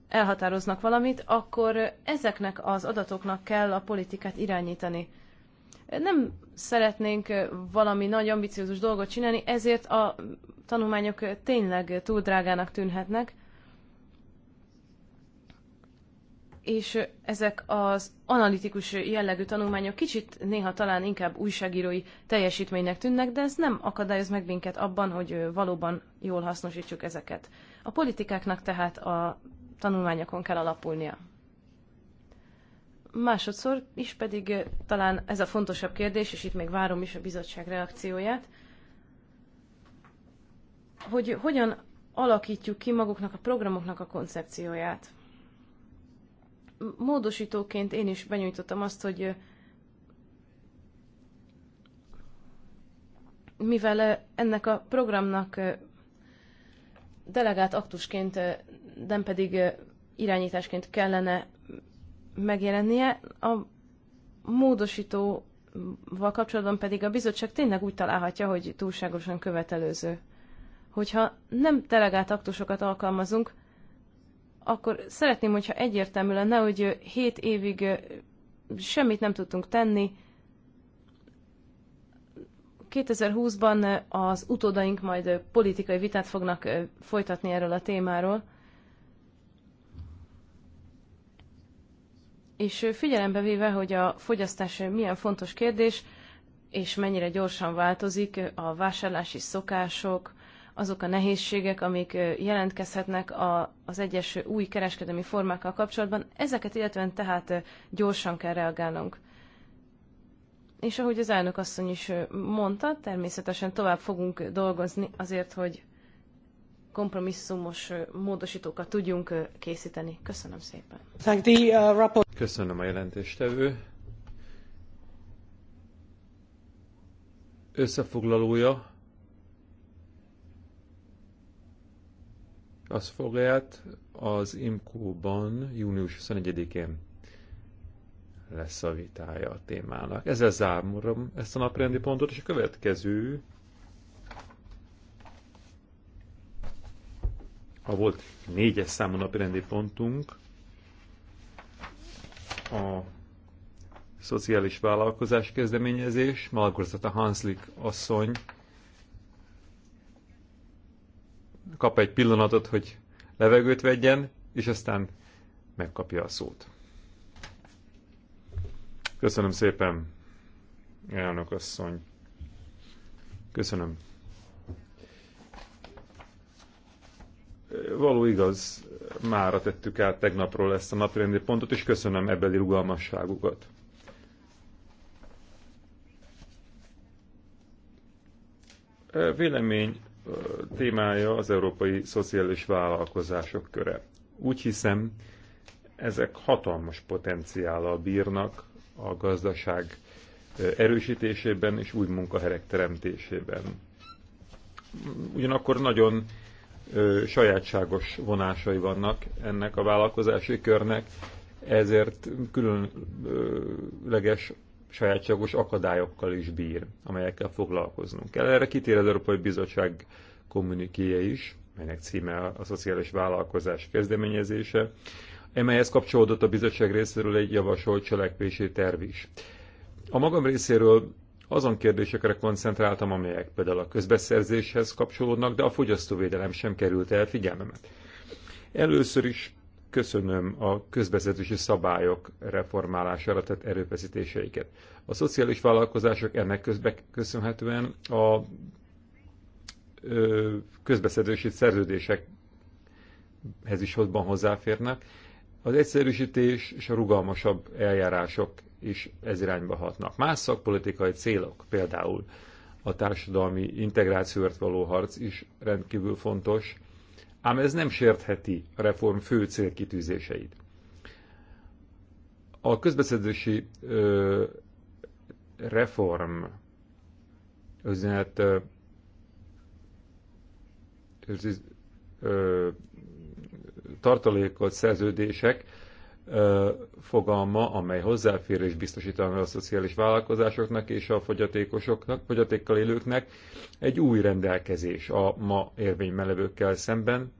Speaker 3: elhatároznak valamit, akkor ezeknek az adatoknak kell a politikát irányítani. Nem szeretnénk valami nagy ambiciózus dolgot csinálni, ezért a tanulmányok tényleg túl drágának tűnhetnek, és ezek az analitikus jellegű tanulmányok kicsit néha talán inkább újságírói teljesítménynek tűnnek, de ez nem akadályoz meg minket abban, hogy valóban jól hasznosítsuk ezeket. A politikáknak tehát a tanulmányokon kell alapulnia. Másodszor is pedig eh, talán ez a fontosabb kérdés, és itt még várom is a bizottság reakcióját, hogy hogyan alakítjuk ki maguknak a programoknak a koncepcióját. Módosítóként én is benyújtottam azt, hogy eh, mivel eh, ennek a programnak delegált aktusként, nem pedig irányításként kellene megjelennie. A módosítóval kapcsolatban pedig a bizottság tényleg úgy találhatja, hogy túlságosan követelőző. Hogyha nem telegált aktusokat alkalmazunk, akkor szeretném, hogyha egyértelmű lenne, hogy 7 évig semmit nem tudtunk tenni. 2020-ban az utódaink majd politikai vitát fognak folytatni erről a témáról, és figyelembe véve, hogy a fogyasztás milyen fontos kérdés, és mennyire gyorsan változik a vásárlási szokások, azok a nehézségek, amik jelentkezhetnek az egyes új kereskedelmi formákkal kapcsolatban, ezeket illetően tehát gyorsan kell reagálnunk. És ahogy az elnök asszony is mondta, természetesen tovább fogunk dolgozni azért, hogy kompromisszumos módosítókat tudjunk készíteni. Köszönöm szépen.
Speaker 2: Uh, Köszönöm a jelentéstevő. Összefoglalója azt fogját az IMCO-ban június 21-én lesz a vitája a témának. Ezzel zárom ezt a naprendi pontot, és a következő a volt négyes számú napirendi pontunk a szociális vállalkozás kezdeményezés, a Hanslik asszony kap egy pillanatot, hogy levegőt vegyen, és aztán megkapja a szót. Köszönöm szépen, elnök asszony. Köszönöm való igaz, mára tettük át tegnapról ezt a napirendi pontot, és köszönöm ebbeli rugalmasságukat. E, vélemény e, témája az európai szociális vállalkozások köre. Úgy hiszem, ezek hatalmas potenciállal bírnak a gazdaság e, erősítésében és új munkahelyek teremtésében. Ugyanakkor nagyon ö, sajátságos vonásai vannak ennek a vállalkozási körnek, ezért különleges sajátságos akadályokkal is bír, amelyekkel foglalkoznunk kell. Erre kitér az Európai Bizottság kommunikéje is, melynek címe a szociális vállalkozás kezdeményezése, emelyhez kapcsolódott a bizottság részéről egy javasolt cselekvési terv is. A magam részéről azon kérdésekre koncentráltam, amelyek például a közbeszerzéshez kapcsolódnak, de a fogyasztóvédelem sem került el figyelmemet. Először is köszönöm a közbeszerzési szabályok reformálására tett erőfeszítéseiket. A szociális vállalkozások ennek közbe köszönhetően a közbeszerzési szerződésekhez is hozban hozzáférnek. Az egyszerűsítés és a rugalmasabb eljárások is ez irányba hatnak. Más szakpolitikai célok, például a társadalmi integrációért való harc is rendkívül fontos, ám ez nem sértheti a reform fő célkitűzéseit. A közbeszedési ö, reform üzenet tartalékot szerződések fogalma, amely hozzáférés biztosítaná a szociális vállalkozásoknak és a fogyatékosoknak, fogyatékkal élőknek egy új rendelkezés a ma érvény melevőkkel szemben.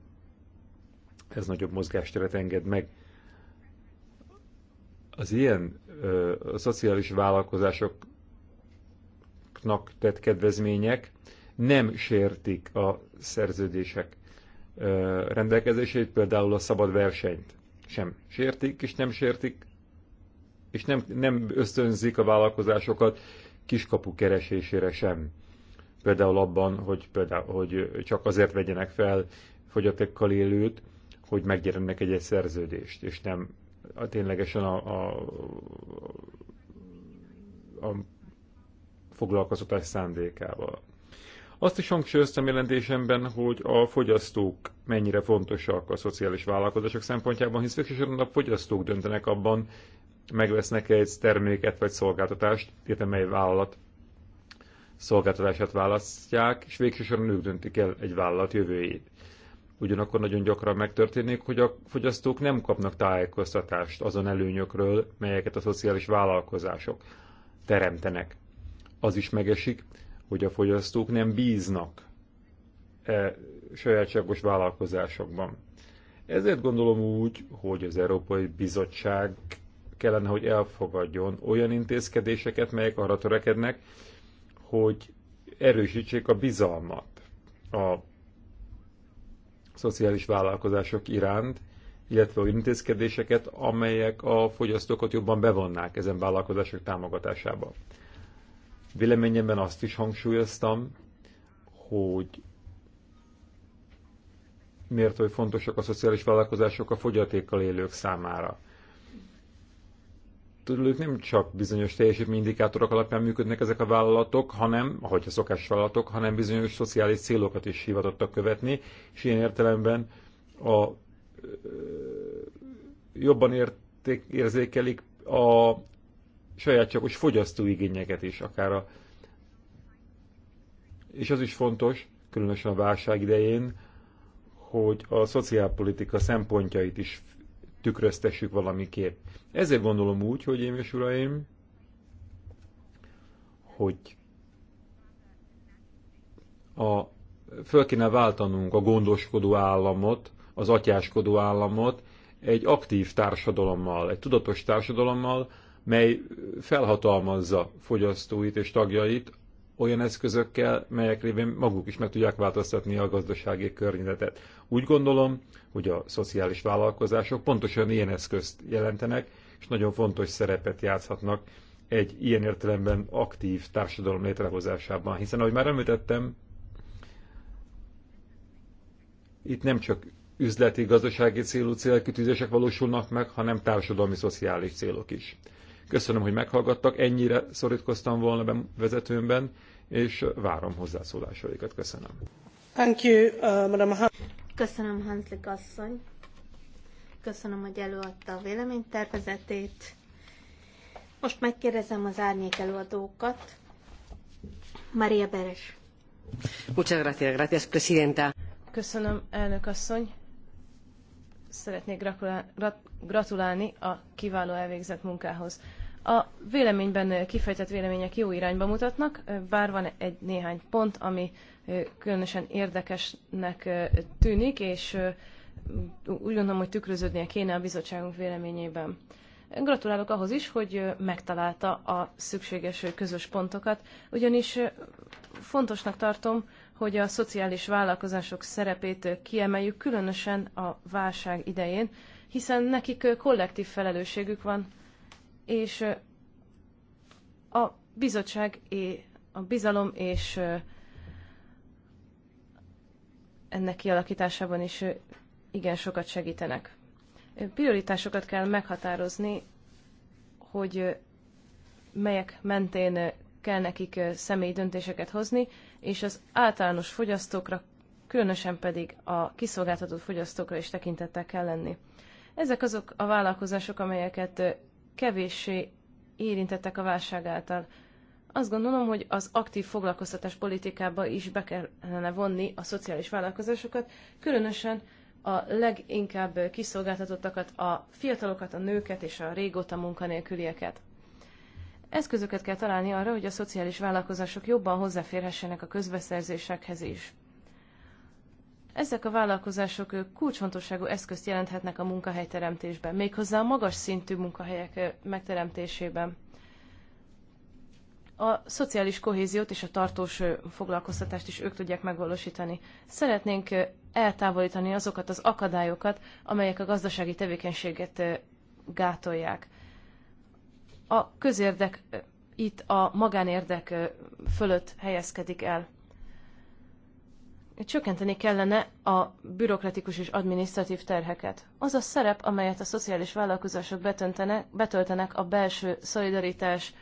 Speaker 2: Ez nagyobb mozgásteret enged meg. Az ilyen ö, a szociális vállalkozásoknak tett kedvezmények nem sértik a szerződések ö, rendelkezését, például a szabad versenyt sem sértik, és nem sértik, és nem, nem ösztönzik a vállalkozásokat kiskapu keresésére sem. Például abban, hogy, például, hogy csak azért vegyenek fel fogyatékkal élőt, hogy meggyerennek egy, -egy szerződést, és nem a, ténylegesen a, a, a foglalkoztatás szándékával. Azt is hangsúlyoztam jelentésemben, hogy a fogyasztók mennyire fontosak a szociális vállalkozások szempontjában, hisz végsősorban a fogyasztók döntenek abban, megvesznek-e egy terméket vagy szolgáltatást, illetve mely vállalat szolgáltatását választják, és végsősorban ők döntik el egy vállalat jövőjét. Ugyanakkor nagyon gyakran megtörténik, hogy a fogyasztók nem kapnak tájékoztatást azon előnyökről, melyeket a szociális vállalkozások teremtenek. Az is megesik, hogy a fogyasztók nem bíznak e sajátságos vállalkozásokban. Ezért gondolom úgy, hogy az Európai Bizottság kellene, hogy elfogadjon olyan intézkedéseket, melyek arra törekednek, hogy erősítsék a bizalmat a szociális vállalkozások iránt, illetve olyan intézkedéseket, amelyek a fogyasztókat jobban bevonnák ezen vállalkozások támogatásába. Véleményemben azt is hangsúlyoztam, hogy miért hogy fontosak a szociális vállalkozások a fogyatékkal élők számára. Tudjuk, nem csak bizonyos teljesítményindikátorok alapján működnek ezek a vállalatok, hanem, ahogy a szokás vállalatok, hanem bizonyos szociális célokat is hivatottak követni, és ilyen értelemben a, ö, jobban érték, érzékelik a saját csak fogyasztói igényeket is, akár a... És az is fontos, különösen a válság idején, hogy a szociálpolitika szempontjait is tükröztessük valamiképp. Ezért gondolom úgy, hogy én és uraim, hogy a, föl kéne váltanunk a gondoskodó államot, az atyáskodó államot egy aktív társadalommal, egy tudatos társadalommal, mely felhatalmazza fogyasztóit és tagjait olyan eszközökkel, melyek révén maguk is meg tudják változtatni a gazdasági környezetet. Úgy gondolom, hogy a szociális vállalkozások pontosan ilyen eszközt jelentenek, és nagyon fontos szerepet játszhatnak egy ilyen értelemben aktív társadalom létrehozásában. Hiszen, ahogy már említettem, itt nem csak üzleti, gazdasági célú célkitűzések valósulnak meg, hanem társadalmi, szociális célok is. Köszönöm, hogy meghallgattak, ennyire szorítkoztam volna vezetőmben, és várom hozzászólásaikat. Köszönöm.
Speaker 1: Thank you, uh, Han- Köszönöm, Hanslik asszony. Köszönöm, hogy előadta a véleménytervezetét. Most megkérdezem az árnyék előadókat. Maria Beres.
Speaker 4: Muchas gracias, gracias, presidenta.
Speaker 1: Köszönöm, elnök asszony.
Speaker 3: Szeretnék gratulálni a kiváló elvégzett munkához. A véleményben kifejtett vélemények jó irányba mutatnak, bár van egy néhány pont, ami különösen érdekesnek tűnik, és úgy gondolom, hogy tükröződnie kéne a bizottságunk véleményében. Gratulálok ahhoz is, hogy megtalálta a szükséges közös pontokat, ugyanis fontosnak tartom, hogy a szociális vállalkozások szerepét kiemeljük, különösen a válság idején, hiszen nekik kollektív felelősségük van és a bizottság, a bizalom és ennek kialakításában is igen sokat segítenek. Prioritásokat kell meghatározni, hogy melyek mentén kell nekik személyi döntéseket hozni, és az általános fogyasztókra, különösen pedig a kiszolgáltatott fogyasztókra is tekintettel kell lenni. Ezek azok a vállalkozások, amelyeket kevéssé érintettek a válság által. Azt gondolom, hogy az aktív foglalkoztatás politikába is be kellene vonni a szociális vállalkozásokat, különösen a leginkább kiszolgáltatottakat, a fiatalokat, a nőket és a régóta munkanélkülieket. Eszközöket kell találni arra, hogy a szociális vállalkozások jobban hozzáférhessenek a közbeszerzésekhez is. Ezek a vállalkozások kulcsfontosságú eszközt jelenthetnek a munkahelyteremtésben, méghozzá a magas szintű munkahelyek megteremtésében. A szociális kohéziót és a tartós foglalkoztatást is ők tudják megvalósítani. Szeretnénk eltávolítani azokat az akadályokat, amelyek a gazdasági tevékenységet gátolják. A közérdek itt a magánérdek fölött helyezkedik el csökkenteni kellene a bürokratikus és adminisztratív terheket. Az a szerep, amelyet a szociális vállalkozások betöltenek a belső szolidaritás,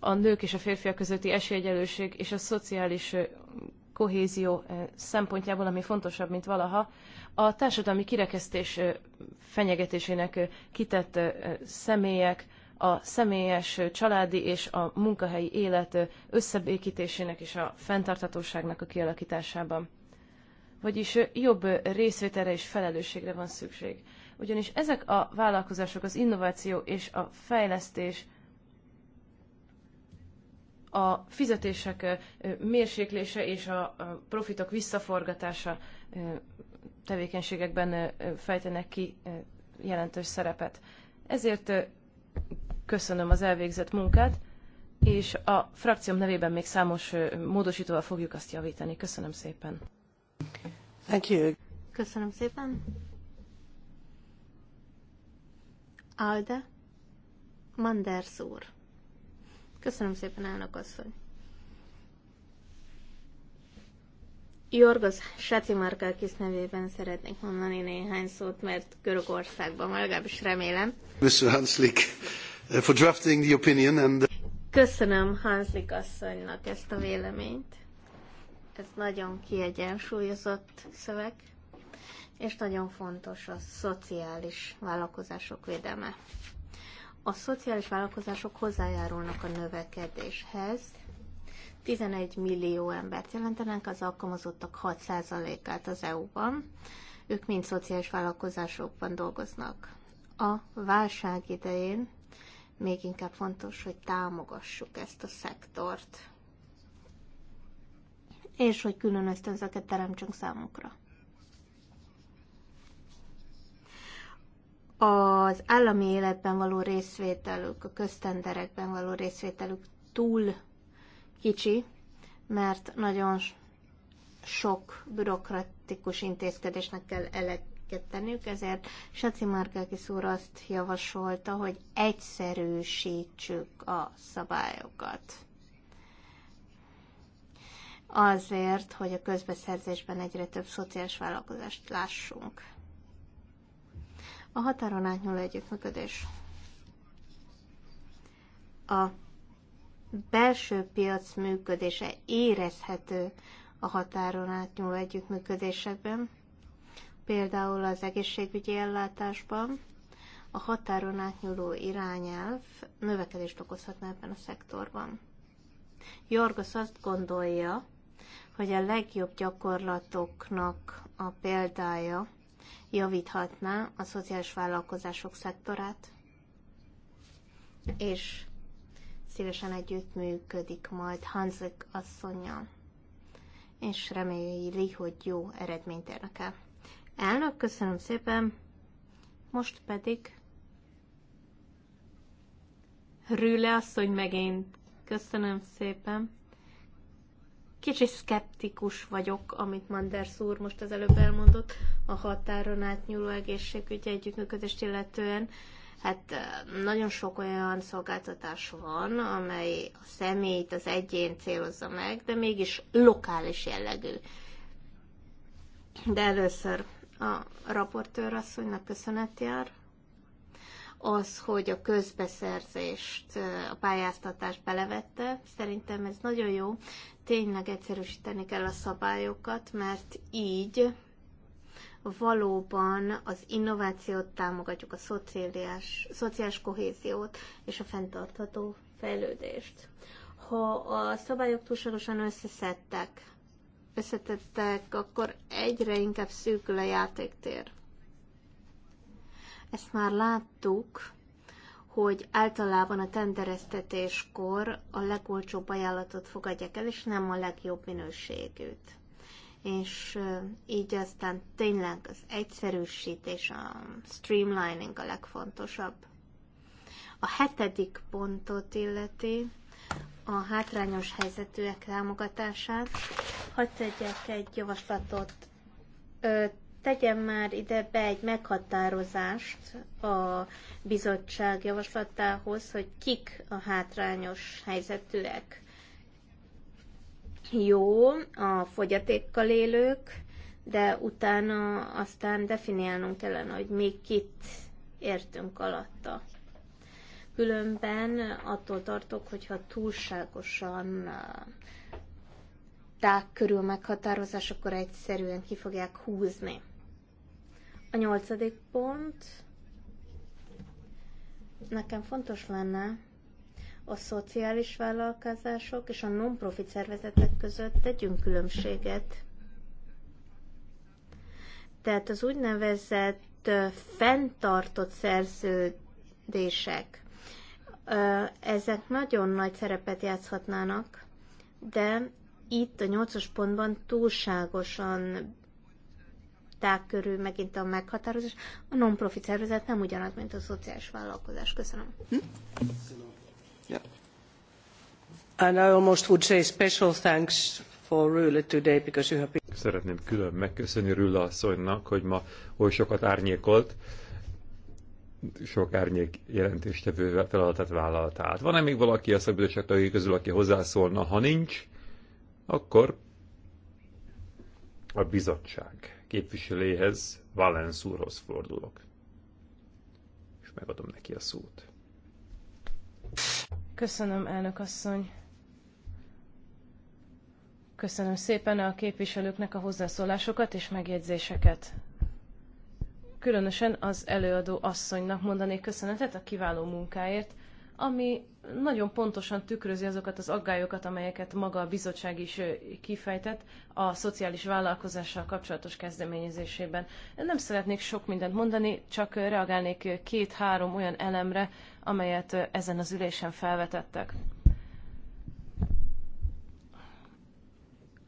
Speaker 3: a nők és a férfiak közötti esélyegyelőség és a szociális kohézió szempontjából, ami fontosabb, mint valaha, a társadalmi kirekesztés fenyegetésének kitett személyek, a személyes, családi és a munkahelyi élet összebékítésének és a fenntarthatóságnak a kialakításában vagyis jobb részvételre és felelősségre van szükség. Ugyanis ezek a vállalkozások, az innováció és a fejlesztés, a fizetések mérséklése és a profitok visszaforgatása tevékenységekben fejtenek ki jelentős szerepet. Ezért köszönöm az elvégzett munkát, és a frakcióm nevében még számos módosítóval fogjuk azt javítani. Köszönöm szépen!
Speaker 1: Thank you. Köszönöm szépen. Alde Manders úr. Köszönöm szépen, elnök asszony. Jorgos Satimarkakis nevében szeretnék mondani néhány szót, mert Görögországban, legalábbis remélem.
Speaker 4: Mr. Hanslik, eh, for drafting the opinion and...
Speaker 1: Köszönöm Hanslik asszonynak ezt a véleményt. Ez nagyon kiegyensúlyozott szöveg, és nagyon fontos a szociális vállalkozások védelme. A szociális vállalkozások hozzájárulnak a növekedéshez. 11 millió embert jelentenek, az alkalmazottak 6%-át az EU-ban. Ők mind szociális vállalkozásokban dolgoznak. A válság idején még inkább fontos, hogy támogassuk ezt a szektort és hogy külön ösztönzöket teremtsünk számukra. Az állami életben való részvételük, a köztenderekben való részvételük túl kicsi, mert nagyon sok bürokratikus intézkedésnek kell eleget tenniük, ezért Saci Márkákis úr azt javasolta, hogy egyszerűsítsük a szabályokat azért, hogy a közbeszerzésben egyre több szociális vállalkozást lássunk. A határon átnyúló együttműködés. A belső piac működése érezhető a határon átnyúló együttműködésekben, például az egészségügyi ellátásban, a határon átnyúló irányelv növekedést okozhatna ebben a szektorban. Jorgos azt gondolja, hogy a legjobb gyakorlatoknak a példája javíthatná a szociális vállalkozások szektorát, és szívesen együttműködik majd Hanzek asszonynal, és reméli, hogy jó eredményt érnek el. Elnök, köszönöm szépen, most pedig Rüle asszony megint. Köszönöm szépen. Kicsit szkeptikus vagyok, amit Manders úr most az előbb elmondott, a határon átnyúló egészségügyi együttműködést illetően. Hát nagyon sok olyan szolgáltatás van, amely a személyt, az egyén célozza meg, de mégis lokális jellegű. De először a raportőr asszonynak köszönet jár. Az, hogy a közbeszerzést, a pályáztatást belevette, szerintem ez nagyon jó, tényleg egyszerűsíteni kell a szabályokat, mert így valóban az innovációt támogatjuk, a szociális, szociális kohéziót és a fenntartható fejlődést. Ha a szabályok túlságosan összeszedtek, összetettek, akkor egyre inkább szűkül a játéktér. Ezt már láttuk hogy általában a tendereztetéskor a legolcsóbb ajánlatot fogadják el, és nem a legjobb minőségűt. És így aztán tényleg az egyszerűsítés, a streamlining a legfontosabb. A hetedik pontot illeti a hátrányos helyzetűek támogatását. Hadd tegyek egy javaslatot tegyen már ide be egy meghatározást a bizottság javaslatához, hogy kik a hátrányos helyzetűek. Jó, a fogyatékkal élők, de utána aztán definiálnunk kellene, hogy még kit értünk alatta. Különben attól tartok, hogyha túlságosan uh, tág körül meghatározás, akkor egyszerűen ki fogják húzni. A nyolcadik pont. Nekem fontos lenne a szociális vállalkozások és a non-profit szervezetek között tegyünk különbséget. Tehát az úgynevezett fenntartott szerződések, ezek nagyon nagy szerepet játszhatnának, de itt a nyolcas pontban túlságosan írták körül megint a meghatározás. A non-profit szervezet nem ugyanaz, mint a szociális vállalkozás. Köszönöm. Hm?
Speaker 2: And I almost would say special thanks for Rula today because you have been... Szeretném külön megköszönni Rula asszonynak, hogy ma oly sokat árnyékolt, sok árnyék jelentéstevő feladatát vállalta át. Van-e még valaki a szakbizottság tagjai közül, aki hozzászólna? Ha nincs, akkor a bizottság képviseléhez, Valens úrhoz fordulok. És megadom neki a szót.
Speaker 3: Köszönöm, elnök asszony. Köszönöm szépen a képviselőknek a hozzászólásokat és megjegyzéseket. Különösen az előadó asszonynak mondanék köszönetet a kiváló munkáért, ami nagyon pontosan tükrözi azokat az aggályokat, amelyeket maga a bizottság is kifejtett a szociális vállalkozással kapcsolatos kezdeményezésében. Nem szeretnék sok mindent mondani, csak reagálnék két-három olyan elemre, amelyet ezen az ülésen felvetettek.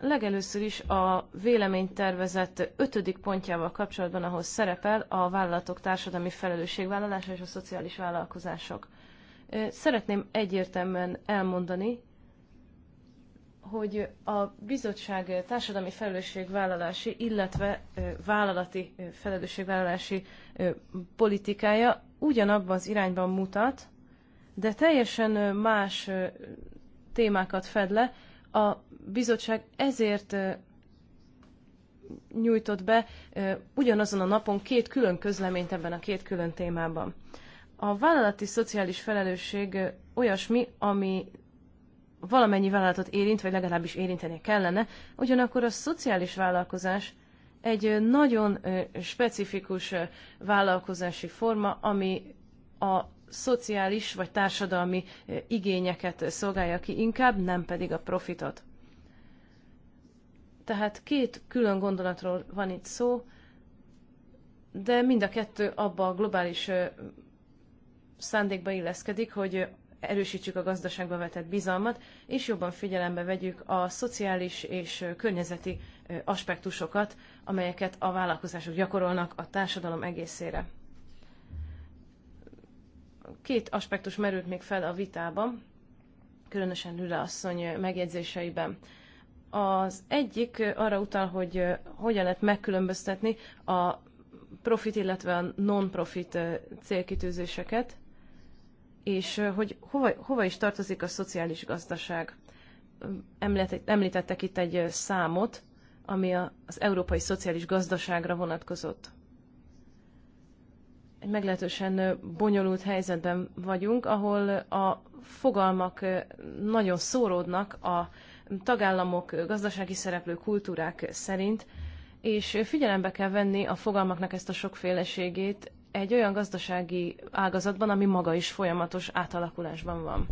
Speaker 3: Legelőször is a véleménytervezet ötödik pontjával kapcsolatban, ahhoz szerepel a vállalatok társadalmi felelősségvállalása és a szociális vállalkozások. Szeretném egyértelműen elmondani, hogy a bizottság társadalmi felelősségvállalási, illetve vállalati felelősségvállalási politikája ugyanabban az irányban mutat, de teljesen más témákat fed le. A bizottság ezért nyújtott be ugyanazon a napon két külön közleményt ebben a két külön témában. A vállalati szociális felelősség olyasmi, ami valamennyi vállalatot érint, vagy legalábbis érinteni kellene, ugyanakkor a szociális vállalkozás egy nagyon specifikus vállalkozási forma, ami a szociális vagy társadalmi igényeket szolgálja ki inkább, nem pedig a profitot. Tehát két külön gondolatról van itt szó, de mind a kettő abba a globális szándékba illeszkedik, hogy erősítsük a gazdaságba vetett bizalmat, és jobban figyelembe vegyük a szociális és környezeti aspektusokat, amelyeket a vállalkozások gyakorolnak a társadalom egészére. Két aspektus merült még fel a vitában, különösen Lüle asszony megjegyzéseiben. Az egyik arra utal, hogy hogyan lehet megkülönböztetni a profit, illetve a non-profit célkitűzéseket – és hogy hova, hova is tartozik a szociális gazdaság. Említettek itt egy számot, ami az európai szociális gazdaságra vonatkozott. Egy meglehetősen bonyolult helyzetben vagyunk, ahol a fogalmak nagyon szóródnak a tagállamok, gazdasági szereplő kultúrák szerint, és figyelembe kell venni a fogalmaknak ezt a sokféleségét, egy olyan gazdasági ágazatban, ami maga is folyamatos átalakulásban van.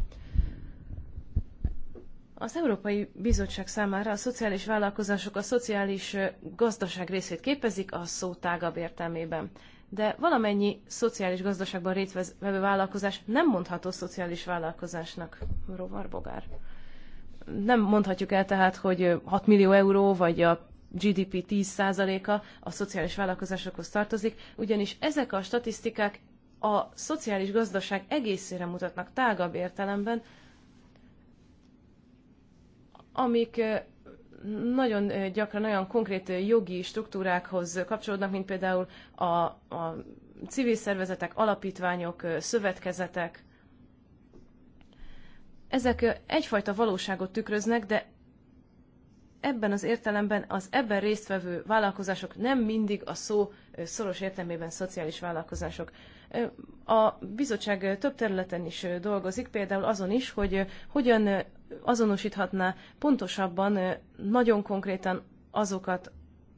Speaker 3: Az Európai Bizottság számára a szociális vállalkozások a szociális gazdaság részét képezik a szó tágabb értelmében. De valamennyi szociális gazdaságban résztvevő vállalkozás nem mondható szociális vállalkozásnak. Rovar Bogár. Nem mondhatjuk el tehát, hogy 6 millió euró, vagy a GDP 10%-a a szociális vállalkozásokhoz tartozik, ugyanis ezek a statisztikák a szociális gazdaság egészére mutatnak tágabb értelemben, amik nagyon gyakran olyan konkrét jogi struktúrákhoz kapcsolódnak, mint például a, a civil szervezetek, alapítványok, szövetkezetek. Ezek egyfajta valóságot tükröznek, de ebben az értelemben az ebben résztvevő vállalkozások nem mindig a szó szoros értelmében szociális vállalkozások. A bizottság több területen is dolgozik, például azon is, hogy hogyan azonosíthatná pontosabban, nagyon konkrétan azokat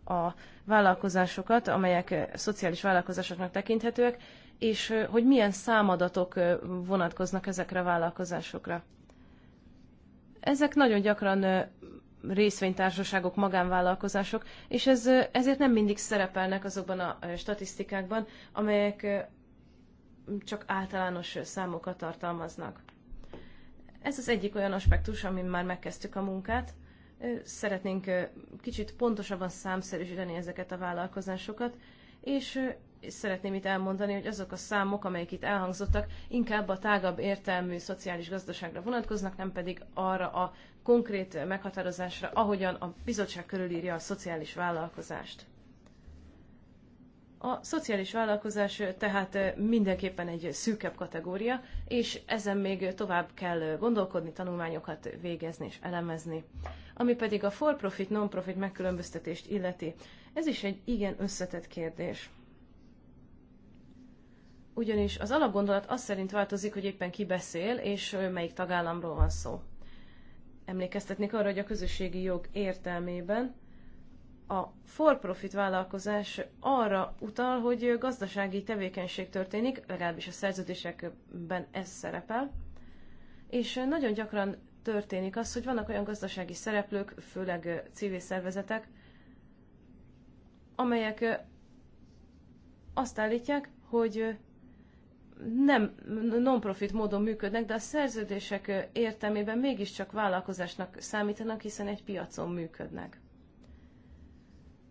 Speaker 3: a vállalkozásokat, amelyek szociális vállalkozásoknak tekinthetőek, és hogy milyen számadatok vonatkoznak ezekre a vállalkozásokra. Ezek nagyon gyakran részvénytársaságok, magánvállalkozások, és ez, ezért nem mindig szerepelnek azokban a statisztikákban, amelyek csak általános számokat tartalmaznak. Ez az egyik olyan aspektus, amin már megkezdtük a munkát. Szeretnénk kicsit pontosabban számszerűsíteni ezeket a vállalkozásokat, és szeretném itt elmondani, hogy azok a számok, amelyek itt elhangzottak, inkább a tágabb értelmű szociális gazdaságra vonatkoznak, nem pedig arra a konkrét meghatározásra, ahogyan a bizottság körülírja a szociális vállalkozást. A szociális vállalkozás tehát mindenképpen egy szűkebb kategória, és ezen még tovább kell gondolkodni, tanulmányokat végezni és elemezni. Ami pedig a for-profit, non-profit megkülönböztetést illeti, ez is egy igen összetett kérdés ugyanis az alapgondolat az szerint változik, hogy éppen ki beszél, és melyik tagállamról van szó. Emlékeztetnék arra, hogy a közösségi jog értelmében a for-profit vállalkozás arra utal, hogy gazdasági tevékenység történik, legalábbis a szerződésekben ez szerepel, és nagyon gyakran történik az, hogy vannak olyan gazdasági szereplők, főleg civil szervezetek, amelyek azt állítják, hogy nem non-profit módon működnek, de a szerződések értelmében mégiscsak vállalkozásnak számítanak, hiszen egy piacon működnek.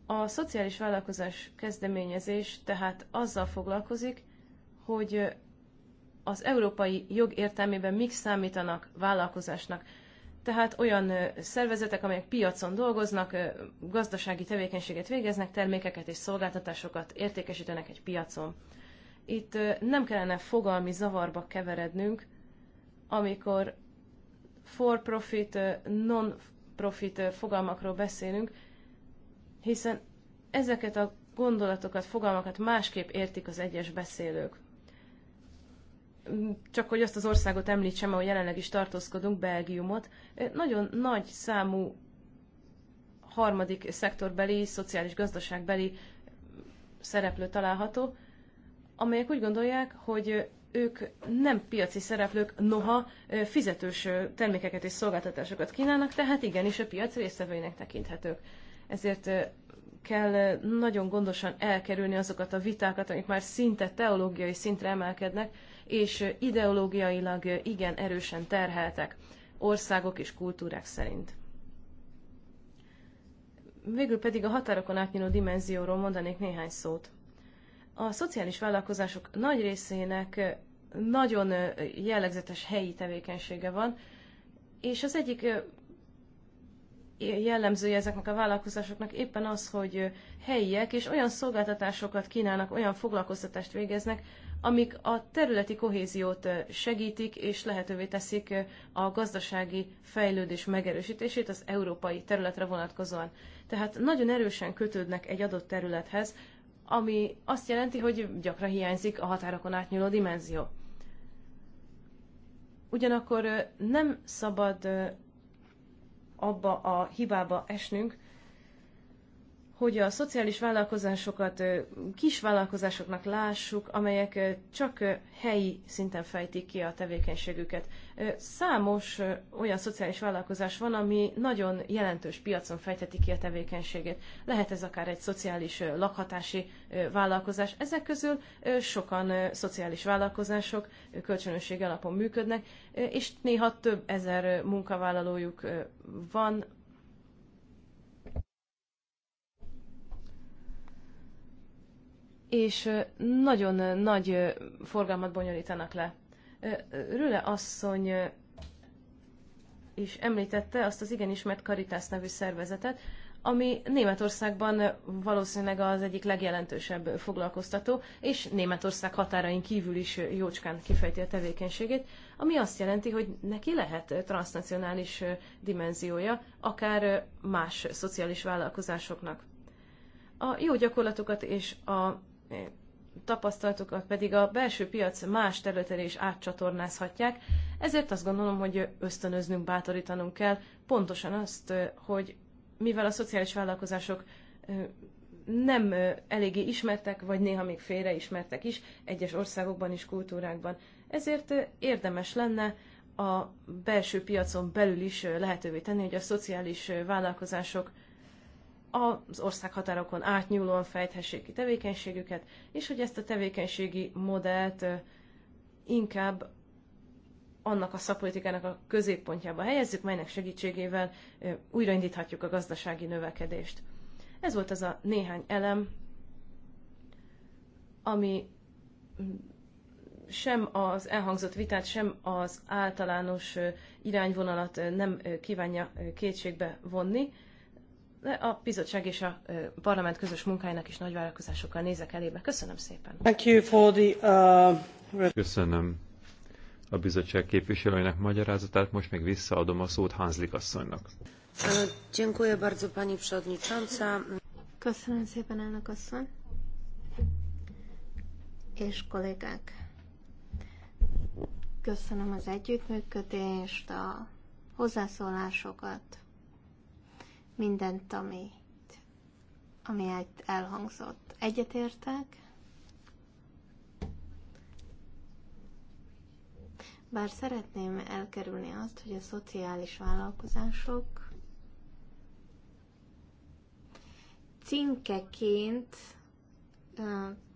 Speaker 3: A szociális vállalkozás kezdeményezés tehát azzal foglalkozik, hogy az európai jog értelmében mik számítanak vállalkozásnak. Tehát olyan szervezetek, amelyek piacon dolgoznak, gazdasági tevékenységet végeznek, termékeket és szolgáltatásokat értékesítenek egy piacon itt nem kellene fogalmi zavarba keverednünk, amikor for-profit, non-profit fogalmakról beszélünk, hiszen ezeket a gondolatokat, fogalmakat másképp értik az egyes beszélők. Mm, csak hogy azt az országot említsem, ahol jelenleg is tartózkodunk, Belgiumot, nagyon nagy számú harmadik szektorbeli, szociális gazdaságbeli szereplő található, amelyek úgy gondolják, hogy ők nem piaci szereplők, noha fizetős termékeket és szolgáltatásokat kínálnak, tehát igenis a piac résztvevőinek tekinthetők. Ezért kell nagyon gondosan elkerülni azokat a vitákat, amik már szinte teológiai szintre emelkednek, és ideológiailag igen erősen terheltek országok és kultúrák szerint. Végül pedig a határokon átnyúló dimenzióról mondanék néhány szót. A szociális vállalkozások nagy részének nagyon jellegzetes helyi tevékenysége van, és az egyik jellemzője ezeknek a vállalkozásoknak éppen az, hogy helyiek és olyan szolgáltatásokat kínálnak, olyan foglalkoztatást végeznek, amik a területi kohéziót segítik és lehetővé teszik a gazdasági fejlődés megerősítését az európai területre vonatkozóan. Tehát nagyon erősen kötődnek egy adott területhez, ami azt jelenti, hogy gyakran hiányzik a határokon átnyúló dimenzió. Ugyanakkor nem szabad abba a hibába esnünk, hogy a szociális vállalkozásokat kis vállalkozásoknak lássuk, amelyek csak helyi szinten fejtik ki a tevékenységüket. Számos olyan szociális vállalkozás van, ami nagyon jelentős piacon fejteti ki a tevékenységét. Lehet ez akár egy szociális lakhatási vállalkozás. Ezek közül sokan szociális vállalkozások kölcsönösség alapon működnek, és néha több ezer munkavállalójuk van, és nagyon nagy forgalmat bonyolítanak le. Rüle asszony is említette azt az igen ismert Caritas nevű szervezetet, ami Németországban valószínűleg az egyik legjelentősebb foglalkoztató, és Németország határain kívül is jócskán kifejti a tevékenységét, ami azt jelenti, hogy neki lehet transnacionális dimenziója, akár más szociális vállalkozásoknak. A jó gyakorlatokat és a tapasztalatokat pedig a belső piac más területére is átcsatornázhatják, ezért azt gondolom, hogy ösztönöznünk, bátorítanunk kell pontosan azt, hogy mivel a szociális vállalkozások nem eléggé ismertek, vagy néha még félre ismertek is egyes országokban és kultúrákban. Ezért érdemes lenne a belső piacon belül is lehetővé tenni, hogy a szociális vállalkozások az országhatárokon átnyúlóan fejthessék ki tevékenységüket, és hogy ezt a tevékenységi modellt inkább annak a szakpolitikának a középpontjába helyezzük, melynek segítségével újraindíthatjuk a gazdasági növekedést. Ez volt az a néhány elem, ami sem az elhangzott vitát, sem az általános irányvonalat nem kívánja kétségbe vonni, a bizottság és a parlament közös munkájának is nagy várakozásokkal nézek elébe. Köszönöm szépen.
Speaker 2: Thank you for the, uh... Köszönöm a bizottság képviselőinek magyarázatát, most még visszaadom a szót Hanslik asszonynak.
Speaker 1: pani Köszönöm szépen, elnök asszony. És kollégák. Köszönöm az együttműködést, a hozzászólásokat mindent, ami, ami elhangzott. Egyetértek, bár szeretném elkerülni azt, hogy a szociális vállalkozások címkeként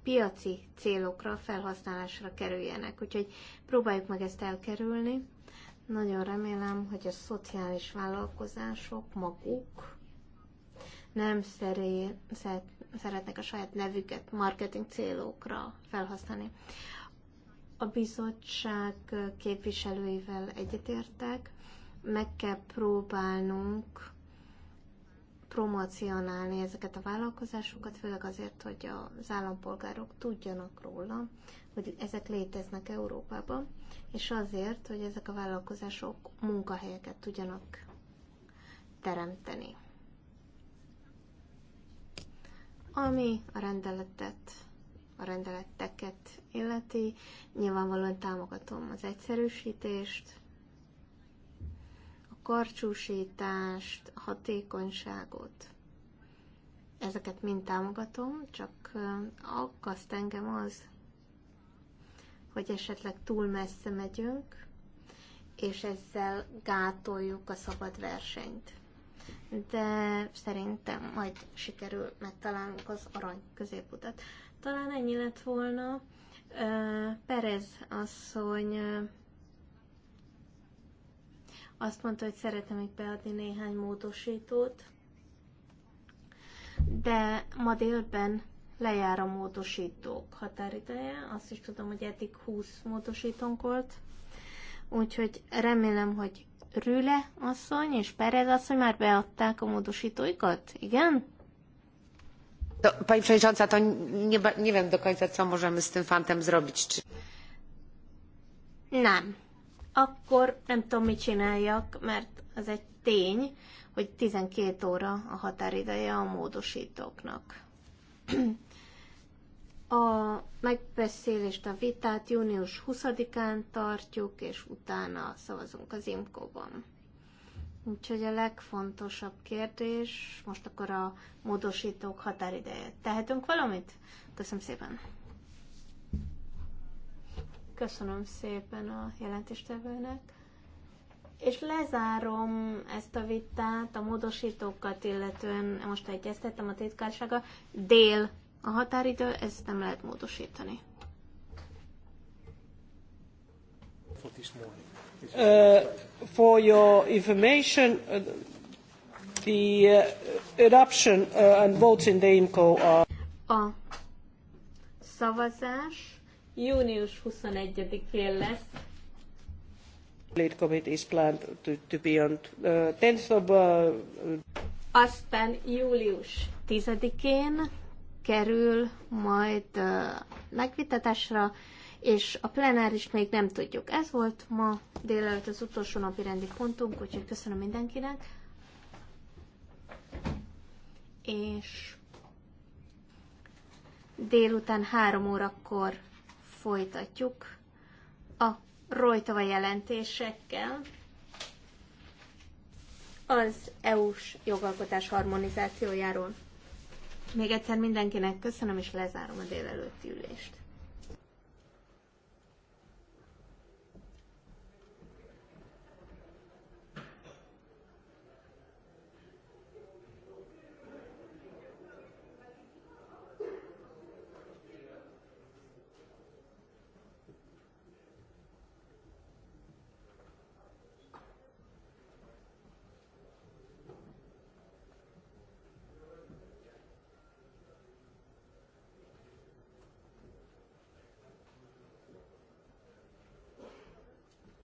Speaker 1: piaci célokra, felhasználásra kerüljenek. Úgyhogy próbáljuk meg ezt elkerülni. Nagyon remélem, hogy a szociális vállalkozások maguk nem szeretnek a saját nevüket marketing célokra felhasználni. A bizottság képviselőivel egyetértek, meg kell próbálnunk promocionálni ezeket a vállalkozásokat, főleg azért, hogy az állampolgárok tudjanak róla, hogy ezek léteznek Európában, és azért, hogy ezek a vállalkozások munkahelyeket tudjanak teremteni. Ami a rendeletet, a rendeleteket illeti, nyilvánvalóan támogatom az egyszerűsítést, a karcsúsítást, a hatékonyságot. Ezeket mind támogatom, csak aggaszt engem az, hogy esetleg túl messze megyünk, és ezzel gátoljuk a szabad versenyt de szerintem majd sikerül megtalálnunk az arany középutat. Talán ennyi lett volna. Perez asszony azt mondta, hogy szeretem még beadni néhány módosítót, de ma délben lejár a módosítók határideje. Azt is tudom, hogy eddig 20 módosítónk volt, úgyhogy remélem, hogy Rüle asszony és Perez asszony már beadták a módosítóikat, igen? Pani Przewodnicząca, to nie, nie wiem do końca, co możemy z tym fantem zrobić. Czy... Nem. Akkor nem tudom, mit csináljak, mert az egy tény, hogy 12 óra a határideje a módosítóknak. A megbeszélést, a vitát június 20-án tartjuk, és utána szavazunk az imkóban. ban Úgyhogy a legfontosabb kérdés, most akkor a módosítók határideje. Tehetünk valamit? Köszönöm szépen. Köszönöm szépen a jelentéstevőnek. És lezárom ezt a vitát, a módosítókat, illetően most egyeztettem a titkársága, dél a határidő, ezt nem lehet módosítani. Uh,
Speaker 4: for your information, uh, the uh, eruption uh, and votes in the IMCO are...
Speaker 1: A szavazás június 21-én lesz.
Speaker 4: Lead committee is planned to, to be on uh, 10th of... Uh,
Speaker 1: Aztán július 10-én kerül majd megvitatásra, és a plenáris még nem tudjuk. Ez volt ma délelőtt az utolsó napi rendi pontunk, úgyhogy köszönöm mindenkinek. És délután három órakor folytatjuk a rojtava jelentésekkel az EU-s jogalkotás harmonizációjáról. Még egyszer mindenkinek köszönöm, és lezárom a délelőtti ülést.